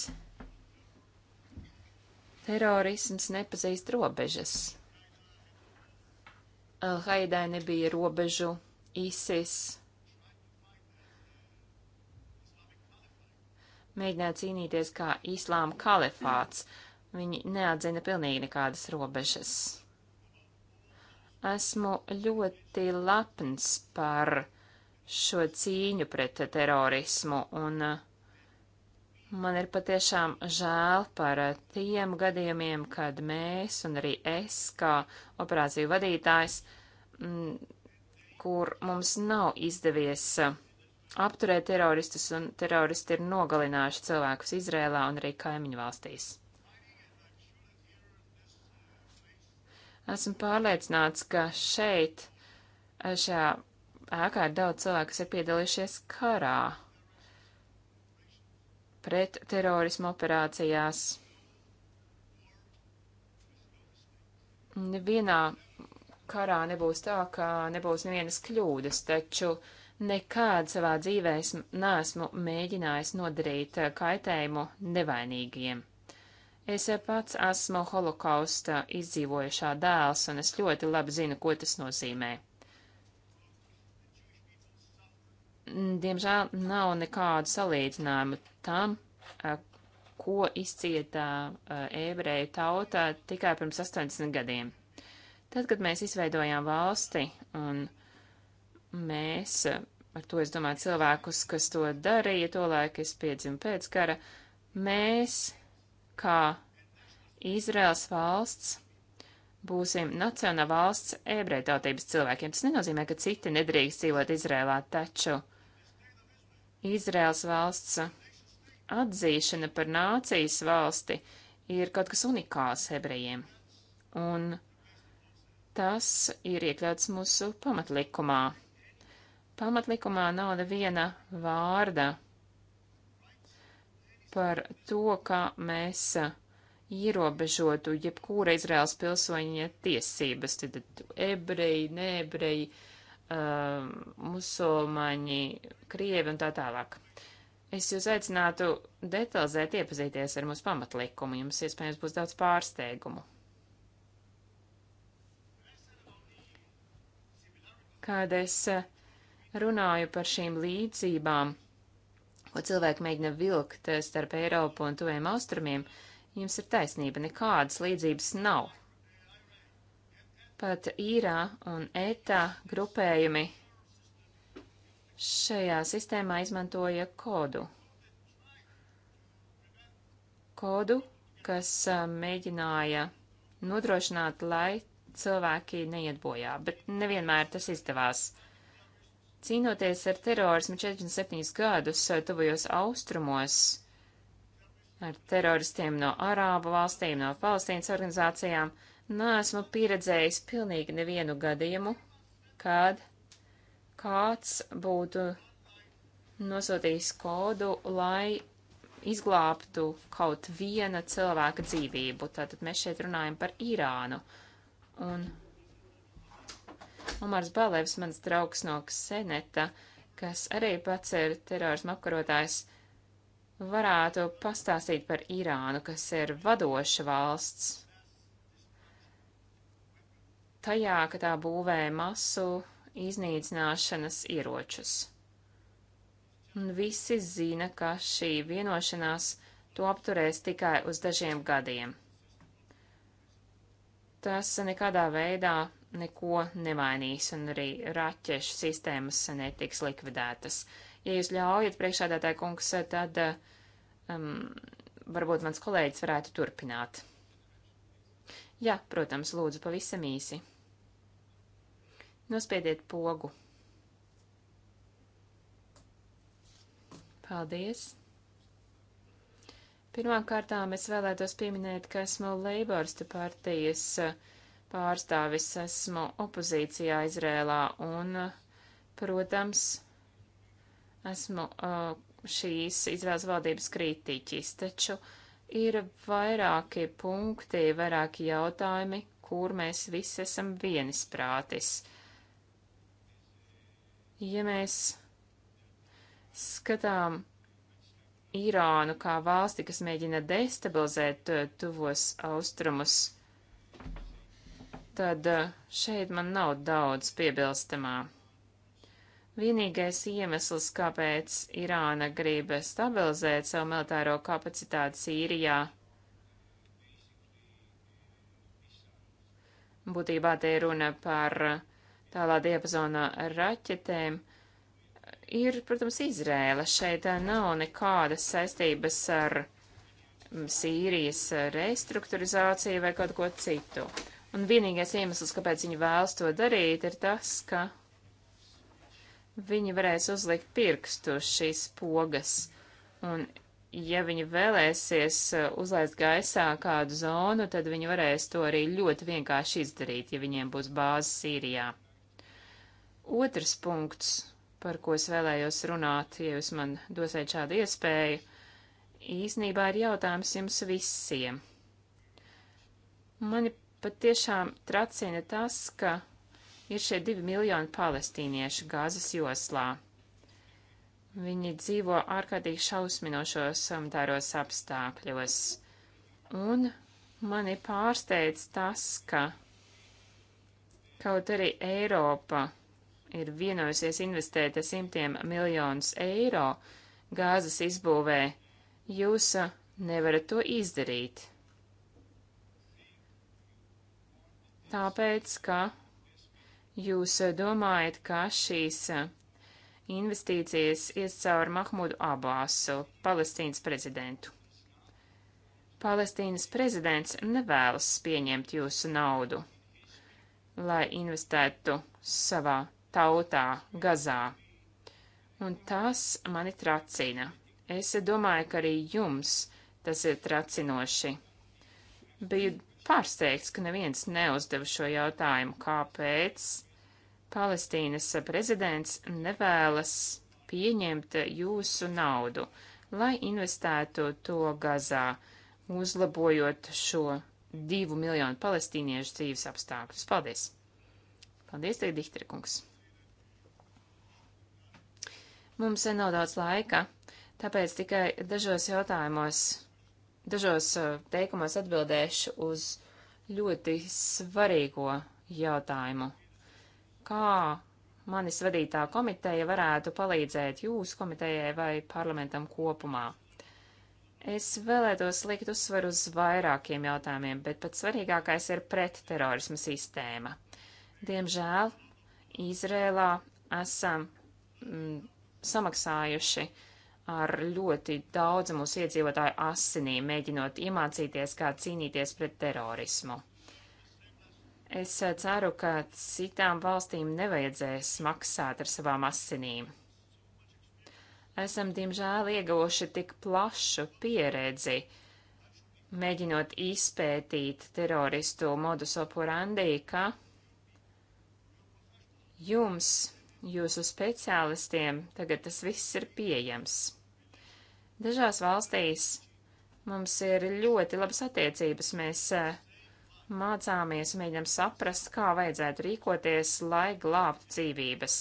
Terorisms nepazīst robežas. Al-Haidai nebija robežu, ISIS. Mēģināja cīnīties kā islāma kalifāts. Viņi neatzina pilnīgi nekādas robežas. Esmu ļoti lepns par šo cīņu pret terorismu un uh, Man ir patiešām žēl par uh, tiem gadījumiem, kad mēs un arī es, kā operāciju vadītājs, m, mm, kur mums nav izdevies uh, apturēt teroristus, un teroristi ir nogalinājuši cilvēkus Izrēlā un arī kaimiņu valstīs. Esmu pārliecināts, ka šeit, uh, šajā ēkā ir daudz cilvēku, kas ir piedalījušies karā, pret terorismu operācijās. Nevienā karā nebūs tā, ka nebūs nevienas kļūdas, taču nekād savā dzīvē neesmu mēģinājis nodarīt eh, kaitējumu nevainīgiem. Es eh, pats esmu holokausta izdzīvojušā dēls, un es ļoti labi zinu, ko tas nozīmē. Diemžēl nav nekādu salīdzinājumu tam, eh, ko izcieta ebreju tauta tikai pirms 80 gadiem. Tad, kad mēs izveidojām valsti un mēs, ar to es domāju cilvēkus, kas to darīja, to laiku es piedzimu pēc kara, mēs, kā Izraels valsts, būsim nacionāla valsts ebreitautības cilvēkiem. Tas nenozīmē, ka citi nedrīkst dzīvot Izrēlā, taču Izrēlas valsts atzīšana par nācijas valsti ir kaut kas unikāls ebrejiem. Un Tas ir iekļauts mūsu pamatlikumā. Pamatlikumā nav neviena vārda par to, kā mēs ierobežotu jebkura Izraels pilsoņa tiesības, tad ebreji, neebreji, uh, musulmaņi, krievi un tā tālāk. Es jūs aicinātu detalizēt iepazīties ar mūsu pamatlikumu, jums iespējams būs daudz pārsteigumu. kad es eh, runāju par šīm līdzībām, ko cilvēki mēģina vilkt eh, starp Eiropu un tuviem austrumiem, jums ir taisnība, nekādas līdzības nav. Pat īrā un ETA grupējumi šajā sistēmā izmantoja kodu. Kodu, kas eh, mēģināja nodrošināt, lai cilvēki neiet bojā, bet nevienmēr tas izdevās. Cīnoties ar terorismu 47 gadus eh, tuvajos austrumos, ar teroristiem no Arābu valstīm, no Palestīnas organizācijām, neesmu pieredzējis pilnīgi nevienu gadījumu, kad kāds būtu nosūtījis kodu, lai izglābtu kaut viena cilvēka dzīvību. Tātad mēs šeit runājam par Irānu. Uh, Un Omars Balevs, mans draugs no Kseneta, kas arī pats ir terorisma apkarotājs, varētu pastāstīt par Irānu, kas ir vadoša valsts. Tajā, ka tā būvē masu iznīcināšanas ieročus. Un visi zina, ka šī vienošanās to apturēs tikai uz dažiem gadiem tas nekādā veidā neko nemainīs, un arī raķešu sistēmas netiks likvidētas. Ja jūs ļaujat, priekšādātāja kungs, tad um, varbūt mans kolēģis varētu turpināt. Jā, protams, lūdzu pavisam īsi. Nospiediet pogu. Paldies! Pirmkārtām es vēlētos pieminēt, ka esmu Leiborsta partijas eh, pārstāvis, esmu opozīcijā Izrēlā un, eh, protams, esmu eh, šīs Izraels valdības kritiķis, taču ir vairāki punkti, vairāki jautājumi, kur mēs visi esam vienisprātis. Ja mēs skatām Irānu kā valsti, kas mēģina destabilizēt eh, tuvos austrumus, tad eh, šeit man nav daudz piebilstamā. Vienīgais iemesls, kāpēc Irāna grib stabilizēt savu militāro kapacitāti Sīrijā, būtībā te ir runa par eh, tālā diapazonā raķetēm, ir, protams, Izrēla. Šeit eh, nav nekādas saistības ar mm, Sīrijas eh, restruktūrizāciju vai kaut ko citu. Un vienīgais iemesls, kāpēc viņi vēlas to darīt, ir tas, ka viņi varēs uzlikt pirkstu uz šīs pogas. Un, ja viņi vēlēsies eh, uzlaist gaisā kādu zonu, tad viņi varēs to arī ļoti vienkārši izdarīt, ja viņiem būs bāze Sīrijā. Otrs punkts par ko es vēlējos runāt, ja jūs man dosiet šādu iespēju, īsnībā ir jautājums jums visiem. Mani patiešām tracina tas, ka ir šie divi miljoni palestīniešu gāzes joslā. Viņi dzīvo ārkārtīgi šausminošos sanitāros apstākļos, un mani pārsteidz tas, ka kaut arī Eiropa ir vienojusies investēt simtiem miljonus eiro gāzes izbūvē, jūs uh, nevarat to izdarīt. Tāpēc, ka jūs uh, domājat, ka šīs uh, investīcijas ies caur Mahmudu Abāsu, Palestīnas prezidentu. Palestīnas prezidents nevēlas pieņemt jūsu naudu, lai investētu savā tautā, Gazā. Un tas mani tracina. Es domāju, ka arī jums tas ir tracinoši. Biju pārsteigts, ka neviens neuzdeva šo jautājumu, kāpēc Palestīnas prezidents nevēlas pieņemt jūsu naudu, lai investētu to Gazā, uzlabojot šo divu miljonu palestīniešu dzīves apstākļus. Paldies! Paldies, Dietrkungs! Mums nav daudz laika, tāpēc tikai dažos jautājumos, dažos uh, teikumos atbildēšu uz ļoti svarīgo jautājumu. Kā manis vadītā komiteja varētu palīdzēt jūs komitejai vai parlamentam kopumā? Es vēlētos likt uzsvaru uz vairākiem jautājumiem, bet pats svarīgākais ir pretterorisma sistēma. Diemžēl Izrēlā esam mm, samaksājuši ar ļoti daudz mūsu iedzīvotāju asinīm, mēģinot iemācīties, kā cīnīties pret terorismu. Es eh, ceru, ka citām valstīm nevajadzēs maksāt ar savām asinīm. Esam, diemžēl, ieguvuši tik plašu pieredzi, mēģinot izpētīt teroristu modus operandi, ka jums jūsu speciālistiem tagad tas viss ir pieejams. Dažās valstīs mums ir ļoti labas attiecības. Mēs eh, mācāmies, mēģinam saprast, kā vajadzētu rīkoties, lai glābtu dzīvības.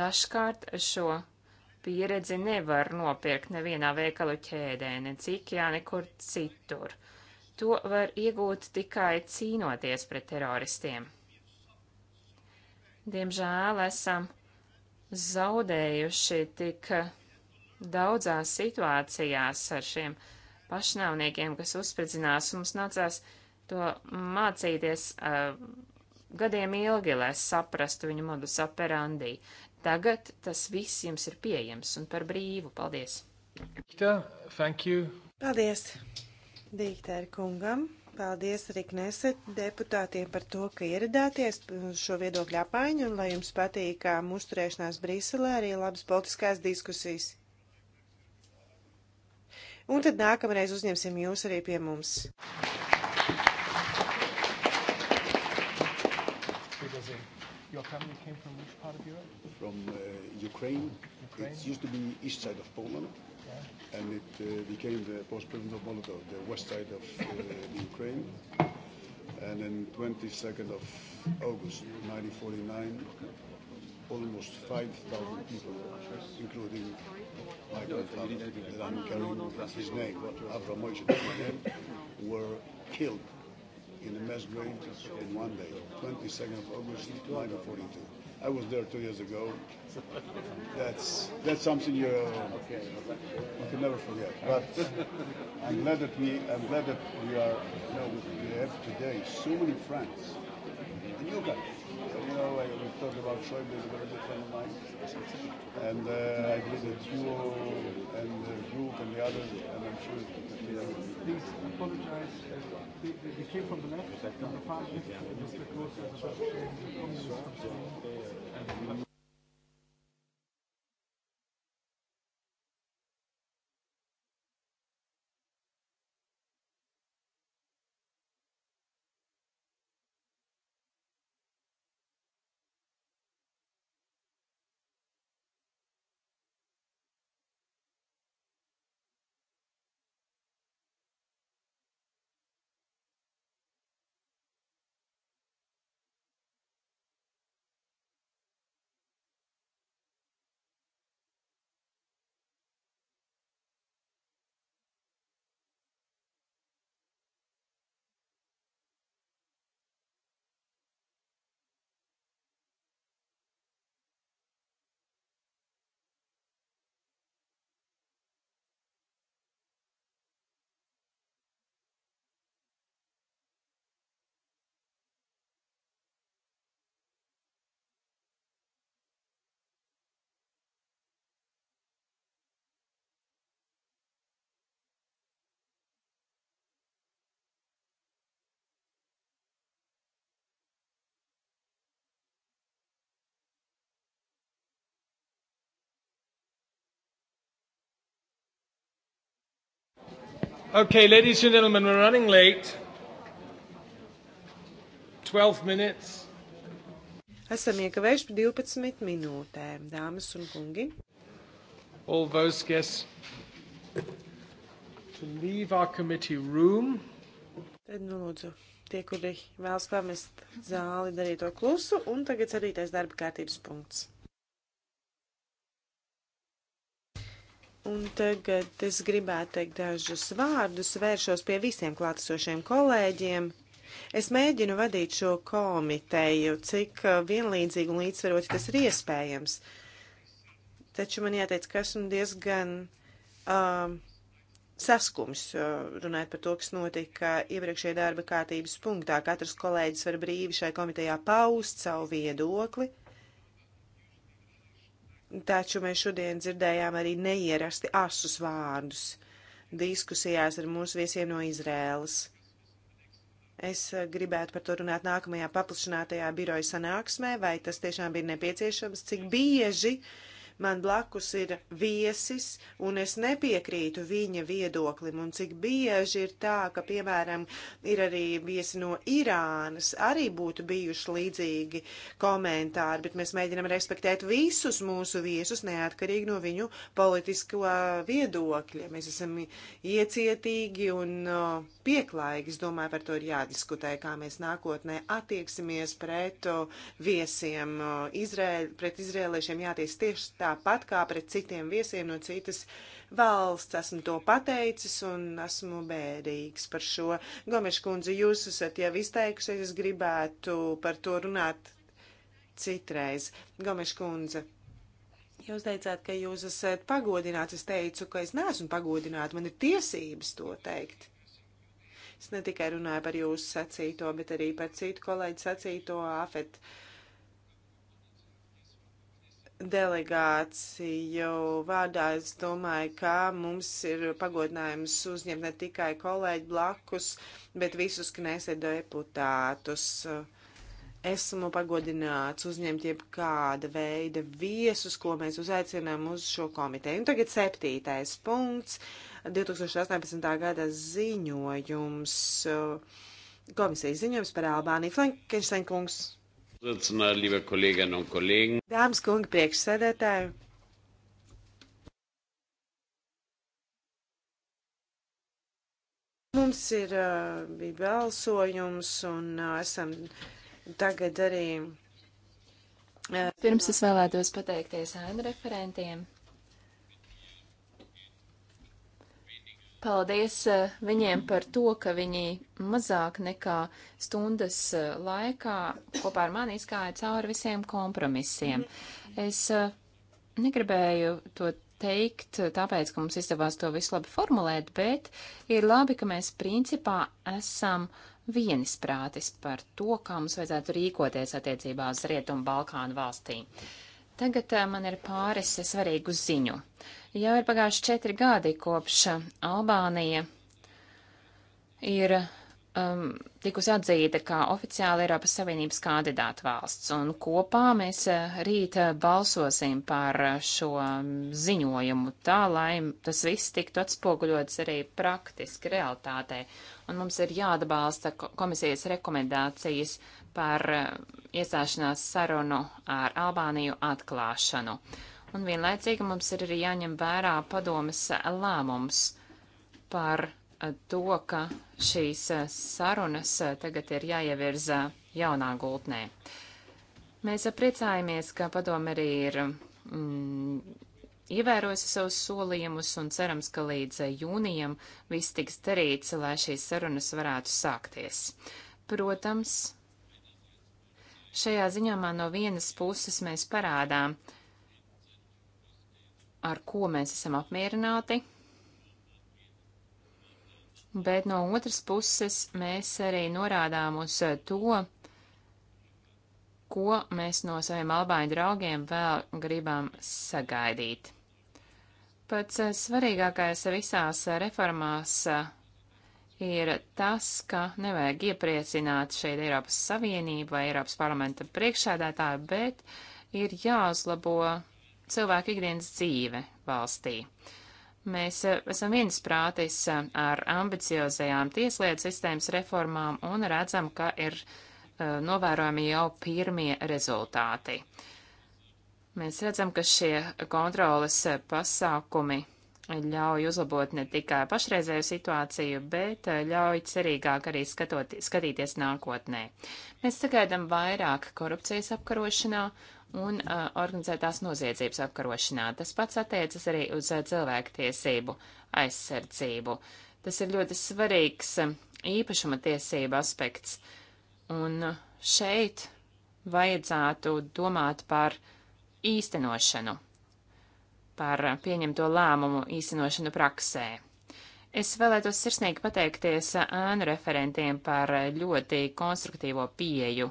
Dažkārt šo pieredzi nevar nopirkt nevienā veikalu ķēdē, ne cikjā, nekur citur. To var iegūt tikai cīnoties pret teroristiem. Diemžēl esam zaudējuši tik daudzās situācijās ar šiem pašnāvniekiem, kas uzspridzinās, un mums nācās to mācīties uh, gadiem ilgi, lai saprastu viņu modus operandi. Tagad tas viss jums ir pieejams un par brīvu. Paldies! Dikta, thank you! Paldies! Dīktēri kungam! Paldies arī Kneset deputātiem par to, ka ieradāties šo viedokļu apaiņu un lai jums patīk kā uzturēšanās Briselē arī labas politiskās diskusijas. Un tad nākamreiz uzņemsim jūs arī pie mums. Because, uh, your family came from which part of Europe? From uh, Ukraine. Ukraine. It used to be east side of Poland and it uh, became the post-president of Molotov, the west side of uh, Ukraine. And on 22nd of August 1949, almost 5,000 people, including my grandfather, that I'm carrying his name, Avramovich is my name, were killed in a mass grave in one day, 22nd of August 1942. I was there two years ago. That's that's something you uh, you can never forget. But I'm glad that we I'm glad that we are you know we have today so many friends, and you guys talk about Schäuble is a very good friend of mine. And uh, I believe that you and uh, Brooke and the others, and I'm sure Please apologize. Uh, they, they came from the left, from the far left, and Mr. Klose is a communist from Sweden. Okay, ladies and gentlemen, we're running late. 12 minutes. Esam iekavējuši par 12 minūtēm, dāmas un kungi. All those guests to leave our committee room. Tad nu lūdzu, tie, kuri vēlas pamest zāli, darīt to klusu, un tagad arī tais darba kārtības punkts. Un tagad es gribētu teikt dažus vārdus, vēršos pie visiem klātesošiem kolēģiem. Es mēģinu vadīt šo komiteju, cik vienlīdzīgi un līdzsvaroti tas ir iespējams. Taču man jāteic, ka esmu diezgan uh, saskums, uh, runājot par to, kas notika iepriekšējā darba kārtības punktā. Katrs kolēģis var brīvi šai komitejā paust savu viedokli. Uh, Taču mēs šodien dzirdējām arī neierasti asus vārdus diskusijās ar mūsu viesiem no Izrēlas. Es eh, gribētu par to runāt nākamajā paplašinātajā biroja sanāksmē, vai tas tiešām bija nepieciešams, cik bieži uh, Man blakus ir viesis, un es nepiekrītu viņa viedoklim, un cik bieži ir tā, ka, piemēram, ir arī viesi no Irānas, arī būtu bijuši līdzīgi komentāri, bet mēs mēģinam respektēt visus mūsu viesus, neatkarīgi no viņu politisko viedokļa. Mēs esam iecietīgi un pieklājīgi, es domāju, par to ir jādiskutē, kā mēs nākotnē attieksimies pret viesiem, Izrēļ, pret izrēliešiem jāties tieši tā tāpat kā pret citiem viesiem no citas valsts. Esmu to pateicis un esmu bērīgs par šo. Gomeša kundze, jūs esat jau izteikusies, es gribētu par to runāt citreiz. Gomeša kundze. Jūs teicāt, ka jūs esat pagodināts. Es teicu, ka es neesmu pagodināts. Man ir tiesības to teikt. Es ne tikai runāju par jūsu sacīto, bet arī par citu kolēģu sacīto afetu delegāciju vārdā es domāju, ka mums ir pagodinājums uzņemt ne tikai kolēģi blakus, bet visus knesē deputātus. Esmu pagodināts uzņemt jebkāda veida viesus, ko mēs uzaicinām uz šo komiteju. Un tagad septītais punkts - 2018. gada ziņojums. Komisijas ziņojums par Albāniju. Frankensteinkungs. Dāmas kungi priekšsēdētāji. Mums ir uh, bija balsojums un uh, esam tagad arī. Uh, Pirms es vēlētos pateikties ēnu referentiem Paldies eh, viņiem par to, ka viņi mazāk nekā stundas eh, laikā kopā ar mani izgāja cauri visiem kompromisiem. Es eh, negribēju to teikt, tāpēc, ka mums izdevās to visu labi formulēt, bet ir labi, ka mēs principā esam vienisprātis par to, kā mums vajadzētu rīkoties attiecībā uz Rietumu Balkānu valstīm. Tagad man ir pāris svarīgu ziņu. Jau ir pagājuši četri gadi kopš Albānija ir um, tikusi atzīta kā oficiāla Eiropas Savienības kandidāta valsts, un kopā mēs rīt balsosim par šo um, ziņojumu tā, lai tas viss tiktu atspoguļots arī praktiski realitātei, un mums ir jāatbalsta komisijas rekomendācijas uh, par eh, iestāšanās sarunu ar Albāniju atklāšanu. Un vienlaicīgi mums ir arī jāņem vērā padomas lēmums par eh, to, ka šīs eh, sarunas tagad ir jāievirza jaunā gultnē. Mēs priecājamies, ka padome arī ir mm, ievērojusi savus solījumus un cerams, ka līdz jūnijam viss tiks darīts, lai šīs sarunas varētu sākties. Protams, Šajā ziņojumā no vienas puses mēs parādām, ar ko mēs esam apmierināti, bet no otras puses mēs arī norādām uz to, ko mēs no saviem albāņu draugiem vēl gribam sagaidīt. Pats eh, svarīgākais visās eh, reformās eh, ir tas, ka nevajag iepriecināt šeit Eiropas Savienību vai Eiropas parlamenta priekšsēdētāju, bet ir jāuzlabo cilvēku ikdienas dzīve valstī. Mēs eh, esam viensprātis eh, ar ambiciozajām tieslietu sistēmas reformām un redzam, ka ir eh, novērojami jau pirmie rezultāti. Mēs redzam, ka šie kontroles pasākumi ļauj uzlabot ne tikai pašreizēju situāciju, bet eh, ļauj cerīgāk arī skatot, skatīties nākotnē. Mēs sagaidām vairāk korupcijas apkarošanā un uh, organizētās noziedzības apkarošanā. Tas pats attiecas arī uz uh, cilvēktiesību aizsardzību. Tas ir ļoti svarīgs uh, īpašuma tiesība aspekts. Un uh, šeit vajadzētu domāt par īstenošanu par pieņemto lēmumu īstenošanu praksē. Es vēlētos sirsnīgi pateikties ēnu referentiem par ļoti konstruktīvo pieju,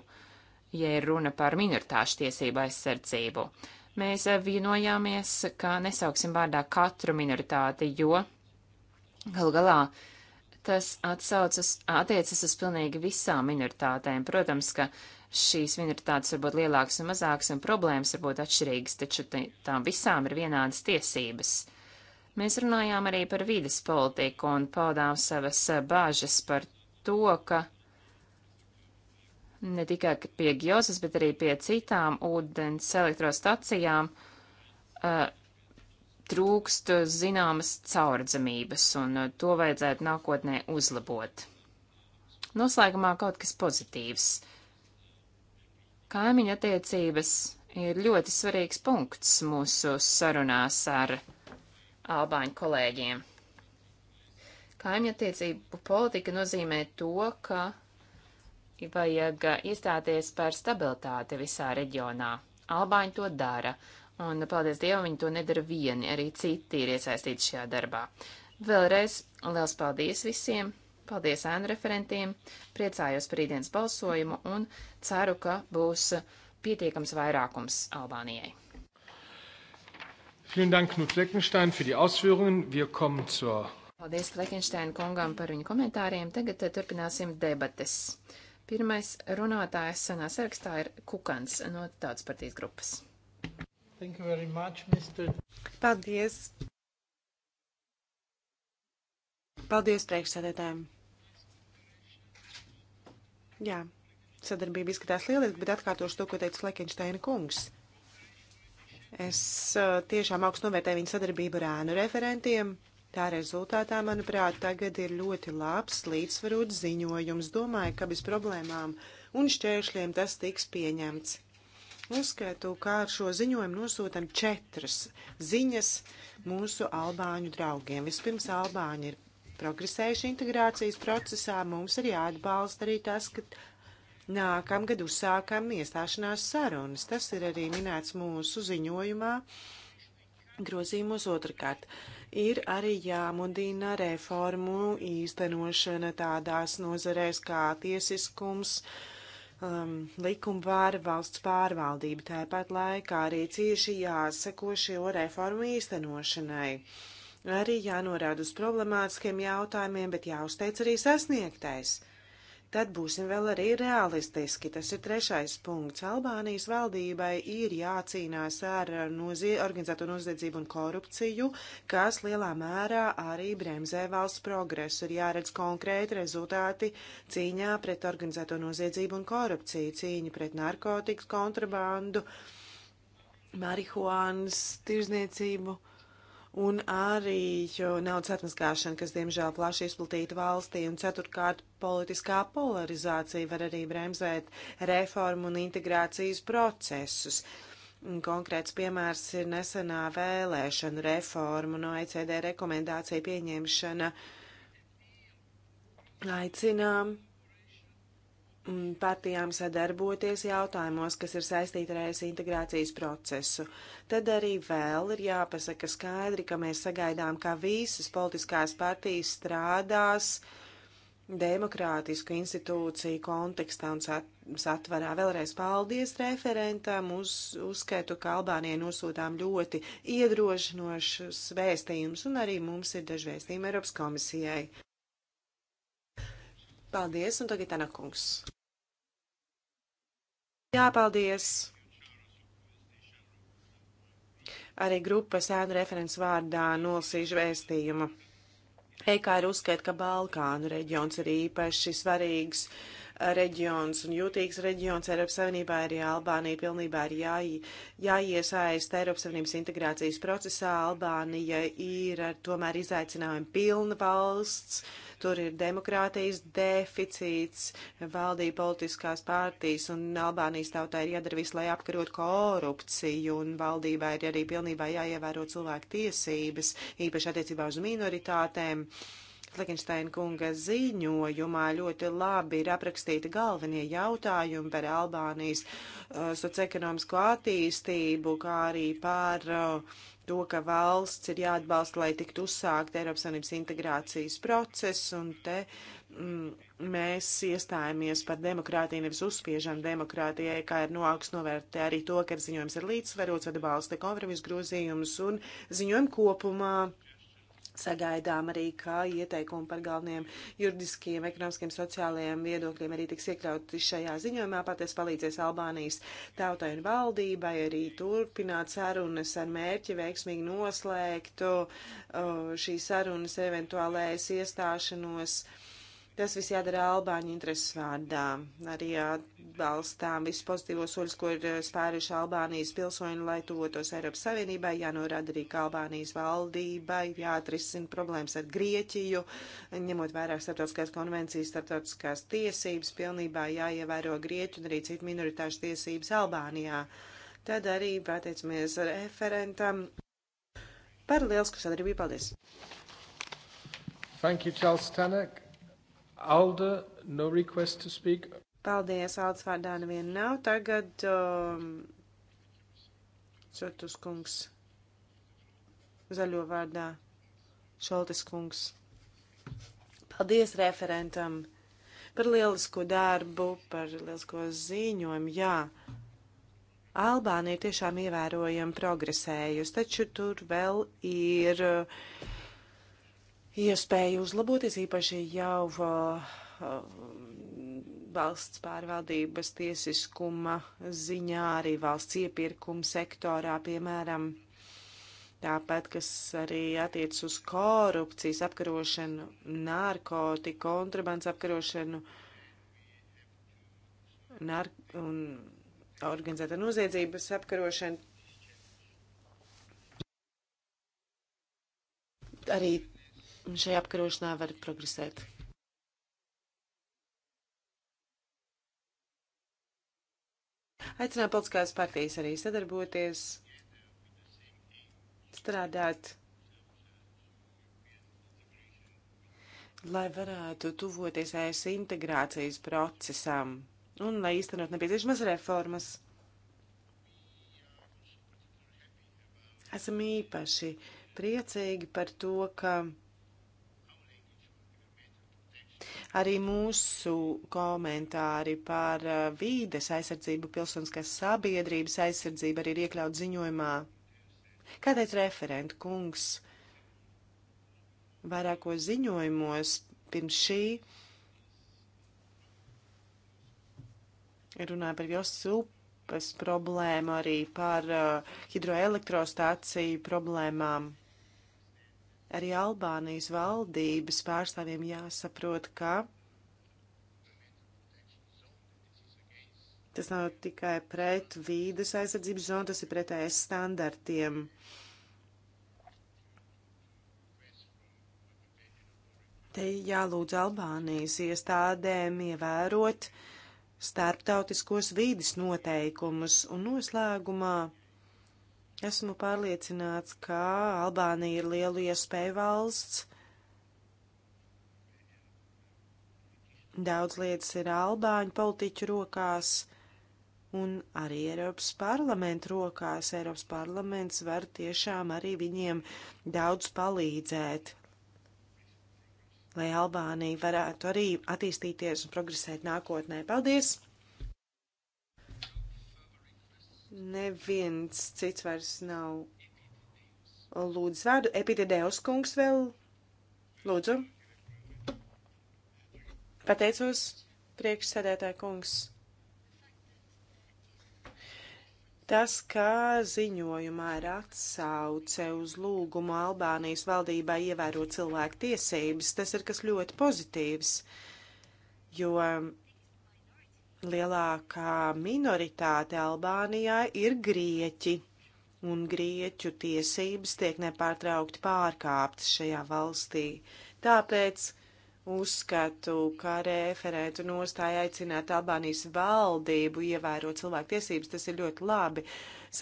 ja ir runa par minoritāšu tiesību aizsardzību. Mēs vienojāmies, ka nesauksim vārdā katru minoritāti, jo gal galā tas atsaucas, attiecas uz pilnīgi visām minoritātēm. Protams, ka uh, šīs minoritātes var būt lielākas un mazākas, un problēmas var būt atšķirīgas, taču tām visām ir vienādas tiesības. Mēs runājām arī par vides politiku un paudām savas eh, bāžas par to, ka ne tikai pie Gjozas, bet arī pie citām ūdens elektrostacijām uh, trūkst zināmas caurdzamības, un uh, to vajadzētu nākotnē uzlabot. Noslēgumā kaut kas pozitīvs. Kaimiņa attiecības ir ļoti svarīgs punkts mūsu sarunās ar Albāņu kolēģiem. Kaimiņa attiecību politika nozīmē to, ka vajag iestāties par stabilitāti visā reģionā. Albāņi to dara, un paldies Dievam, viņi to nedara vieni, arī citi ir iesaistīti šajā darbā. Vēlreiz liels paldies visiem! Paldies ēnu referentiem, priecājos par rītdienas balsojumu un ceru, ka būs pietiekams vairākums Albānijai. Vielen Dank, Knut Fleckenstein, für die Ausführungen. Wir kommen zur. Paldies Fleckensteina kungam par viņu komentāriem. Tagad eh, turpināsim debates. Pirmais runātājs senā sarakstā ir Kukans no Tautas partijas grupas. Thank you very much, Mr. Paldies. Paldies priekšsēdētājiem. Jā, sadarbība izskatās lieliski, bet atkārtošu to, ko teica Flekinšteina kungs. Es tiešām augstu novērtēju viņu sadarbību ar ēnu referentiem. Tā rezultātā, manuprāt, tagad ir ļoti labs, līdzsvarots ziņojums. Domāju, ka bez problēmām un šķēršļiem tas tiks pieņemts. Uzskatu, kā ar šo ziņojumu nosūtam četras ziņas mūsu albāņu draugiem. Vispirms albāņi ir progresējuši integrācijas procesā, mums ir jāatbalsta arī tas, ka nākamgad uzsākam iestāšanās sarunas. Tas ir arī minēts mūsu ziņojumā. Grozījumos otrkārt ir arī jāmudina reformu īstenošana tādās nozarēs kā tiesiskums, um, likumvāra, valsts pārvaldība. Tāpat laikā arī cieši jāseko šo reformu īstenošanai. Uh, Arī jānorāda uz problemātiskiem jautājumiem, bet jāuzteic arī sasniegtais. Tad būsim vēl arī realistiski. Tas ir trešais punkts. Albānijas valdībai ir jācīnās ar nozie organizēto noziedzību un korupciju, kas lielā mērā arī bremzē valsts progresu. Ir jāredz konkrēti rezultāti cīņā pret organizēto noziedzību un korupciju, cīņa pret narkotikas kontrabandu, marihuānas tirzniecību un arī naudas atmaskāšana, kas diemžēl plaši izplatīta valstī, un ceturkārt politiskā polarizācija var arī bremzēt reformu un integrācijas procesus. Un konkrēts piemērs ir nesenā vēlēšanu reforma no ECD rekomendācija pieņemšana. Aicinām partijām sadarboties jautājumos, kas ir saistīti ar ES integrācijas procesu. Tad arī vēl ir jāpasaka skaidri, ka mēs sagaidām, ka visas politiskās partijas strādās demokrātisku institūciju kontekstā un sat satvarā. Vēlreiz paldies referentam, uz, uzskaitu, ka Albānijai nosūtām ļoti iedrošinošus vēstījumus, un arī mums ir daži vēstījumi Eiropas komisijai. Paldies, un tagad Anakungs. Jā, paldies! Arī grupas ēnu referents vārdā nolasīšu vēstījumu. EKR uzskait, ka Balkānu reģions ir īpaši svarīgs reģions un jūtīgs reģions Eiropas Savienībā arī Albānija pilnībā ir jā, jāiesaista Eiropas Savienības integrācijas procesā. Albānija ir tomēr izaicinājumi pilna valsts. Uh, Tur ir demokrātijas deficīts, valdīja politiskās pārtīs un Albānijas tautai ir jādara viss, lai apkarot korupciju un valdībā ir arī pilnībā jāievēro cilvēku tiesības, īpaši attiecībā uz minoritātēm. Flekinsteina kunga ziņojumā ļoti labi ir aprakstīti galvenie jautājumi par Albānijas uh, socioekonomisko attīstību, kā arī par uh, to, ka valsts ir jāatbalsta, lai tiktu uzsākt Eiropas Savienības integrācijas process, un te mm, mēs iestājāmies par demokrātiju, nevis uzspiežam demokrātijai, kā ir noaugs novērtē arī to, ka ziņojums ir līdzsvarots, atbalsta kompromisu grozījumus un ziņojumu kopumā Sagaidām arī, ka ieteikumi par galvenajiem juridiskiem, ekonomiskiem, sociālajiem viedokļiem arī tiks iekļauti šajā ziņojumā. Paties palīdzēs Albānijas tautai un valdībai arī turpināt sarunas ar mērķi veiksmīgi noslēgt uh, šīs sarunas eventuālais iestāšanos. Uh, Tas viss jādara Albāņu interesu vārdā. Arī atbalstām visus pozitīvos soļus, ko ir eh, spēruši Albānijas pilsoņi, lai tuvotos Eiropas Savienībai. Jānorāda arī, ka Albānijas valdībai jāatrisina problēmas ar Grieķiju, ņemot vairāk starptautiskās konvencijas, starptautiskās tiesības, pilnībā jāievēro Grieķu un arī citu minoritāšu tiesības Albānijā. Tad arī pateicamies referentam par lielisku sadarbību. Paldies! Thank you, Charles Tanek. Alda, no request to speak. Paldies, Aldas vārdā neviena nav. Tagad um, Sotus kungs zaļo vārdā. Šoltis kungs. Paldies referentam par lielisko darbu, par lielisko ziņojumu. Jā, Albānija tiešām ievērojami progresējusi, taču tur vēl ir. Uh, iespēju uzlaboties, īpaši jau uh, valsts pārvaldības tiesiskuma ziņā, arī valsts iepirkuma sektorā, piemēram, tāpat, kas arī attiec uz korupcijas apkarošanu, narkotiku, kontrabandas apkarošanu nar un organizēta noziedzības apkarošanu. Arī Un šajā apkarošanā var progresēt. Aicinām politiskās partijas arī sadarboties, strādāt, lai varētu tuvoties ES integrācijas procesam un lai īstenot nepieciešamas reformas. Esam īpaši priecīgi par to, ka Arī mūsu komentāri par uh, vīdes aizsardzību, pilsoniskās sabiedrības aizsardzību arī ir iekļaut ziņojumā. Kā teica referenta kungs, vairākos ziņojumos pirms šī runāja par Josupas problēmu, arī par uh, hidroelektrostāciju problēmām arī Albānijas valdības pārstāvjiem jāsaprot, ka tas nav tikai pret vīdes aizsardzības zonu, tas ir pretējais standartiem. Te jālūdz Albānijas iestādēm ievērot starptautiskos vīdes noteikumus un noslēgumā. Esmu pārliecināts, ka Albānija ir lielu iespēju valsts. Daudz lietas ir albāņu politiķu rokās un arī Eiropas parlamenta rokās. Eiropas parlaments var tiešām arī viņiem daudz palīdzēt, lai Albānija varētu arī attīstīties un progresēt nākotnē. Paldies! Neviens cits vairs nav lūdzu vārdu. Epidēdeus kungs vēl lūdzu. Pateicos, priekšsēdētāja kungs. Tas, kā ziņojumā ir atsauce uz lūgumu Albānijas valdībai ievērot cilvēku tiesības, tas ir kas ļoti pozitīvs, jo lielākā minoritāte Albānijā ir grieķi, un grieķu tiesības tiek nepārtraukti pārkāptas šajā valstī. Tāpēc uzskatu, ka referentu nostāja aicināt Albānijas valdību ievērot cilvēku tiesības, tas ir ļoti labi.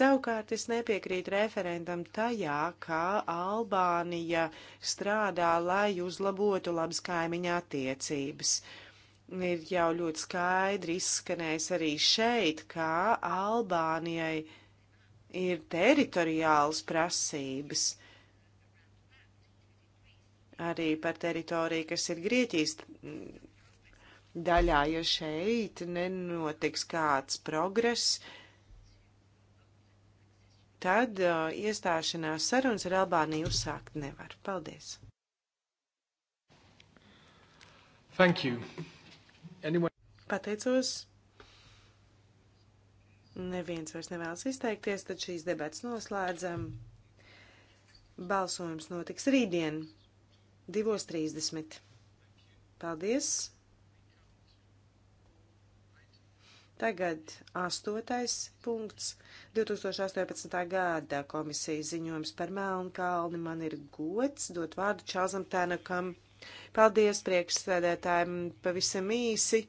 Savukārt es nepiekrītu referentam tajā, ka Albānija strādā, lai uzlabotu labas kaimiņa attiecības ir jau ļoti skaidri izskanējis arī šeit, kā Albānijai ir teritoriāls prasības. Arī par teritoriju, kas ir Grieķijas daļā, ja šeit nenotiks kāds progress, tad uh, iestāšanās sarunas ar Albāniju uzsākt nevar. Paldies! Thank you. Anyone? Pateicos. Neviens vairs nevēlas izteikties, tad šīs debats noslēdzam. Balsojums notiks rītdien, 2.30. Paldies! Tagad astotais punkts. 2018. gada komisijas ziņojums par Melnkalni. Man ir gods dot vārdu Čāzam Tēnakam. Paldies priekšsēdētājiem pavisam īsi.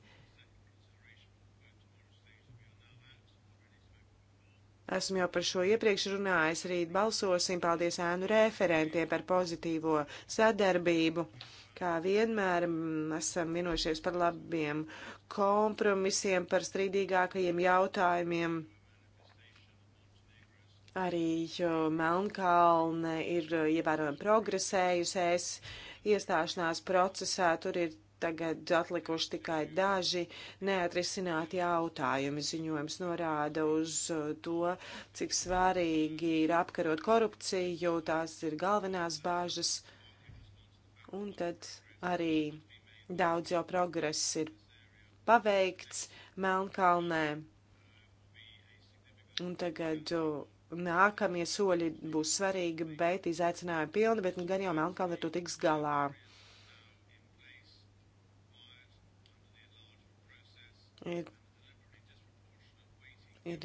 Esmu jau par šo iepriekš runājis, rīt balsosim, paldies ēnu referentiem par pozitīvo sadarbību. Kā vienmēr esam vienojušies par labiem kompromisiem, par strīdīgākajiem jautājumiem. Arī Melnkalne ir ievērojami progresējusies. Es iestāšanās procesā. Tur ir tagad atlikuši tikai daži neatrisināti jautājumi. Ziņojums norāda uz uh, to, cik svarīgi ir apkarot korupciju, tās ir galvenās bāžas. Un tad arī daudz jau progress ir paveikts Melnkalnē. Un tagad uh, nākamie soļi būs svarīgi, bet izaicinājumi pilni, bet nu gan jau Melnkalna ar to tiks galā. Ir, ir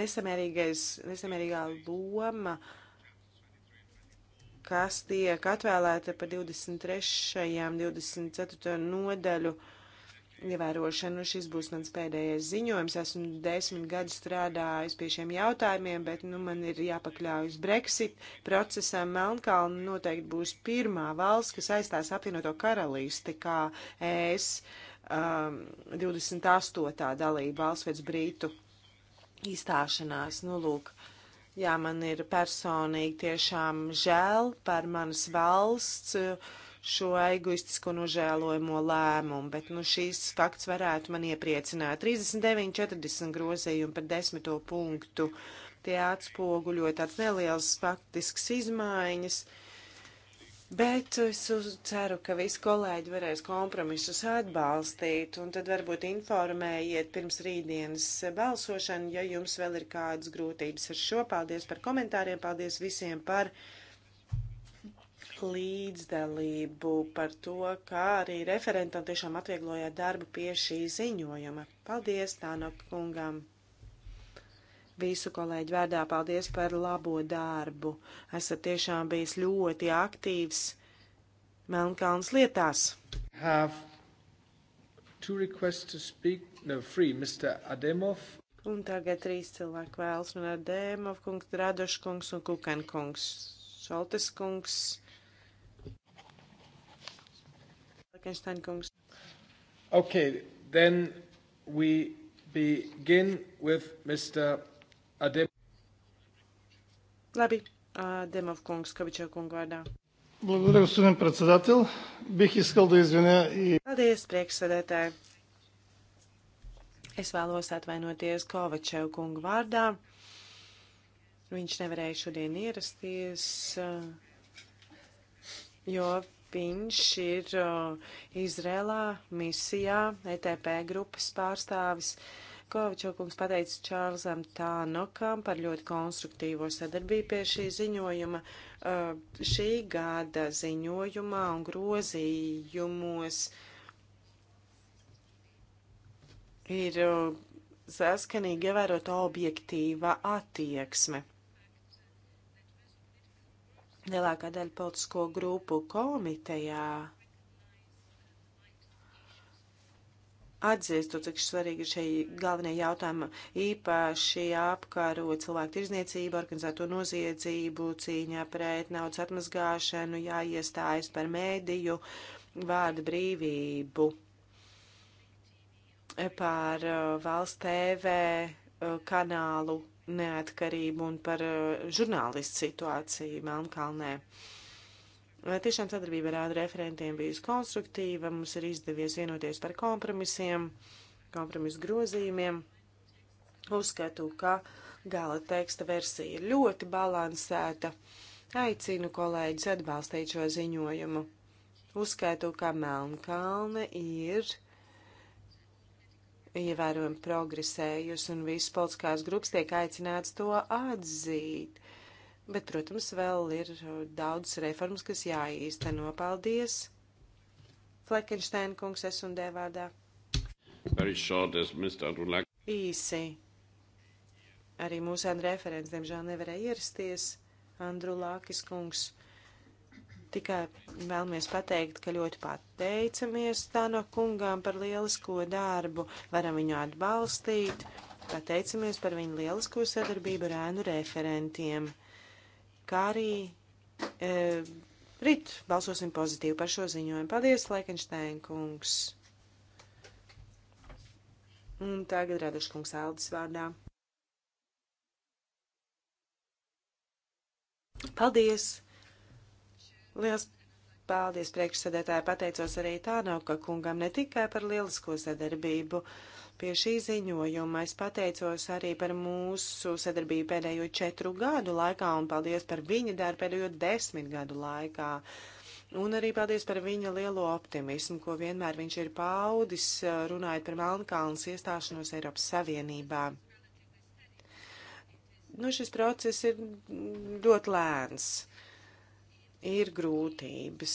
nesamērīgais, nesamērīgā loma, kas tiek atvēlēta pa 23. un 24. nodaļu. Uh, ievērošanu. Šis būs mans pēdējais ziņojums. Esmu desmit gadus strādājis pie šiem jautājumiem, bet nu, man ir jāpakļaujas Brexit procesam. Melnkalna noteikti būs pirmā valsts, kas aizstās apvienoto karalisti, kā es um, 28. dalība valsts pēc Brītu izstāšanās. Nu, lūk. Jā, man ir personīgi tiešām žēl par manas valsts. Uh, šo egoistisko nožēlojamo lēmumu, bet nu, šīs fakts varētu man iepriecināt. 39, 40 grozījumi par desmito punktu. Tie atspoguļo tāds neliels faktisks izmaiņas, bet es ceru, ka visi kolēģi varēs kompromisus atbalstīt, un tad varbūt informējiet pirms rītdienas balsošanu, ja jums vēl ir kādas grūtības ar šo. Paldies par komentāriem, paldies visiem par līdzdalību, par to, kā arī referentam tiešām atvieglojāt darbu pie šī ziņojuma. Paldies Tāno kungam! Visu kolēģi vērdā paldies par labo darbu. Esat tiešām bijis ļoti aktīvs Melnkalns lietās. Have two requests to speak, no, three, Mr. Ademov. Un tagad trīs cilvēki vēlas, un Ademov kungs, Radoš kungs un Kukan kungs. Šoltes kungs Fleckenstein kungs. Okay, then we begin with Mr. Adem. Labi, Демов Кунг, Скъбичев Кунг Варда. Благодаря, господин председател. Бих искал да извиня и... Paldies, priekšsēdētāji. Es vēlos atvainoties Kovačev kungu vārdā. Viņš nevarēja šodien ierasties, jo Viņš ir uh, Izrēlā misijā, ETP grupas pārstāvis. Kovičokungs pateica Čārlzam Tānokam par ļoti konstruktīvo sadarbību pie šī ziņojuma. Uh, šī gada ziņojumā un grozījumos ir uh, saskanīgi ievērota objektīva attieksme lielākā daļa politisko grupu komitejā atzīst to, cik svarīgi ir šie galvenie jautājumi īpaši apkaro cilvēku tirzniecību, organizēto noziedzību, cīņā pret naudas atmazgāšanu, jāiestājas par mēdīju, vārdu brīvību, par uh, valsts TV uh, kanālu neatkarību un par eh, žurnālistu situāciju Melnkalnē. Lai tiešām sadarbība ar ādu referentiem bijusi konstruktīva, mums ir izdevies vienoties par kompromisiem, kompromisu grozījumiem. Uzskatu, ka gala teksta versija ir ļoti balansēta. Aicinu kolēģis atbalstīt šo ziņojumu. Uzskatu, ka Melnkalne ir ievērojami progresējusi, un visas politiskās grupas tiek aicināts to atzīt. Bet, protams, vēl ir daudz reformas, kas jāīsteno. Paldies! Fleckensteina kungs, es un dēvārdā. Īsi. Arī mūsu referents, diemžēl, nevarēja ierasties. Andru Lākis kungs Tikai vēlamies pateikt, ka ļoti pateicamies Tano kungām par lielisko darbu, varam viņu atbalstīt, pateicamies par viņu lielisko sadarbību ar ēnu referentiem, kā arī e, rīt balsosim pozitīvi par šo ziņojumu. Paldies, Lekenštein kungs! Un tagad Raduš kungs Aldis vārdā. Paldies! Liels paldies priekšsēdētāji, pateicos arī Tānoka kungam ne tikai par lielisko sadarbību pie šī ziņojuma, es pateicos arī par mūsu sadarbību pēdējo četru gadu laikā un paldies par viņa darbu pēdējo desmit gadu laikā. Un arī paldies par viņa lielo optimismu, ko vienmēr viņš ir paudis, runājot par Melnkalnas iestāšanos Eiropas Savienībā. Nu, šis process ir ļoti lēns. Uh, ir grūtības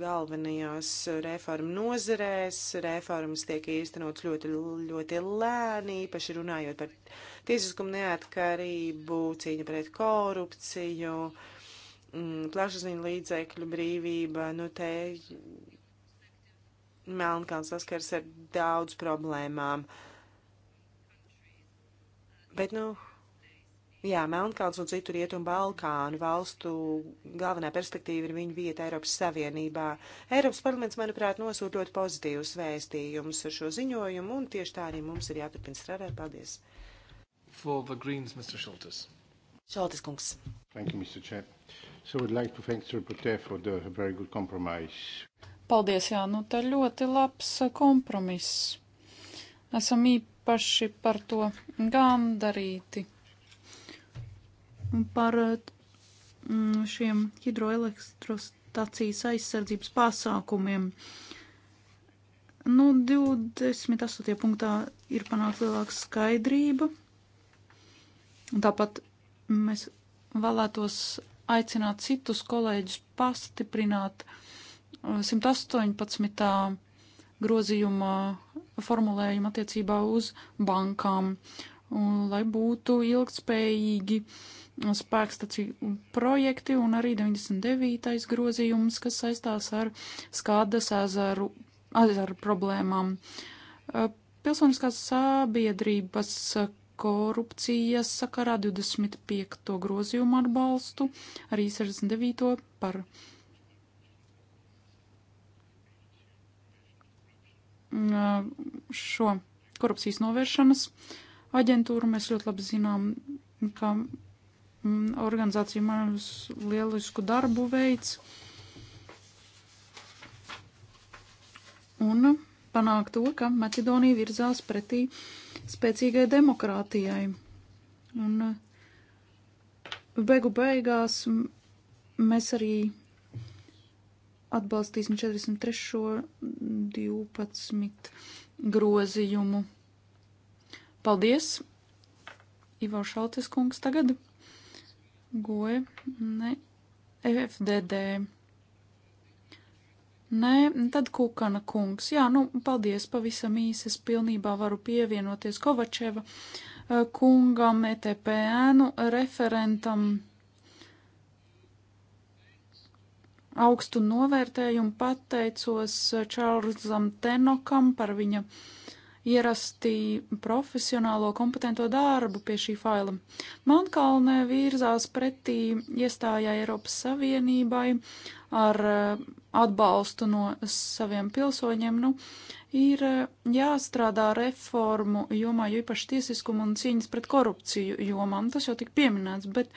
galvenajās reformu nozerēs. Reformas tiek īstenots ļoti, ļoti lēni, īpaši runājot par tiesiskumu neatkarību, cīņu pret korupciju, mm, plašsaziņu līdzekļu brīvība. Nu, te Melnkalns saskars ar daudz problēmām. Bet, nu, Jā, Melnkalns un citu rietumu Balkānu valstu galvenā perspektīva ir viņa vieta Eiropas Savienībā. Eiropas parlaments, manuprāt, nosūt ļoti pozitīvus vēstījumus ar šo ziņojumu, un tieši tā arī mums ir jāturpina strādāt. Paldies! For the Greens, Mr. Šaltis. Šaltis kungs. Thank you, Mr. Chair. So I'd like to thank the rapporteur for the very good compromise. Paldies, jā, nu tā ļoti labs kompromiss. Esam īpaši par to gandarīti par mm, šiem hidroelektrostacijas aizsardzības pasākumiem. Nu, 28. punktā ir panākt lielāka skaidrība. Un tāpat mēs vēlētos aicināt citus kolēģus pastiprināt 118. Uh, grozījuma formulējumu attiecībā uz bankām, un, lai būtu ilgspējīgi spēkstaciju projekti un arī 99. grozījums, kas saistās ar skādas ezeru, ezeru problēmām. Pilsoniskās sabiedrības korupcijas sakarā 25. grozījumu atbalstu, arī 69. par šo korupcijas novēršanas aģentūru. Mēs ļoti labi zinām, ka organizācija manus lielisku darbu veids. Un panāk to, ka Maķedonija virzās pretī spēcīgai demokrātijai. Un uh, beigu beigās mēs arī atbalstīsim 43. 12 grozījumu. Paldies! Ivo Šaltis kungs tagad goja, ne, FDD. Nē, tad Kukana kungs. Jā, nu, paldies pavisam īsi. Es pilnībā varu pievienoties Kovačeva e, kungam, ETPN referentam. Augstu novērtējumu pateicos e, Čārlzam Tenokam par viņa uh, ierasti profesionālo kompetento darbu pie šī faila. Mankalne virzās pretī iestājai Eiropas Savienībai ar eh, atbalstu no saviem pilsoņiem. Nu, ir eh, jāstrādā reformu jomā, jo īpaši tiesiskumu un cīņas pret korupciju jomā. Un nu, tas jau tik pieminēts, bet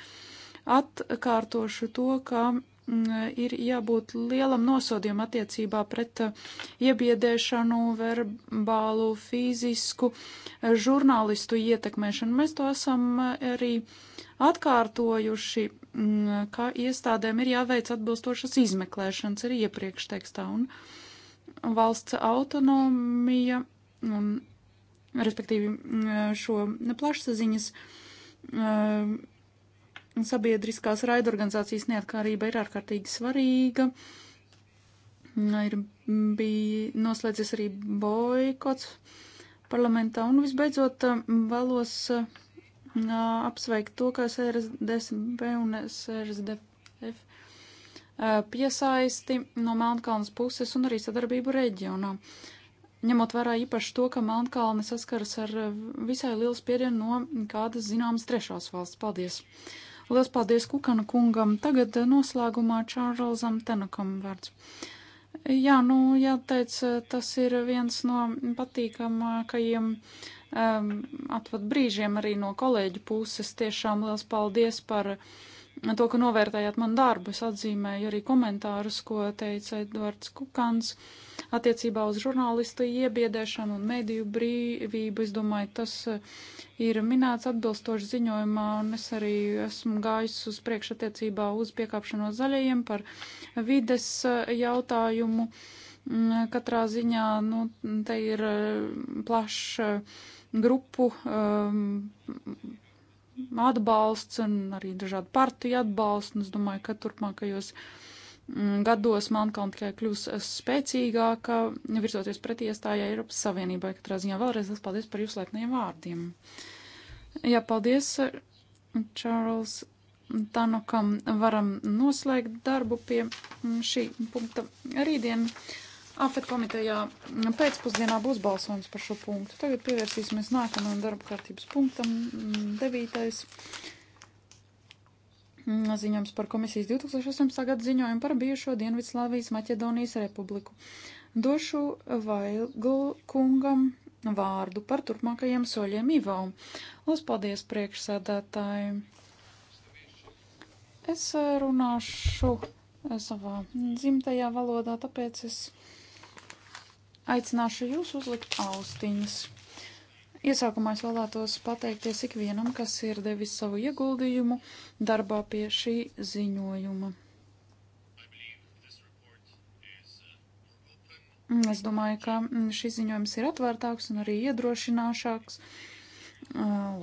atkārtošu to, ka Mm, ir jābūt lielam nosodījumam attiecībā pret uh, iebiedēšanu, verbālu, fizisku, uh, žurnālistu ietekmēšanu. Mēs to esam uh, arī atkārtojuši, mm, ka iestādēm ir jāveic atbilstošas izmeklēšanas arī iepriekš tekstā, un valsts autonomija, un, respektīvi, mm, šo plašsaziņas sabiedriskās raidorganizācijas neatkarība ir ārkārtīgi svarīga. Ir bija noslēdzies arī boikots parlamentā. Un visbeidzot vēlos apsveikt to, ka SRSDSB un SRSDF piesaisti no Melnkalnas puses un arī sadarbību reģionā. Ņemot vērā īpaši to, ka Melnkalne saskaras ar visai lielu spiedienu no kādas zināmas trešās valsts. Paldies! Uh, Lielas paldies Kukana kungam. Tagad eh, noslēgumā Čārlzam Tenakam vārds. Jā, nu, jāteic, eh, tas ir viens no patīkamākajiem um, ehm, atvat brīžiem arī no kolēģu puses. Tiešām liels paldies par. Uh, to, ka novērtējāt man darbu. Es atzīmēju arī komentārus, ko teica Edvards Kukans attiecībā uz žurnālistu iebiedēšanu un mediju brīvību. Es domāju, tas eh, ir minēts atbilstoši ziņojumā, un es arī esmu gājis uz priekšu attiecībā uz piekāpšanos zaļajiem par vides eh, jautājumu. Mm, katrā ziņā, nu, te ir eh, plašs grupu um, atbalsts un arī dažādi partija atbalsts. Un es domāju, ka turpmākajos mm, gados Melnkalna tikai kļūs spēcīgāka, virzoties pret iestājai Eiropas Savienībai. Katrā ziņā vēlreiz liels paldies par jūsu laipniem vārdiem. Jā, paldies, Čārls Tanokam. Varam noslēgt darbu pie mm, šī punkta rītdien. Afet komitejā pēcpusdienā būs balsojums par šo punktu. Tagad pievērsīsimies nākamajam darba kārtības punktam, mm, devītais mm, ziņojums par komisijas 2018. gada ziņojumu par bijušo Dienvidslāvijas Maķedonijas republiku. Došu Vaigl kungam vārdu par turpmākajiem soļiem Ivam. Lūdzu, paldies priekšsēdētāji. Es eh, runāšu eh, savā dzimtajā valodā, tāpēc es Aicināšu jūs uzlikt austiņas. Iesākumā es vēlētos pateikties ikvienam, kas ir devis savu ieguldījumu darbā pie šī ziņojuma. Es domāju, ka šis ziņojums ir atvērtāks un arī iedrošināšāks,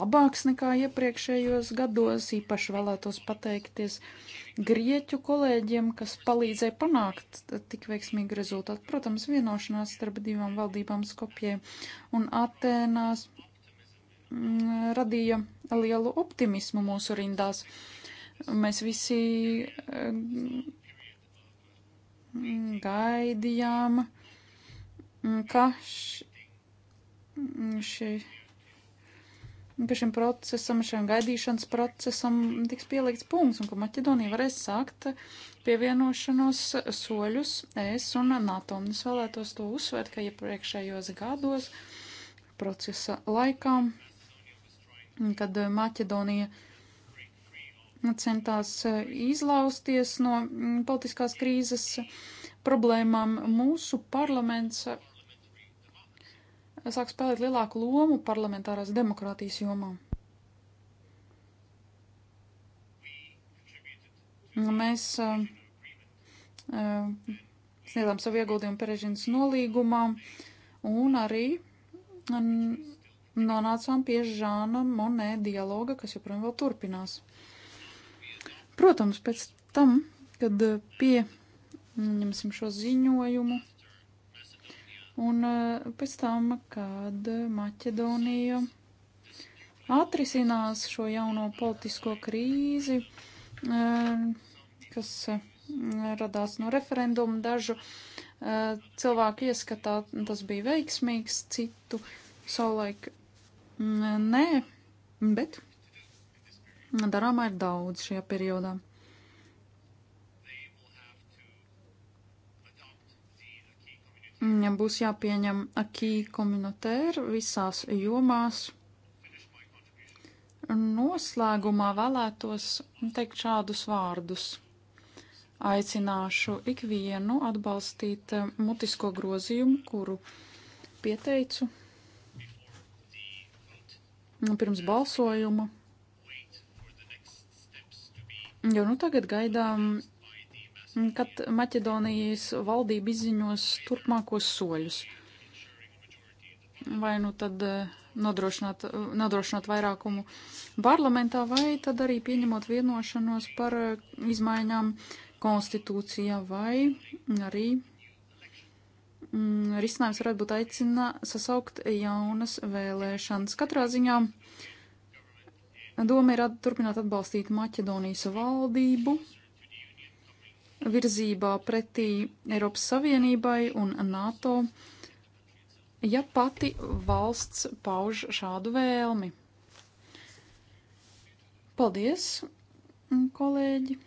labāks nekā iepriekšējos gados. Īpaši vēlētos pateikties grieķu kolēģiem, kas palīdzēja panākt tik veiksmīgu rezultātu. Protams, vienošanās starp divām valdībām Skopjē un Atēnās mm, radīja lielu optimismu mūsu rindās. Mēs visi mm, gaidījām, mm, ka šī. Ši ka šim procesam, šim gaidīšanas procesam tiks pielikts punkts un ka Maķedonija varēs sākt pievienošanos soļus ES un NATO. Un es vēlētos to uzsvērt, ka iepriekšējos gados procesa laikā, kad Maķedonija centās izlausties no politiskās krīzes problēmām, mūsu parlaments sāk spēlēt lielāku lomu parlamentārās demokrātijas jomā. Mēs uh, uh, sniedzām savu ieguldījumu Perežīnas nolīgumā un arī nonācām pie Žāna Monē dialoga, kas joprojām vēl turpinās. Protams, pēc tam, kad uh, pieņemsim šo ziņojumu, Un eh, pēc tam, kad Maķedonija atrisinās šo jauno politisko krīzi, eh, kas eh, radās no referenduma dažu cilvēku ieskatā, tas bija veiksmīgs, citu savulaik mm, nē, bet darāmā ir daudz šajā periodā. būs jāpieņem akī komunitēra visās jomās. Noslēgumā vēlētos teikt šādus vārdus. Aicināšu ikvienu atbalstīt mutisko grozījumu, kuru pieteicu nu, pirms balsojuma. Jo nu tagad gaidām kad Maķedonijas valdība izziņos turpmākos soļus. Vai nu tad eh, nodrošināt, eh, nodrošināt vairākumu parlamentā, vai tad arī pieņemot vienošanos par eh, izmaiņām konstitūcijā, vai arī mm, risinājums varētu būt aicina sasaukt jaunas vēlēšanas. Katrā ziņā doma ir at, turpināt atbalstīt Maķedonijas valdību virzībā pretī Eiropas Savienībai un NATO, ja pati valsts pauž šādu vēlmi. Paldies, kolēģi!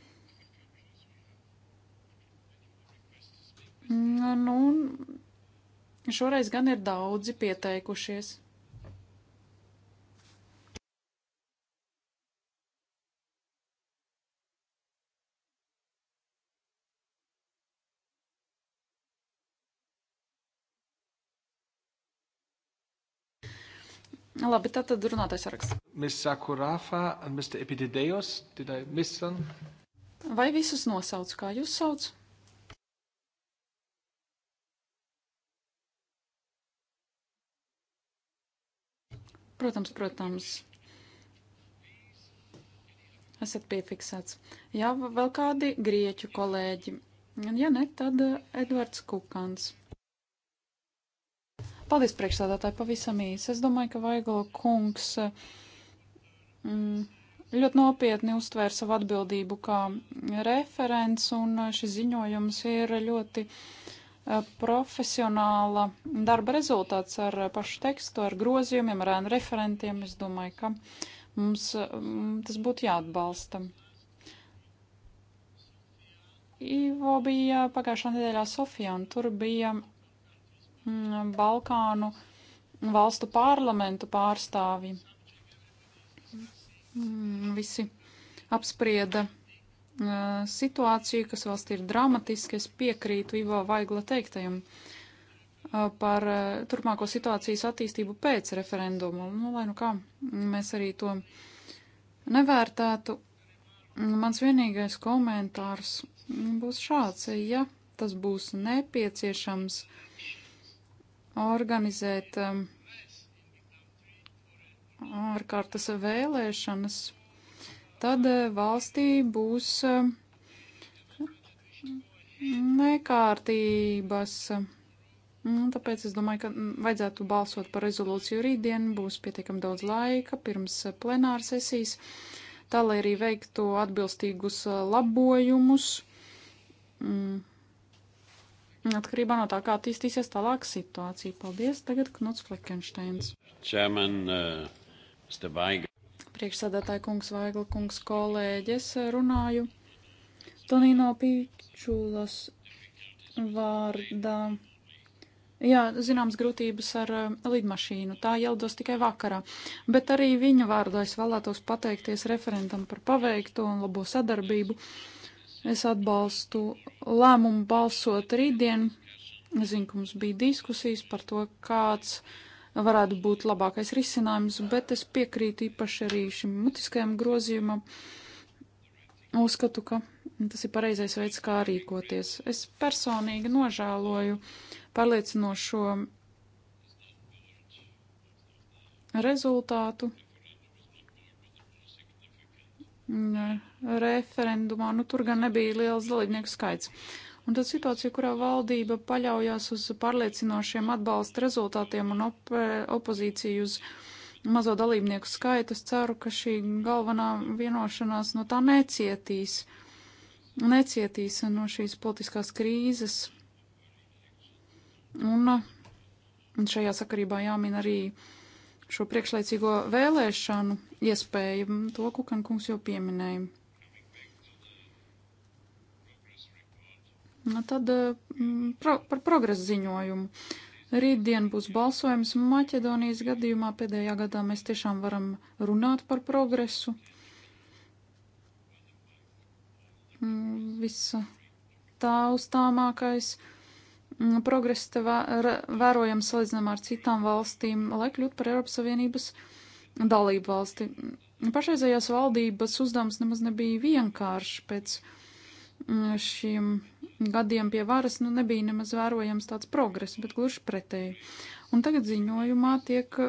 Nu, šoreiz gan ir daudzi pieteikušies. Labi, tā tad runātais saraksts. Miss Sakurāfā un Mr. Epididejos, did I miss some? Vai visus nosauc, kā jūs sauc? Protams, protams. Esat piefiksēts. Jā, vēl kādi grieķu kolēģi. Ja ne, tad eh, Edvards Kukans. Paldies, priekšsādātāji, pavisam īsi. Es domāju, ka Vaigala kungs mm, ļoti nopietni uztvēra savu atbildību kā referents, un šis ziņojums ir ļoti eh, profesionāla darba rezultāts ar pašu tekstu, ar grozījumiem, ar ēnu referentiem. Es domāju, ka mums mm, tas būtu jāatbalsta. Ivo bija pagājušā nedēļā Sofijā, un tur bija Mm, Balkānu valstu parlamentu pārstāvji. Mm, visi apsprieda mm, situāciju, kas valstī ir dramatiska. Es piekrītu Ivo Vaigla teiktajam par turpmāko situācijas attīstību pēc referenduma. Nu, lai nu kā mēs arī to nevērtētu, mans vienīgais komentārs būs šāds. Ja tas būs nepieciešams, uh, organizēt um, ārkārtas vēlēšanas, tad eh, valstī būs um, nekārtības. Un tāpēc es domāju, ka mm, vajadzētu balsot par rezolūciju rītdien, būs pietiekami daudz laika pirms eh, plenāra sesijas, tā lai arī veiktu atbilstīgus eh, labojumus. Mm atkarībā no tā, kā attīstīsies tālāk situācija. Paldies, tagad Knuts Fleckensteins. Čeman, uh, Priekšsādātāja kungs, Vaigla kungs, kolēģis runāju. Tonino Pīčulas vārdā. Jā, zināms, grūtības ar uh, lidmašīnu. Tā ieldos tikai vakarā. Bet arī viņa vārdā es vēlētos pateikties referentam par paveikto un labo sadarbību. Uh, Es atbalstu lēmumu balsot rītdien. Es zinu, ka mums bija diskusijas par to, kāds varētu būt labākais risinājums, bet es piekrītu īpaši arī šim mutiskajam grozījumam. Uzskatu, ka tas ir pareizais veids, kā rīkoties. Es personīgi nožēloju pārliecinošo rezultātu Mm, referendumā, nu tur gan nebija liels dalībnieku skaits. Un tad situācija, kurā valdība paļaujās uz pārliecinošiem atbalsta rezultātiem un op opozīciju uz mazo dalībnieku skaitu, es ceru, ka šī galvenā vienošanās no tā necietīs, necietīs no šīs politiskās krīzes. Un šajā sakarībā jāmin arī uh, šo priekšlaicīgo vēlēšanu iespēju, to Kukankungs jau pieminēja. Nu, tad mm, pro, par progresu ziņojumu. Rītdien būs balsojums Maķedonijas gadījumā. Pēdējā gadā mēs tiešām varam runāt par progresu. Mm, Visa taustāmākais. Tā Mm, progresa vērojams salīdzinām ar citām valstīm, lai kļūtu par Eiropas Savienības dalību valsti. Mm, pašreizējās valdības uzdevums nemaz nebija vienkārši pēc mm, šiem gadiem pie varas, nu nebija nemaz vērojams tāds progress, bet gluži pretēji. Un tagad ziņojumā tiek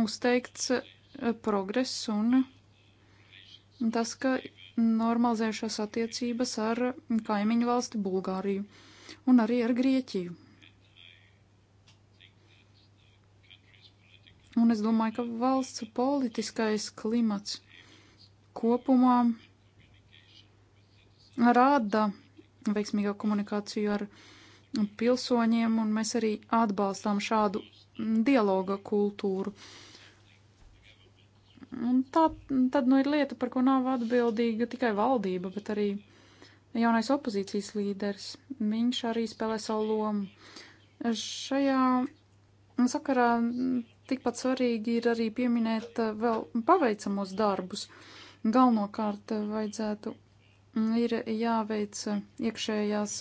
uzteikts eh, progress un tas, ka normalizējušās attiecības ar kaimiņu valsti Bulgāriju un arī ar Grieķiju. Un es domāju, ka valsts politiskais klimats kopumā rāda veiksmīgā komunikāciju ar pilsoņiem, un mēs arī atbalstām šādu dialoga kultūru. Un tā tad nu ir lieta, par ko nav atbildīga tikai valdība, bet arī jaunais opozīcijas līderis. Viņš arī spēlē savu lomu. Šajā sakarā tikpat svarīgi ir arī pieminēt eh, vēl paveicamos darbus. Galvenokārt eh, vajadzētu mm, ir jāveic eh, iekšējās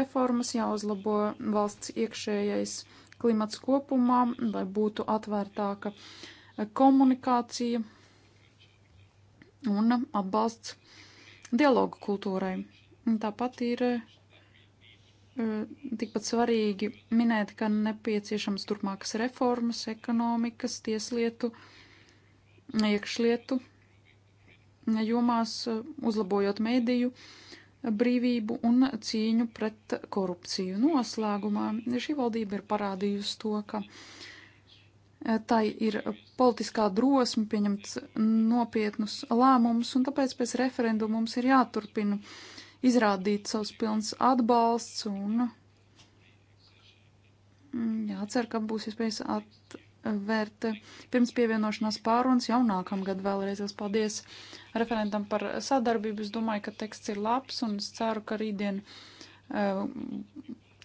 reformas, jāuzlabo valsts iekšējais klimats kopumā, lai būtu atvērtāka komunikācija un atbalsts dialogu kultūrai. Tāpat ir e, tikpat svarīgi minēt, ka nepieciešams turpmākas reformas ekonomikas, tieslietu, iekšlietu jomās, uzlabojot mediju brīvību un cīņu pret korupciju. Noslēgumā šī valdība ir parādījusi to, ka uh, Eh, tai ir politiskā drosme pieņemt nopietnus lēmumus, un tāpēc pēc referenduma mums ir jāturpina izrādīt savus pilns atbalsts un mm, jācer, ka būs iespējas atvērt pirms pievienošanās pārunas jaunākam gadu vēlreiz. Es paldies referentam par sadarbību. Es domāju, ka teksts ir labs un es ceru, ka rītdien uh,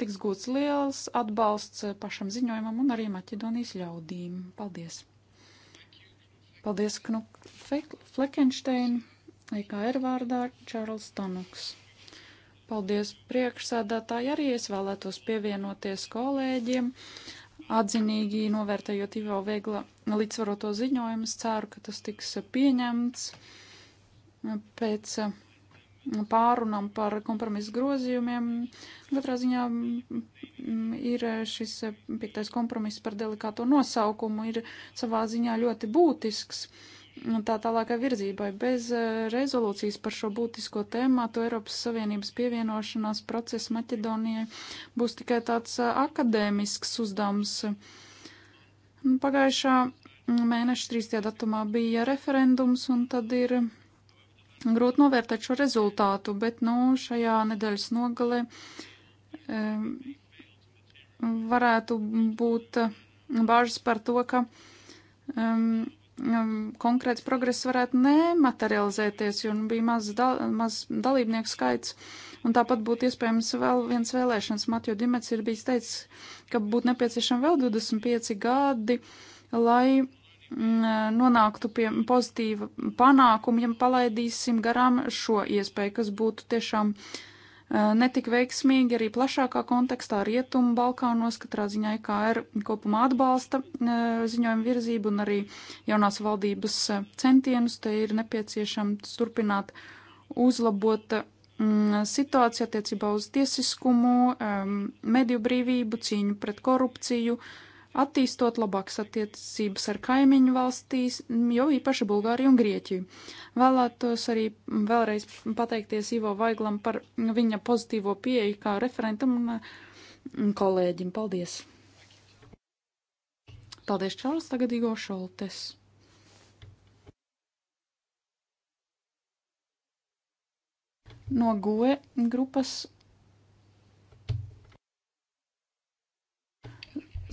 tiks gūts liels atbalsts eh, pašam ziņojumam un arī Maķedonijas ļaudīm. Paldies! Paldies, Knuk Flekenštein, EKR vārdā Čārls Tanuks. Paldies, priekšsēdētāji, arī es vēlētos pievienoties kolēģiem, atzinīgi novērtējot Ivo Viegla līdzsvaroto ziņojumu. Ceru, ka tas tiks pieņemts eh, pēc uh, pārunam par kompromisu grozījumiem. Katrā ziņā mm, ir šis piektais kompromiss par delikāto nosaukumu, ir savā ziņā ļoti būtisks. Tā tālākai virzībai bez eh, rezolūcijas par šo būtisko tēmātu Eiropas Savienības pievienošanās procesa Maķedonijai būs tikai tāds eh, akadēmisks uzdevums. Pagājušā mm, mēneša 3. datumā bija referendums, un tad ir Grūti novērtēt šo rezultātu, bet nu, šajā nedēļas nogalē um, varētu būt eh, bāžas par to, ka um, konkrēts progress varētu nematerializēties, jo nu, bija maz, da, maz dalībnieku skaits. Un tāpat būtu iespējams vēl viens vēlēšanas. Matjo Dimets ir bijis teicis, ka būtu nepieciešami vēl 25 gadi, lai Mm, nonāktu pie pozitīva panākuma, ja palaidīsim garām šo iespēju, kas būtu tiešām e, netik veiksmīgi arī plašākā kontekstā Rietumu Balkānos, katrā ziņā IKR e kopumā atbalsta e, ziņojumu virzību un arī jaunās valdības centienus. Te ir nepieciešams turpināt uzlabot mm, situāciju attiecībā uz tiesiskumu, mediju brīvību, cīņu pret korupciju, uh, attīstot labākas attiecības ar kaimiņu valstīs, jo īpaši Bulgāriju un Grieķiju. Vēlētos arī vēlreiz pateikties Ivo Vaiglam par viņa pozitīvo pieeju kā referentam un mm, kolēģim. Paldies! Paldies, Čārlis, tagad Igo Šoltes. No GOE grupas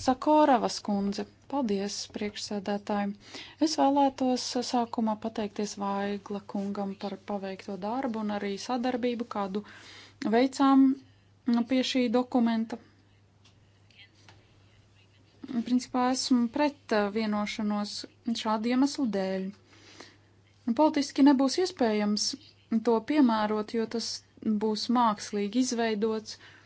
Zakoravas kundze. Paldies, priekšsēdētāji. Es vēlētos sākumā pateikties Vaigla kungam par paveikto darbu un arī sadarbību, kādu veicām pie šī dokumenta. Principā esmu pret vienošanos šādu iemeslu dēļ. Nu, politiski nebūs iespējams to piemērot, jo tas būs mākslīgi izveidots. Uh,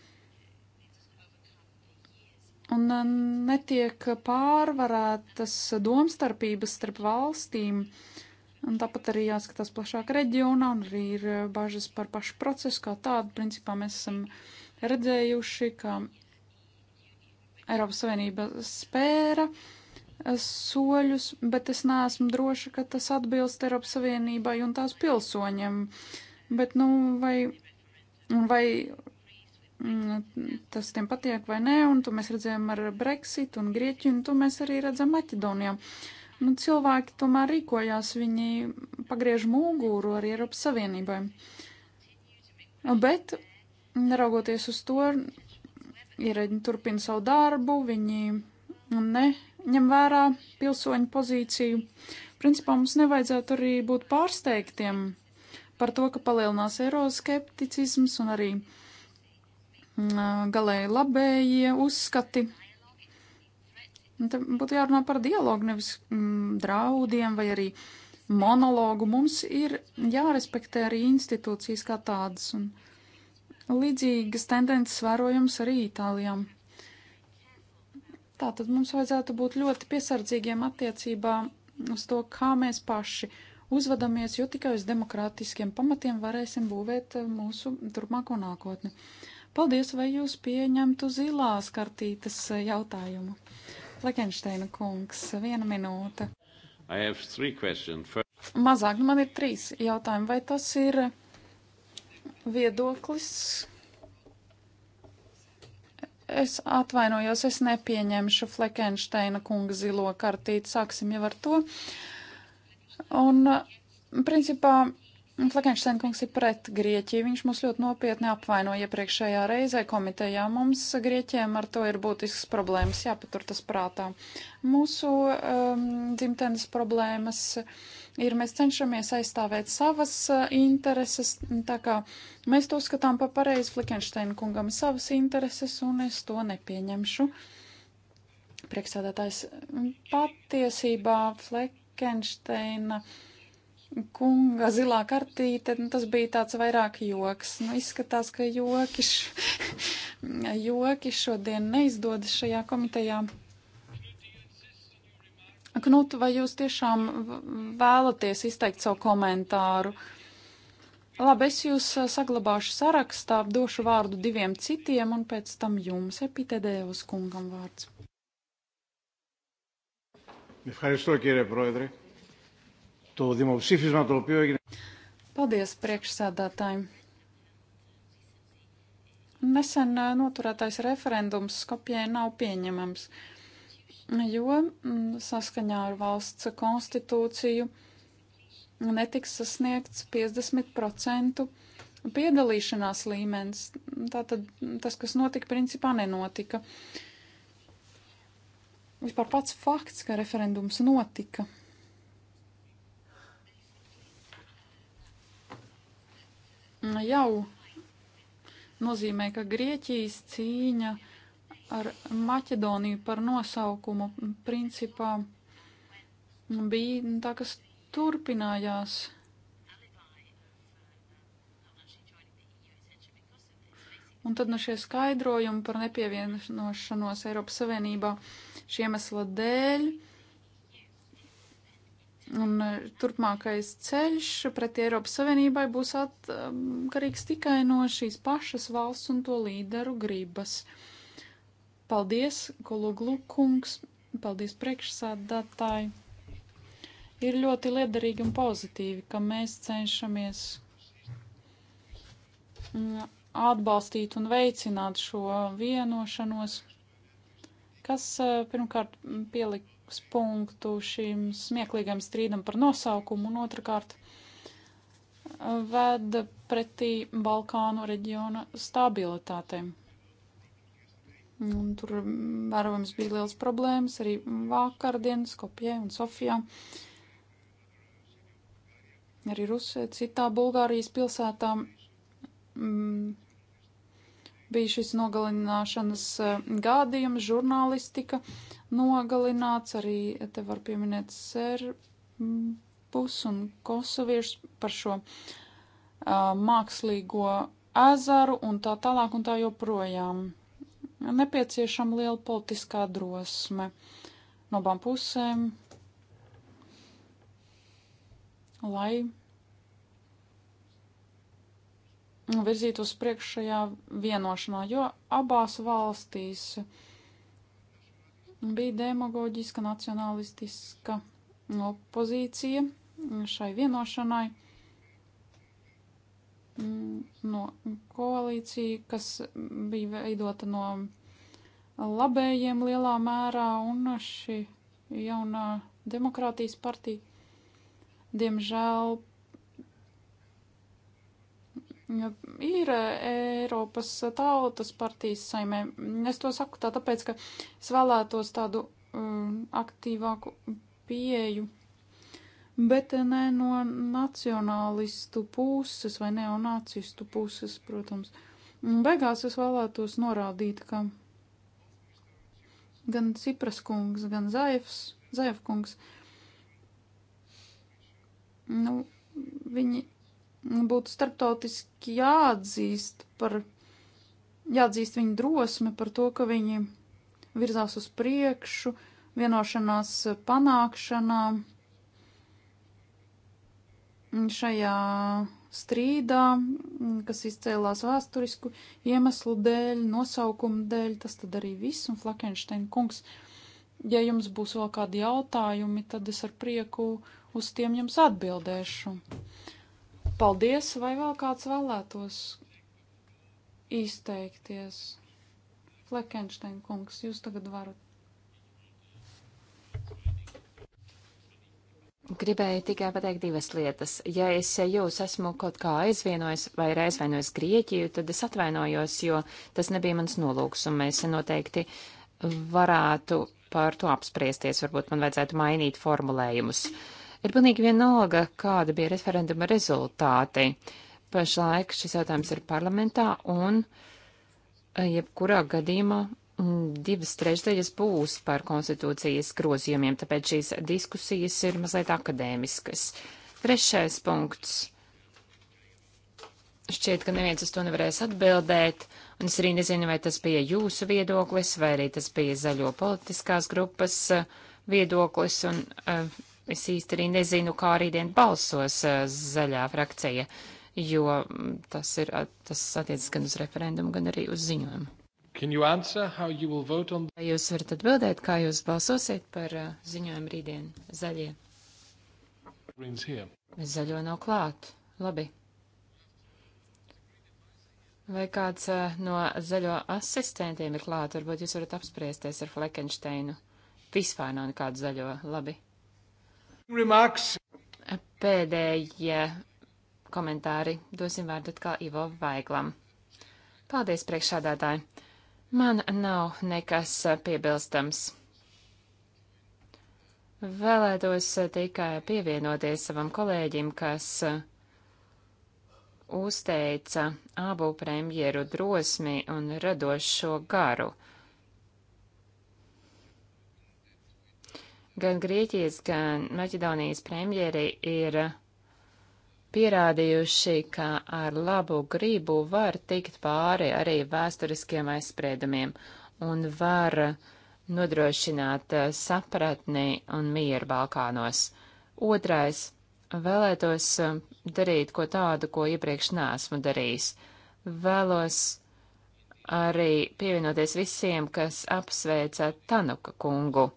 un uh, netiek pārvarētas domstarpības starp valstīm. Un tāpat arī jāskatās plašāk reģionā, un arī ir uh, bažas par pašu procesu kā tādu. Principā mēs esam redzējuši, ka Eiropas Savienība spēra uh, soļus, bet es neesmu droša, ka tas atbilst Eiropas Savienībai un tās pilsoņiem. Bet, nu, vai, vai Mm, tas tiem patiek vai nē, un to mēs redzējām ar Brexit un Grieķiju, un to mēs arī redzam Maķedonijā. Nu, cilvēki tomēr rīkojās, viņi pagriež mūgūru arī Eiropas Savienībai. Bet, neraugoties uz to, ierēģi turpina savu darbu, viņi neņem vērā pilsoņu pozīciju. Principā mums nevajadzētu arī būt pārsteigtiem par to, ka palielinās eiroskepticisms un arī uh, galēji labējie uzskati. Un te būtu jārunā par dialogu, nevis mm, draudiem vai arī monologu. Mums ir jārespektē arī institūcijas kā tādas, un līdzīgas tendences vērojams arī Itālijā. Tātad mums vajadzētu būt ļoti piesardzīgiem attiecībā uz to, kā mēs paši uzvedamies, jo tikai uz demokrātiskiem pamatiem varēsim būvēt mūsu turpmāko nākotni. Uh, Paldies, vai jūs pieņemtu zilās kartītes eh, jautājumu? Lekenšteina kungs, viena minūte. Mazāk, nu man ir trīs jautājumi. Vai tas ir viedoklis? Es atvainojos, es nepieņemšu Flekensteina kunga zilo kartīti. Sāksim jau ar to. Un, principā, Flakenšteina kungs ir pret Grieķiju. Viņš mūs ļoti nopietni apvainoja iepriekšējā reizē komitejā. Mums Grieķiem ar to ir būtisks problēmas, jāpatur tas prātā. Mūsu um, dzimtenes problēmas ir, mēs cenšamies aizstāvēt savas uh, intereses, tā kā mēs to skatām pa pareizi Flakenšteina kungam savas intereses, un es to nepieņemšu. Priekšsēdētājs patiesībā Flakenšteina. Uh, kunga zilā kartīte, nu, tas bija tāds vairāk joks. Nu, izskatās, ka joki, š... joki šodien neizdodas šajā komitejā. Knut, vai jūs tiešām vēlaties izteikt savu komentāru? Labi, es jūs eh, saglabāšu sarakstā, došu vārdu diviem citiem un pēc tam jums epitēdējos kungam vārds. Ευχαριστώ κύριε Πρόεδρε to δημοψήφισμα το οποίο έγινε. Paldies priekšsēdētājiem. Nesen noturētais referendums Skopjē nav pieņemams, jo mm, saskaņā ar valsts konstitūciju netiks sasniegts 50% piedalīšanās līmenis. Tātad tas, kas notika, principā nenotika. Vispār pats fakts, ka referendums notika. Nu, jau nozīmē, ka Grieķijas cīņa ar Maķedoniju par nosaukumu principā bija nu, tā, kas turpinājās. Un tad no nu, šie skaidrojumi par nepievienošanos Eiropas Savienībā šiem esla dēļ Un e, turpmākais ceļš pret Eiropas Savienībai būs atkarīgs tikai no šīs pašas valsts un to līderu gribas. Paldies, Kologlu kungs, paldies priekšsādātāji. Ir ļoti liederīgi un pozitīvi, ka mēs cenšamies mm, atbalstīt un veicināt šo vienošanos, kas e, pirmkārt pielika liks punktu šim smieklīgam strīdam par nosaukumu un otrkārt veda pretī Balkānu reģiona stabilitātei. Un tur mm, vērojams bija liels problēmas arī vakardien Skopjē un Sofijā. Arī Rusē, citā Bulgārijas pilsētā mm, bija šis nogalināšanas eh, gādījums, žurnālistika nogalināts. Arī te var pieminēt serbus un kosoviešus par šo uh, mākslīgo ezeru un tā tālāk un tā joprojām. Nepieciešama liela politiskā drosme no abām pusēm, lai virzītu uz priekšējā vienošanā, jo abās valstīs uh, bija demagoģiska, nacionalistiska opozīcija šai vienošanai mm, no koalīcija, kas bija veidota no labējiem lielā mērā, un šī jaunā demokrātijas partija, diemžēl, ir eh, Eiropas tautas partijas saimē. Es to saku tā tāpēc, ka es vēlētos tādu um, aktīvāku pieeju, bet eh, ne no nacionālistu puses vai neonacistu puses, protams. Beigās es vēlētos norādīt, ka gan Cipras kungs, gan Zaevs, Zaev kungs, nu, viņi būtu starptautiski jāatzīst par, jāatzīst viņu drosme par to, ka viņi virzās uz priekšu, vienošanās panākšanā šajā strīdā, kas izcēlās vēsturisku iemeslu dēļ, nosaukumu dēļ, tas tad arī viss, un Flakensteina kungs, ja jums būs vēl kādi jautājumi, tad es ar prieku uz tiem jums atbildēšu. Paldies, vai vēl kāds vēlētos izteikties? Flekenštein kungs, jūs tagad varat. Gribēju tikai pateikt divas lietas. Ja es jūs esmu kaut kā aizvienojis vai ir aizvainojis Grieķiju, tad es atvainojos, jo tas nebija mans nolūks, un mēs noteikti varētu par to apspriesties. Varbūt man vajadzētu mainīt formulējumus. Uh, Ir pilnīgi vienalga, kāda bija referenduma rezultāti. Pašlaik šis jautājums ir parlamentā un eh, jebkurā gadījumā mm, divas trešdaļas būs par konstitūcijas grozījumiem, tāpēc šīs diskusijas ir mazliet akadēmiskas. Trešais punkts. Šķiet, ka neviens uz to nevarēs atbildēt, un es arī nezinu, vai tas bija jūsu viedoklis, vai arī tas bija zaļo politiskās grupas eh, viedoklis, un uh, Es īsti arī nezinu, kā rītdien balsos eh, zaļā frakcija, jo mm, tas, ir, tas attiecas gan uz referendumu, gan arī uz ziņojumu. On... Vai jūs varat atbildēt, kā jūs balsosiet par uh, ziņojumu rītdien zaļie? Zaļo nav klāt. Labi. Vai kāds uh, no zaļo asistentiem ir klāt? Varbūt jūs varat apspriesties ar Fleckensteinu. Vispār nav nekādu zaļo. Labi. Remarks. Pēdējie komentāri. Dosim vārdu atkal Ivo Vaiglam. Paldies, priekšādātāji. Man nav nekas piebilstams. Vēlētos tikai pievienoties savam kolēģim, kas uzteica abu premjeru drosmi un radošo garu Gan Grieķijas, gan Maķedonijas premjeri ir pierādījuši, ka ar labu gribu var tikt pāri arī vēsturiskiem aizspriedumiem un var nodrošināt eh, sapratni un mieru Balkānos. Otrais vēlētos eh, darīt ko tādu, ko iepriekš neesmu darījis. Vēlos arī pievienoties visiem, kas apsveica Tanuka kungu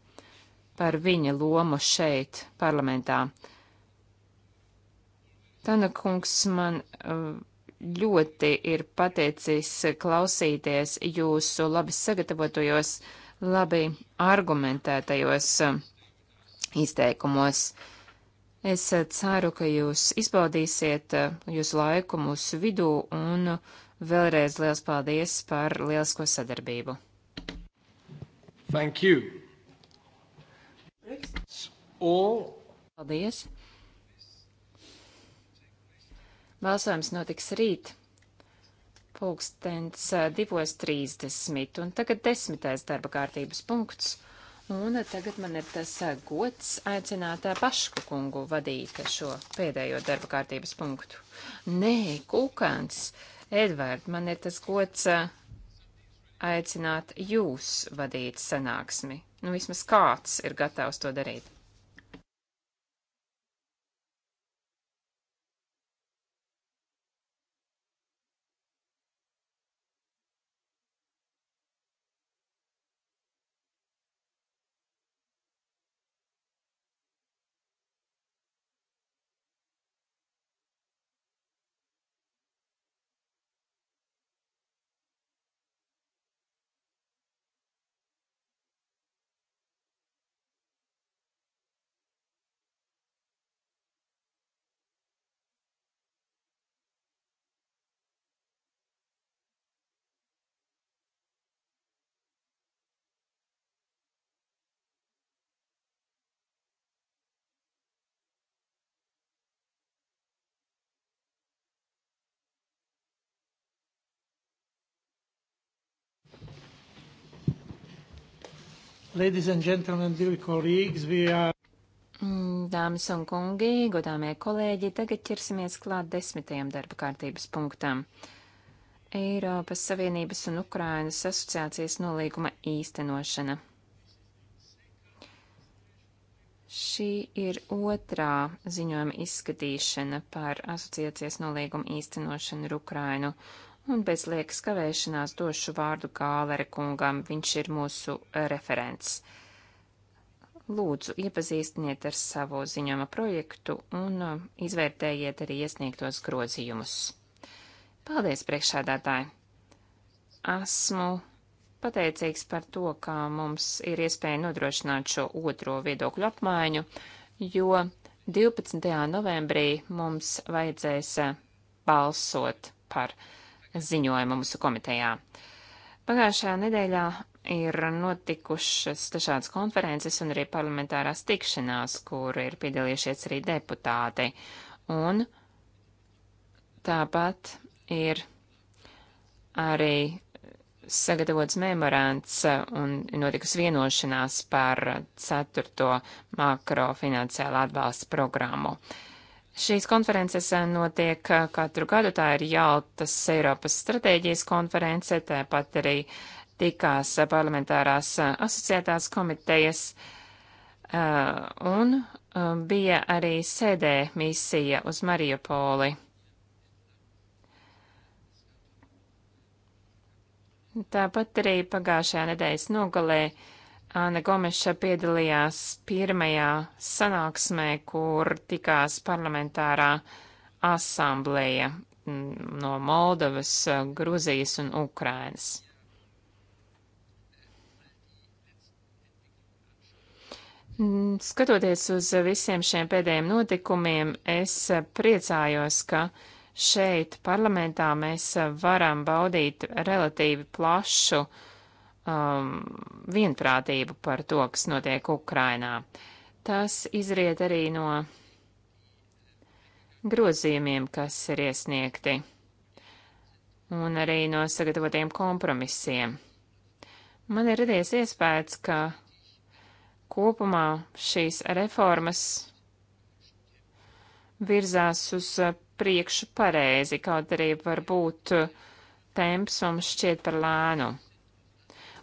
par viņa lomu šeit, parlamentā. Tanakungs man uh, ļoti ir pateicis klausīties jūsu labi sagatavotojos, labi argumentētajos uh, izteikumos. Es uh, ceru, ka jūs izbaudīsiet jūsu laiku mūsu vidū un vēlreiz liels paldies par lielisko sadarbību. Thank you. Paldies! Balsojums notiks rīt, pulkstens 2.30, eh, un tagad desmitais darba kārtības punkts. Un eh, tagad man ir tas eh, gods aicināt pašu kungu vadīt šo pēdējo darba kārtības punktu. Nē, kukans, Edvard, man ir tas gods. Uh, aicināt jūs vadīt sanāksmi. Nu, vismaz kāds ir gatavs to darīt. Ladies and gentlemen, dear colleagues, we are. Mm, dāmas un kungi, godāmie kolēģi, tagad ķersimies klāt desmitajam darba kārtības punktam. Eiropas Savienības un Ukrainas asociācijas nolīguma īstenošana. Šī ir otrā ziņojuma izskatīšana par asociācijas nolīguma īstenošanu ar Ukrainu. Uh, Un bez liekas kavēšanās došu vārdu Gālere kungam, viņš ir mūsu eh, referents. Lūdzu, iepazīstiniet ar savu ziņojuma projektu un eh, izvērtējiet arī iesniegtos grozījumus. Paldies, priekšādātāji! Esmu pateicīgs par to, ka mums ir iespēja nodrošināt šo otro viedokļu apmaiņu, jo 12. novembrī mums vajadzēs eh, balsot par uh, ziņojumu mūsu komitejā. Pagājušajā nedēļā ir notikušas dažādas konferences un arī parlamentārās tikšanās, kur ir piedalījušies arī deputāti. Un tāpat ir arī sagatavots memorants un notikusi vienošanās par ceturto makrofinanciālu atbalsta programmu. Uh, Šīs konferences eh, notiek eh, katru gadu, tā ir Jaltas Eiropas stratēģijas konference, tāpat arī tikās eh, parlamentārās asociētās komitejas, un bija arī sēdē misija uz Mariupoli. Tāpat arī pagājušajā nedēļas nogalē Āna Gomeša piedalījās pirmajā sanāksmē, kur tikās parlamentārā asambleja mm, no Moldovas, Gruzijas un Ukrainas. Mm, skatoties uz visiem šiem pēdējiem notikumiem, es priecājos, ka šeit parlamentā mēs varam baudīt relatīvi plašu uh, um, vienprātību par to, kas notiek Ukrainā. Tas izriet arī no grozījumiem, kas ir iesniegti, un arī no sagatavotiem kompromisiem. Man ir radies iespējas, ka kopumā šīs reformas virzās uz uh, priekšu pareizi, kaut arī varbūt uh, temps mums šķiet par lēnu.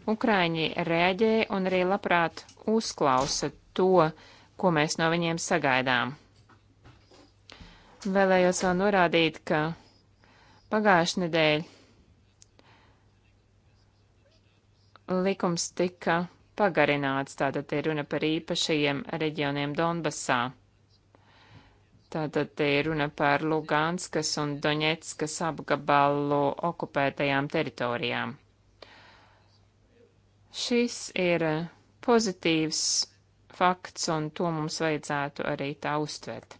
Ukraiņi reaģē un arī labprāt uzklausa to, ko mēs no viņiem sagaidām. Vēlējos vēl norādīt, ka pagājušajā nedēļā likums tika pagarināts, tātad ir runa par īpašajiem reģioniem Donbasā. Tātad ir runa par Luganskas un Doņetskas apgabalu okupētajām teritorijām. Šis ir eh, pozitīvs fakts, un to mums vajadzētu arī tā uztvert.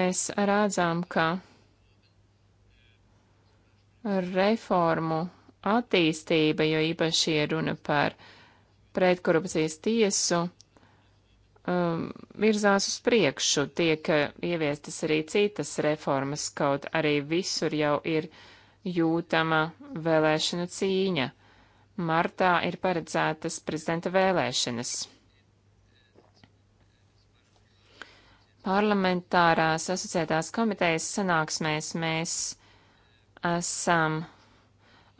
Mēs rādzām, ka reformu attīstība, jo īpaši ir runa par pretkorupcijas tiesu, um, virzās uz priekšu, tiek eh, ieviestas arī citas reformas, kaut arī visur jau ir uh, jūtama vēlēšanu cīņa. Martā ir paredzētas prezidenta vēlēšanas. Parlamentārās asociētās komitejas sanāksmēs mēs esam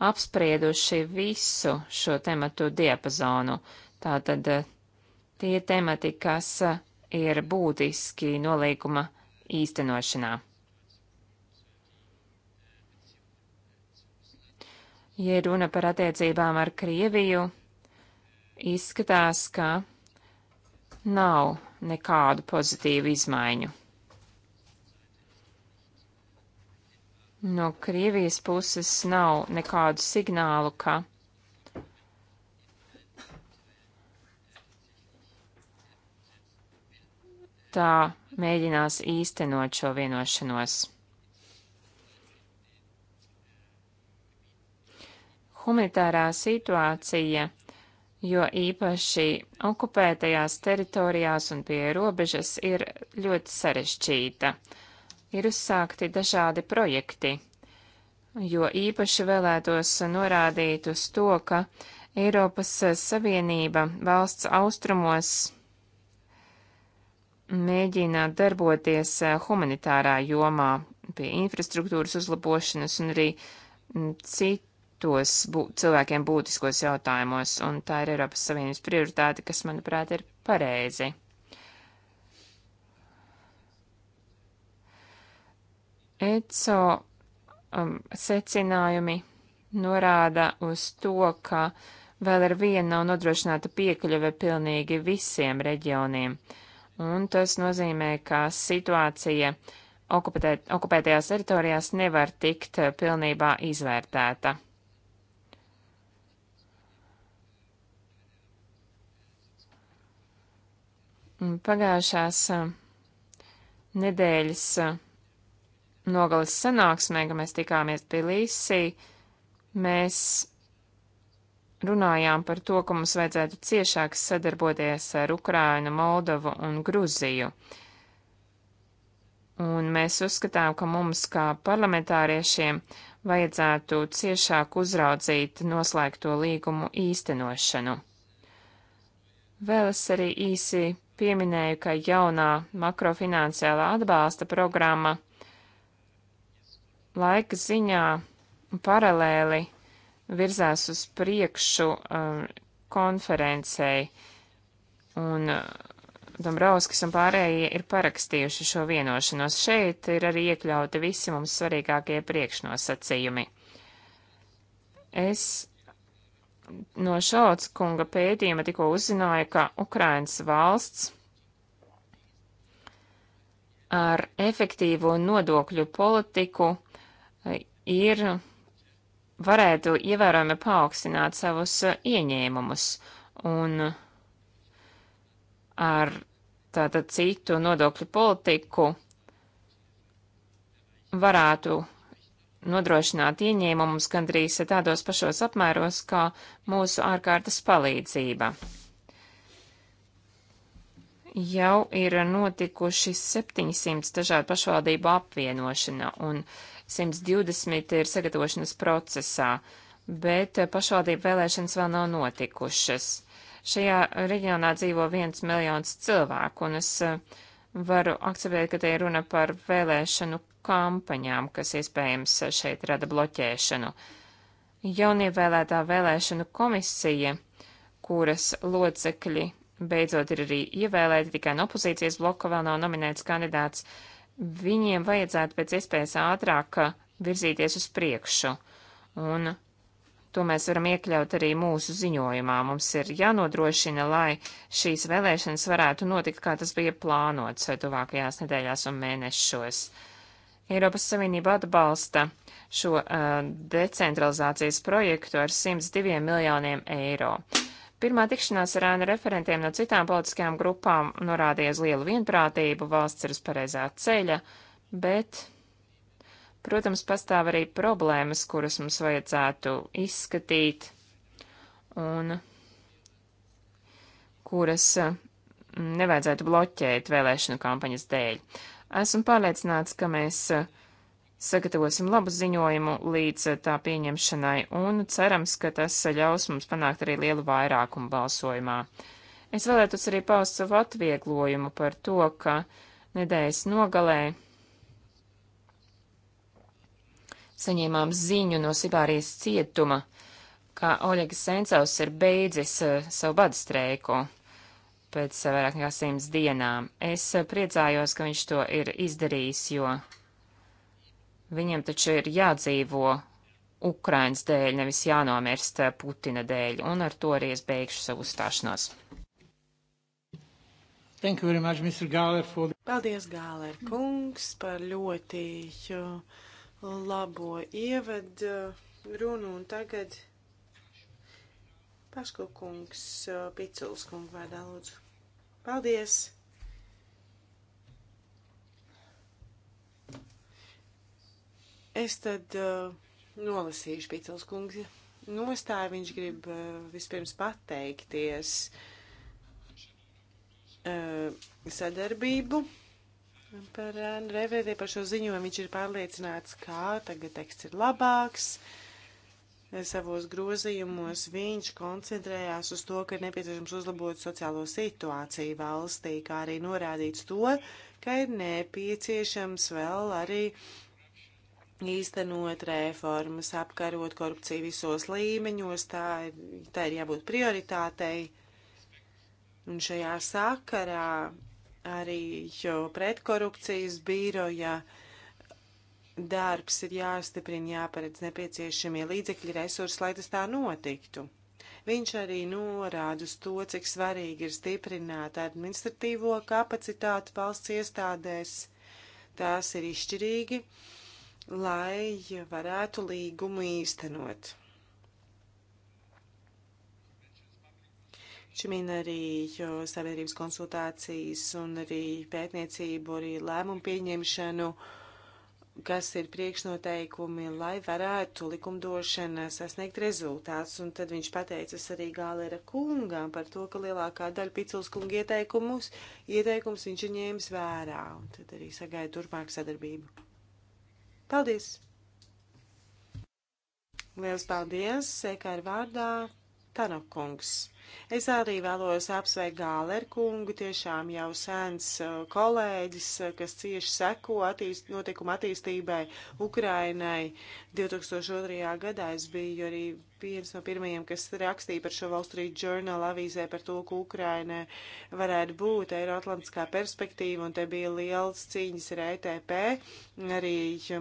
apsprieduši visu šo tematu diapazonu. Tātad eh, tie temati, kas eh, ir būtiski nolīguma īstenošanā. Ja runa par attiecībām ar Krieviju, izskatās, ka nav nekādu pozitīvu izmaiņu. No Krievijas puses nav nekādu signālu, ka tā mēģinās īstenot šo vienošanos. humanitārā situācija, jo īpaši okupētajās teritorijās un pie robežas ir ļoti sarežģīta. Ir uzsākti dažādi projekti, jo īpaši vēlētos norādīt uz to, ka Eiropas Savienība valsts austrumos mēģina darboties humanitārā jomā pie infrastruktūras uzlabošanas un arī citu citos bū, cilvēkiem būtiskos jautājumos, un tā ir Eiropas Savienības prioritāte, kas, manuprāt, ir pareizi. ECO um, secinājumi norāda uz to, ka vēl ar vienu nav nodrošināta piekļuve pilnīgi visiem reģioniem, un tas nozīmē, ka situācija okupētajās teritorijās nevar tikt pilnībā izvērtēta. Mm, pagājušās eh, nedēļas eh, nogalas sanāksmē, kad mēs tikāmies Tbilisī, mēs runājām par to, ka mums vajadzētu ciešāk sadarboties ar Ukrainu, Moldovu un Gruziju. Un mēs uzskatām, ka mums kā parlamentāriešiem vajadzētu ciešāk uzraudzīt noslēgto līgumu īstenošanu. Vēl es arī īsi pieminēju, ka jaunā makrofinansiālā atbalsta programma laika ziņā paralēli virzās uz priekšu um, konferencei, un uh, Dombrovskis un pārējie ir parakstījuši šo vienošanos. Šeit ir arī iekļauti visi mums svarīgākie priekšnosacījumi. Es no Šalts kunga pētījuma tikko uzzināja, ka Ukrainas valsts ar efektīvu nodokļu politiku e, ir varētu ievērojami paaugstināt savus e, ieņēmumus un ar tātad citu nodokļu politiku varētu nodrošināt ieņēmumus gandrīz tādos pašos apmēros, kā mūsu ārkārtas palīdzība. Jau ir notikuši 700 dažādu pašvaldību apvienošana un 120 ir sagatavošanas procesā, bet pašvaldību vēlēšanas vēl nav notikušas. Šajā reģionā dzīvo viens miljons cilvēku, un es uh, varu akceptēt, ka te ir runa par vēlēšanu kampaņām, kas iespējams šeit rada bloķēšanu. Jaunievēlētā vēlēšanu komisija, kuras locekļi beidzot ir arī ievēlēti tikai no opozīcijas bloka, vēl nav nominēts kandidāts, viņiem vajadzētu pēc iespējas ātrāk virzīties uz priekšu un To mēs varam iekļaut arī mūsu ziņojumā. Mums ir jānodrošina, lai šīs vēlēšanas varētu notikt, kā tas bija plānots tuvākajās nedēļās un mēnešos. Eiropas Savienība atbalsta šo uh, decentralizācijas projektu ar 102 miljoniem eiro. Pirmā tikšanās ar ēnu referentiem no citām politiskajām grupām norādīja uz lielu vienprātību, valsts ir uz pareizā ceļa, bet Protams, pastāv arī problēmas, kuras mums vajadzētu izskatīt un kuras mm, nevajadzētu bloķēt vēlēšanu kampaņas dēļ. Esmu pārliecināts, ka mēs eh, sagatavosim labu ziņojumu līdz eh, tā pieņemšanai un cerams, ka tas eh, ļaus mums panākt arī lielu vairākumu balsojumā. Es vēlētos arī paust savu atvieglojumu par to, ka nedēļas nogalē saņēmām ziņu no Sibārijas cietuma, ka Oļegs Sencovs ir beidzis eh, savu badstrēku pēc eh, vairāk nekā simts dienām. Es eh, priecājos, ka viņš to ir izdarījis, jo viņam taču ir jādzīvo Ukrainas dēļ, nevis jānomirst Putina dēļ, un ar to arī es beigšu savu stāšanos. Thank you very much, Mr. Gāler, for... Paldies, Gāler kungs, par ļoti. Uh, labo ievadu runu un tagad Paško kungs, eh, Piculs kungu vārdā lūdzu. Paldies! Es tad uh, nolasīšu Pīcels kungi nostāju. Viņš grib uh, vispirms pateikties uh, sadarbību Par referētie par šo ziņojumu viņš ir pārliecināts, ka tagad teksts ir labāks. Savos grozījumos viņš koncentrējās uz to, ka ir nepieciešams uzlabot sociālo situāciju valstī, kā arī norādīts to, ka ir nepieciešams vēl arī īstenot reformas, apkarot korupciju visos līmeņos, tā ir, tā ir jābūt prioritātei. Un šajā sakarā Arī pretkorupcijas bīroja darbs ir jāstiprina, jāparedz nepieciešamie līdzekļi resursi, lai tas tā notiktu. Viņš arī norāda uz to, cik svarīgi ir stiprināt administratīvo kapacitāti valsts iestādēs. Tās ir izšķirīgi, lai varētu līgumu īstenot. Šim arī sabiedrības konsultācijas un arī pētniecību, arī lēmumu pieņemšanu, kas ir priekšnoteikumi, lai varētu likumdošana sasniegt rezultāts. Un tad viņš pateicas arī Gālera kungam par to, ka lielākā daļa Piculs kunga ieteikumus, ieteikums viņš ir ņēmis vērā. Un tad arī sagaida turpmāk sadarbību. Paldies! Liels paldies! Sekā ir vārdā Tanokungs. Es arī vēlos apsveikt Gāleru kungu, tiešām jau sens uh, kolēģis, uh, kas cieši seko attīst, notikuma attīstībai Ukrainai. 2002. gadā es biju arī viens no pirmajiem, kas rakstīja par šo Wall Street Journal avīzē par to, ka Ukraina varētu būt Eiroatlantiskā perspektīva, un te bija liels cīņas ar ETP. Arī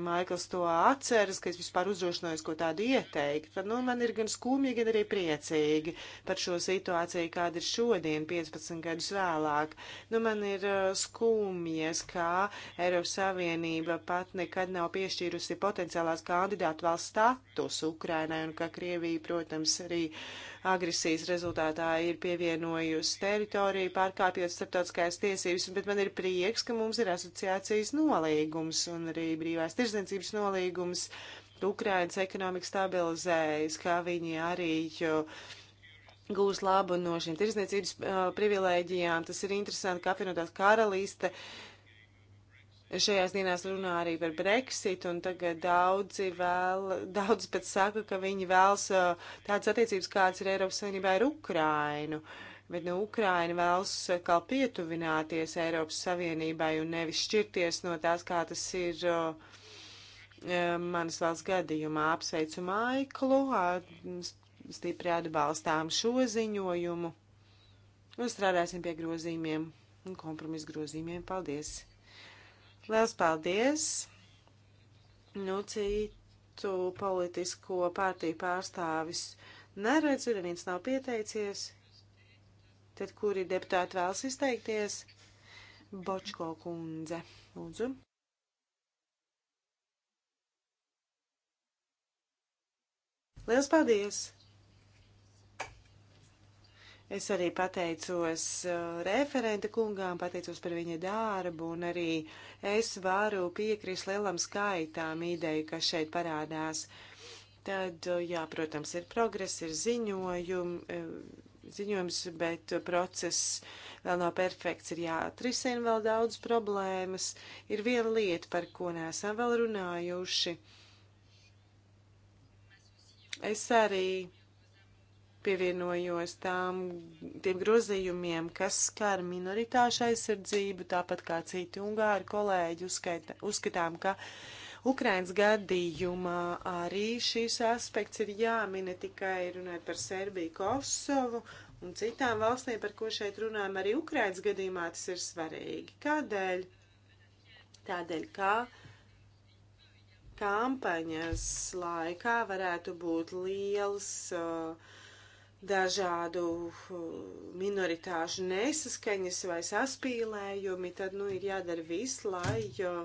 Maikls to atceras, ka es vispār uzdrošinājos, ko tādu ieteikt. Tad, nu, man ir gan skumji, gan arī priecīgi par šo situāciju situācija, kāda ir šodien, 15 gadus vēlāk. Nu, man ir uh, skumjies, kā Eiropas Savienība pat nekad nav piešķīrusi potenciālās kandidātu valsts statusu Ukrainai un ka Krievija, protams, arī agresijas rezultātā ir pievienojusi teritoriju, pārkāpjot starptautiskās tiesības, bet man ir prieks, ka mums ir asociācijas nolīgums un arī brīvās tirdzniecības nolīgums. Ukrainas ekonomika stabilizējas, kā viņi arī jo, uh, gūs labu no šīm tirsniecības uh, privilēģijām. Tas ir interesanti, ka apvienotās karalīste šajās dienās runā arī par Brexit, un tagad daudzi vēl, daudz pat saka, ka viņi vēlas uh, tādas attiecības, kāds ir Eiropas Savienībā ar Ukrainu. Bet, nu, Ukraina vēlas atkal pietuvināties Eiropas Savienībai un nevis šķirties no tās, kā tas ir uh, manas valsts gadījumā. Apsveicu Maiklu, stipri atbalstām šo ziņojumu un strādāsim pie grozījumiem un kompromisu grozījumiem. Paldies! Liels paldies! Nu, citu politisko pārtīju pārstāvis neredzu, neviens nav pieteicies. Tad, kuri deputāti vēlas izteikties? Bočko kundze, lūdzu. Liels paldies! Es arī pateicos uh, referenta kungām, pateicos par viņa darbu, un arī es varu piekrist lielam skaitām ideju, kas šeit parādās. Tad, uh, jā, protams, ir progress, ir ziņojum, uh, ziņojums, bet process vēl nav perfekts, ir jāatrisina vēl daudz problēmas. Ir viena lieta, par ko neesam vēl runājuši. Es arī pievienojos tām, tiem grozījumiem, kas skar minoritāšu aizsardzību, tāpat kā citi ungāri kolēģi uzskaita, uzskatām, ka Ukrainas gadījumā arī šīs aspekts ir jāmina tikai runājot par Serbiju, Kosovu un citām valstīm, par ko šeit runājam, arī Ukrainas gadījumā tas ir svarīgi. Kādēļ? Tādēļ, kā kampaņas laikā varētu būt liels uh, dažādu uh, minoritāšu nesaskaņas vai saspīlējumi, tad nu, ir jādara viss, lai uh,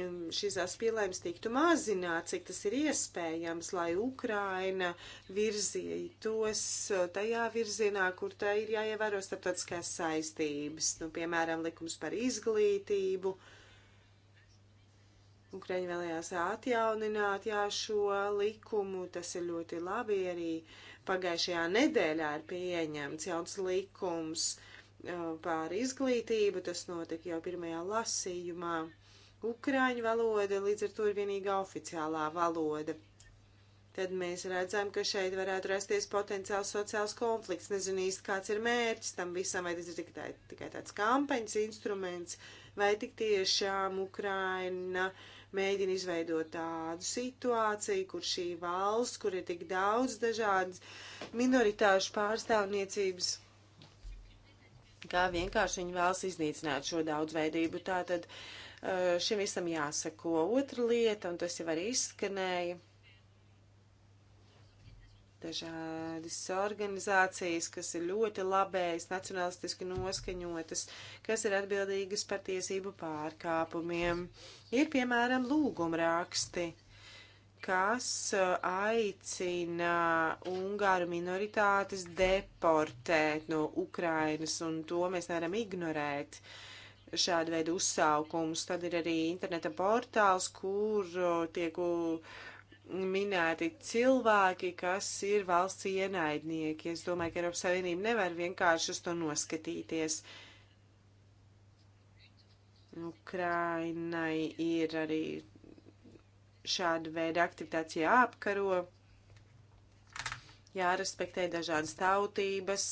um, šis saspīlējums tiktu mazināts, cik tas ir iespējams, lai Ukraina virzītos uh, tajā virzienā, kur tā ir jāievēro starptautiskās saistības, nu, piemēram, likums par izglītību. Ukraiņi vēlējās atjaunināt jā, šo likumu, tas ir ļoti labi arī uh, Pagājušajā nedēļā ir pieņemts jauns likums uh, pār izglītību, tas notika jau pirmajā lasījumā. Ukraiņu valoda līdz ar to ir vienīgā oficiālā valoda. Tad mēs redzam, ka šeit varētu rasties potenciāls sociāls konflikts. Nezinu īsti, kāds ir mērķis tam visam, vai tas ir tikai, tikai tāds kampaņas instruments, vai tik tiešām Ukraina uh, mēģina izveidot tādu situāciju, kur šī valsts, kur ir tik daudz dažādas minoritāšu pārstāvniecības, kā vienkārši viņi vēlas iznīcināt šo daudzveidību. Tātad šim visam jāsako. Otra lieta, un tas jau arī izskanēja dažādas organizācijas, kas ir ļoti labējas, nacionalistiski noskaņotas, kas ir atbildīgas par tiesību pārkāpumiem. Ir, piemēram, lūgumraksti, kas uh, aicina ungāru minoritātes deportēt no Ukrainas, un to mēs nevaram ignorēt. Šāda veida uzsaukums. Tad ir arī interneta portāls, kur uh, tiek uh, minēti cilvēki, kas ir valsts ienaidnieki. Es domāju, ka Eiropas Savienība nevar vienkārši uz to noskatīties. Ukrainai ir arī šāda veida aktivitātes jāapkaro, jārespektē dažādas tautības,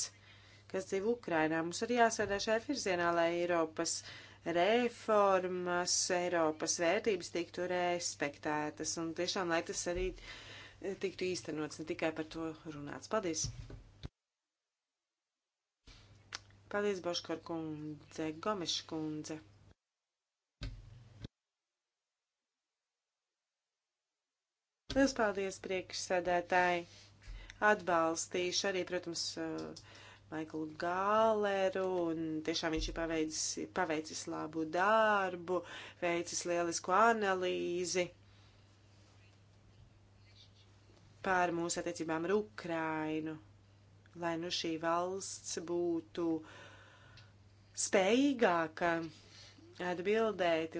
kas dzīvo Ukrainā. Mums arī jāsēdā šajā virzienā, lai Eiropas uh, reformas, Eiropas vērtības tiktu respektētas un tiešām, lai tas arī e, tiktu īstenots, ne tikai par to runāts. Paldies! Paldies, Boškar kundze, Gomeša kundze. Liels paldies, priekšsēdētāji! Atbalstīšu arī, protams, uh, Maiklu Gāleru, un tiešām viņš ir paveicis, paveicis labu darbu, veicis lielisku analīzi pār mūsu attiecībām ar Ukrainu, lai nu šī valsts būtu spējīgāka atbildēt,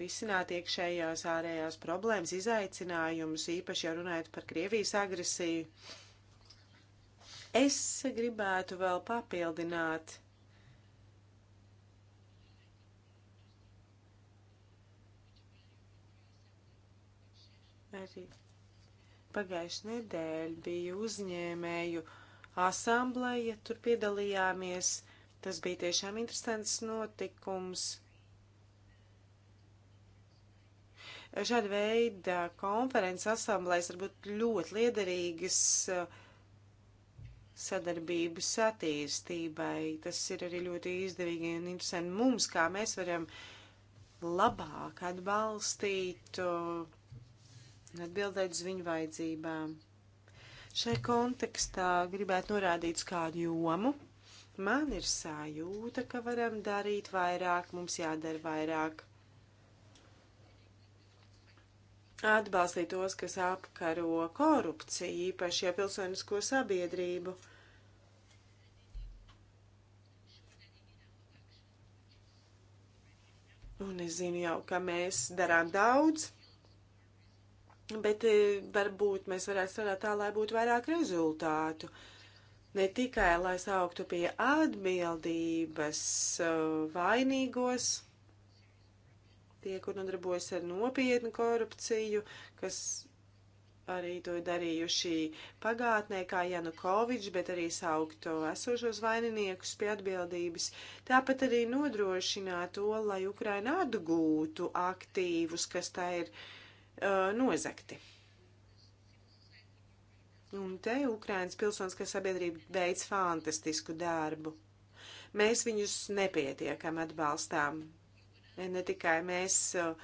risināt iekšējās ārējās problēmas, izaicinājumus, īpaši jau runājot par Krievijas agresiju. Es gribētu vēl papildināt. Arī pagājušajā nedēļā bija uzņēmēju asamblēja, tur piedalījāmies. Tas bija tiešām interesants notikums. Šāda veida konferences asamblēs var būt ļoti liederīgas uh, sadarbības attīstībai. Tas ir arī ļoti izdevīgi un interesanti mums, kā mēs varam labāk atbalstīt un uh, atbildēt uz viņu vajadzībām. Šai kontekstā gribētu norādīt kādu jomu. Man ir sajūta, ka varam darīt vairāk, mums jādara vairāk. Atbalstīt tos, kas apkaro korupciju, īpaši ja pilsonisko sabiedrību – Un es zinu jau, ka mēs darām daudz, bet e, varbūt mēs varētu strādāt tā, lai būtu vairāk rezultātu. Ne tikai, lai sauktu pie atbildības e, vainīgos, tie, kur nodarbojas ar nopietnu korupciju, kas arī to darījuši pagātnē, kā Janukovičs, bet arī saukt esošos vaininiekus pie atbildības. Tāpat arī nodrošināt to, lai Ukraina atgūtu aktīvus, kas tā ir uh, nozakti. Un te Ukrainas pilsoniskā sabiedrība veids fantastisku darbu. Mēs viņus nepietiekam atbalstām. Ne tikai mēs uh,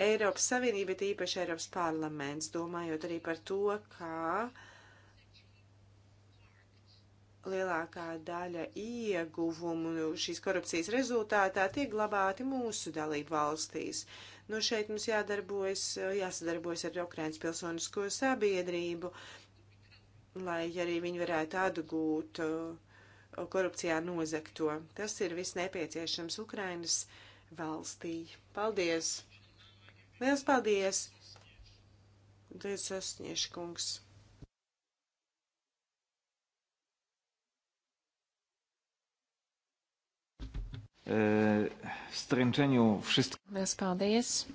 Eiropas Savienība, bet īpaši Eiropas parlaments, domājot arī par to, kā lielākā daļa ieguvumu šīs korupcijas rezultātā tiek glabāti mūsu dalību valstīs. Nu, šeit mums jādarbojas, jāsadarbojas ar Ukrainas pilsonisko sabiedrību, lai arī viņi varētu atgūt uh, korupcijā nozakto. Tas ir viss nepieciešams Ukrainas valstī. Paldies! Liels paldies! E, Liels sasniešu kungs! stręczeniu wszystkich. Paldies.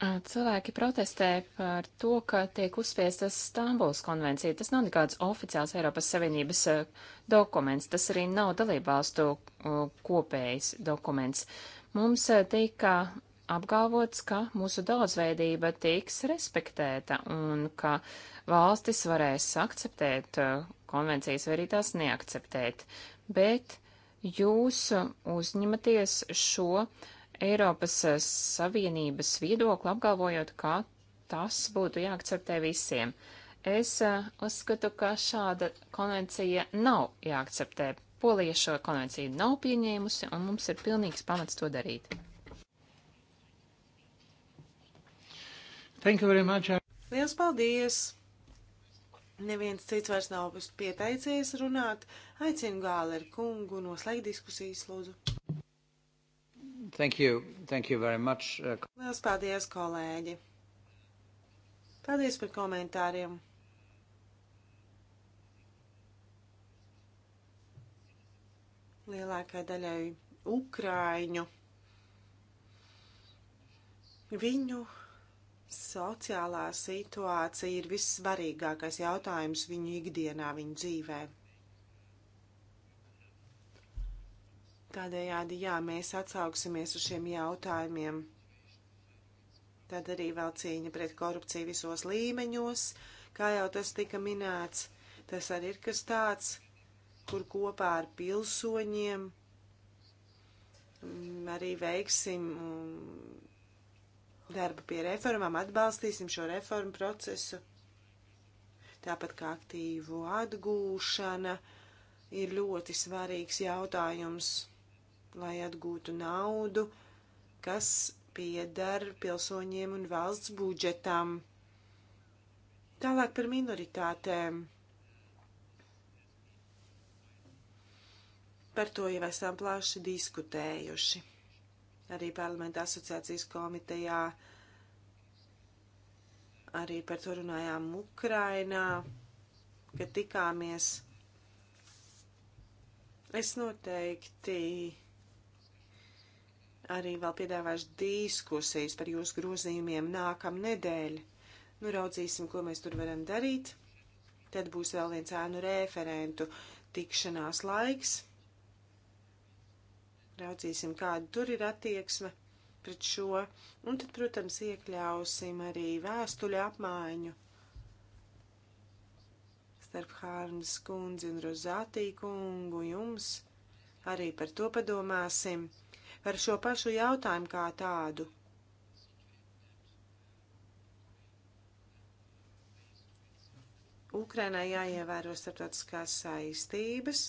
Cilvēki protestē par to, ka tiek uzspiestas Stambuls konvencija. Tas nav nekāds oficiāls Eiropas Savienības eh, dokuments, tas arī nav dalībvalstu eh, kopējs dokuments. Mums eh, tika apgalvots, ka mūsu daudzveidība tiks respektēta un ka valstis varēs akceptēt konvencijas vai arī tās neakceptēt. Bet jūs uzņematies šo Eiropas eh, Savienības viedokli, apgalvojot, ka tas būtu jāakceptē visiem. Es eh, uzskatu, ka šāda konvencija nav jāakceptē. Polija šo konvenciju nav pieņēmusi, un mums ir pilnīgs pamats to darīt. Thank you very much. Liels paldies! Neviens cits vairs nav pieteicies runāt. Aicinu Gāleru kungu noslēgt diskusijas, lūdzu. Thank you. Thank you very much. Uh, Lielas paldies, kolēģi. Paldies par komentāriem. Lielākai daļai Ukraiņu. Viņu sociālā situācija ir vissvarīgākais jautājums viņu ikdienā, viņu dzīvēm. Tādējādi, jā, mēs atsauksimies uz šiem jautājumiem. Tad arī vēl cīņa pret korupciju visos līmeņos, kā jau tas tika minēts. Tas arī ir kas tāds, kur kopā ar pilsoņiem mm, arī veiksim mm, darbu pie reformām, atbalstīsim šo reformu procesu. Tāpat kā aktīvu atgūšana ir ļoti svarīgs jautājums lai atgūtu naudu, kas piedar pilsoņiem un valsts budžetam. Tālāk par minoritātēm. Par to jau esam plaši diskutējuši. Arī parlamenta asociācijas komitejā, arī par to runājām Ukrainā, kad tikāmies. Es noteikti arī vēl piedāvāšu diskusijas par jūsu grozījumiem nākam nedēļ. Nu, raudzīsim, ko mēs tur varam darīt. Tad būs vēl viens ēnu referentu tikšanās laiks. Raudzīsim, kāda tur ir attieksme pret šo. Un tad, protams, iekļausim arī vēstuļu apmaiņu starp Hārnas kundzi un Rozātī kungu jums. Arī par to padomāsim par šo pašu jautājumu kā tādu. Ukrainai jāievēro starptautiskās saistības.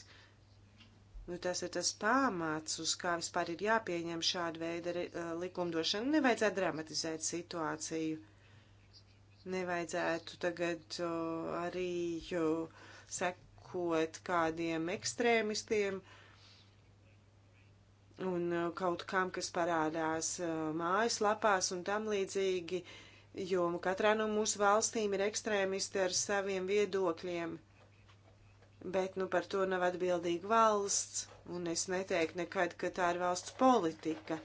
Nu, tas ir tas pamats, uz kā vispār ir jāpieņem šāda veida eh, likumdošana. Nevajadzētu dramatizēt situāciju. Nevajadzētu tagad o, arī jo, sekot kādiem ekstrēmistiem. Uh, un uh, kaut kam, kas parādās uh, mājaslapās un tam līdzīgi, jo katrā no mūsu valstīm ir ekstrēmisti ar saviem viedokļiem. Bet nu par to nav atbildīga valsts, un es neteiktu nekad, ka tā ir valsts politika.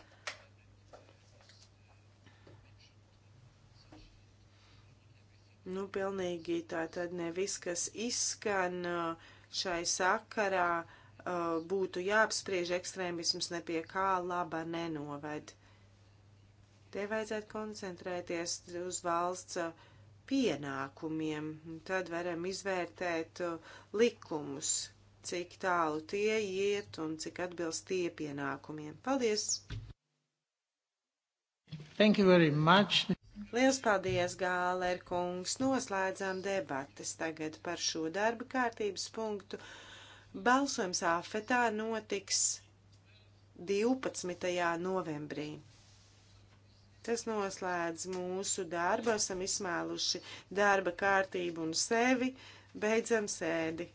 Nu, pilnīgi tā tad ne viss, kas izskan uh, šai sakarā, uh, Uh, būtu jāapspriež ekstrēmisms nepie kā laba nenoved. Te vajadzētu koncentrēties uz valsts uh, pienākumiem, tad varam izvērtēt uh, likumus, cik tālu tie iet un cik atbilst tie pienākumiem. Paldies! Thank you very much. Liels paldies, Gāler kungs! Noslēdzām debates tagad par šo darba kārtības punktu. Balsojums āfetā notiks 12. novembrī. Tas noslēdz mūsu darbu, esam izsmēluši darba kārtību un sevi, beidzam sēdi.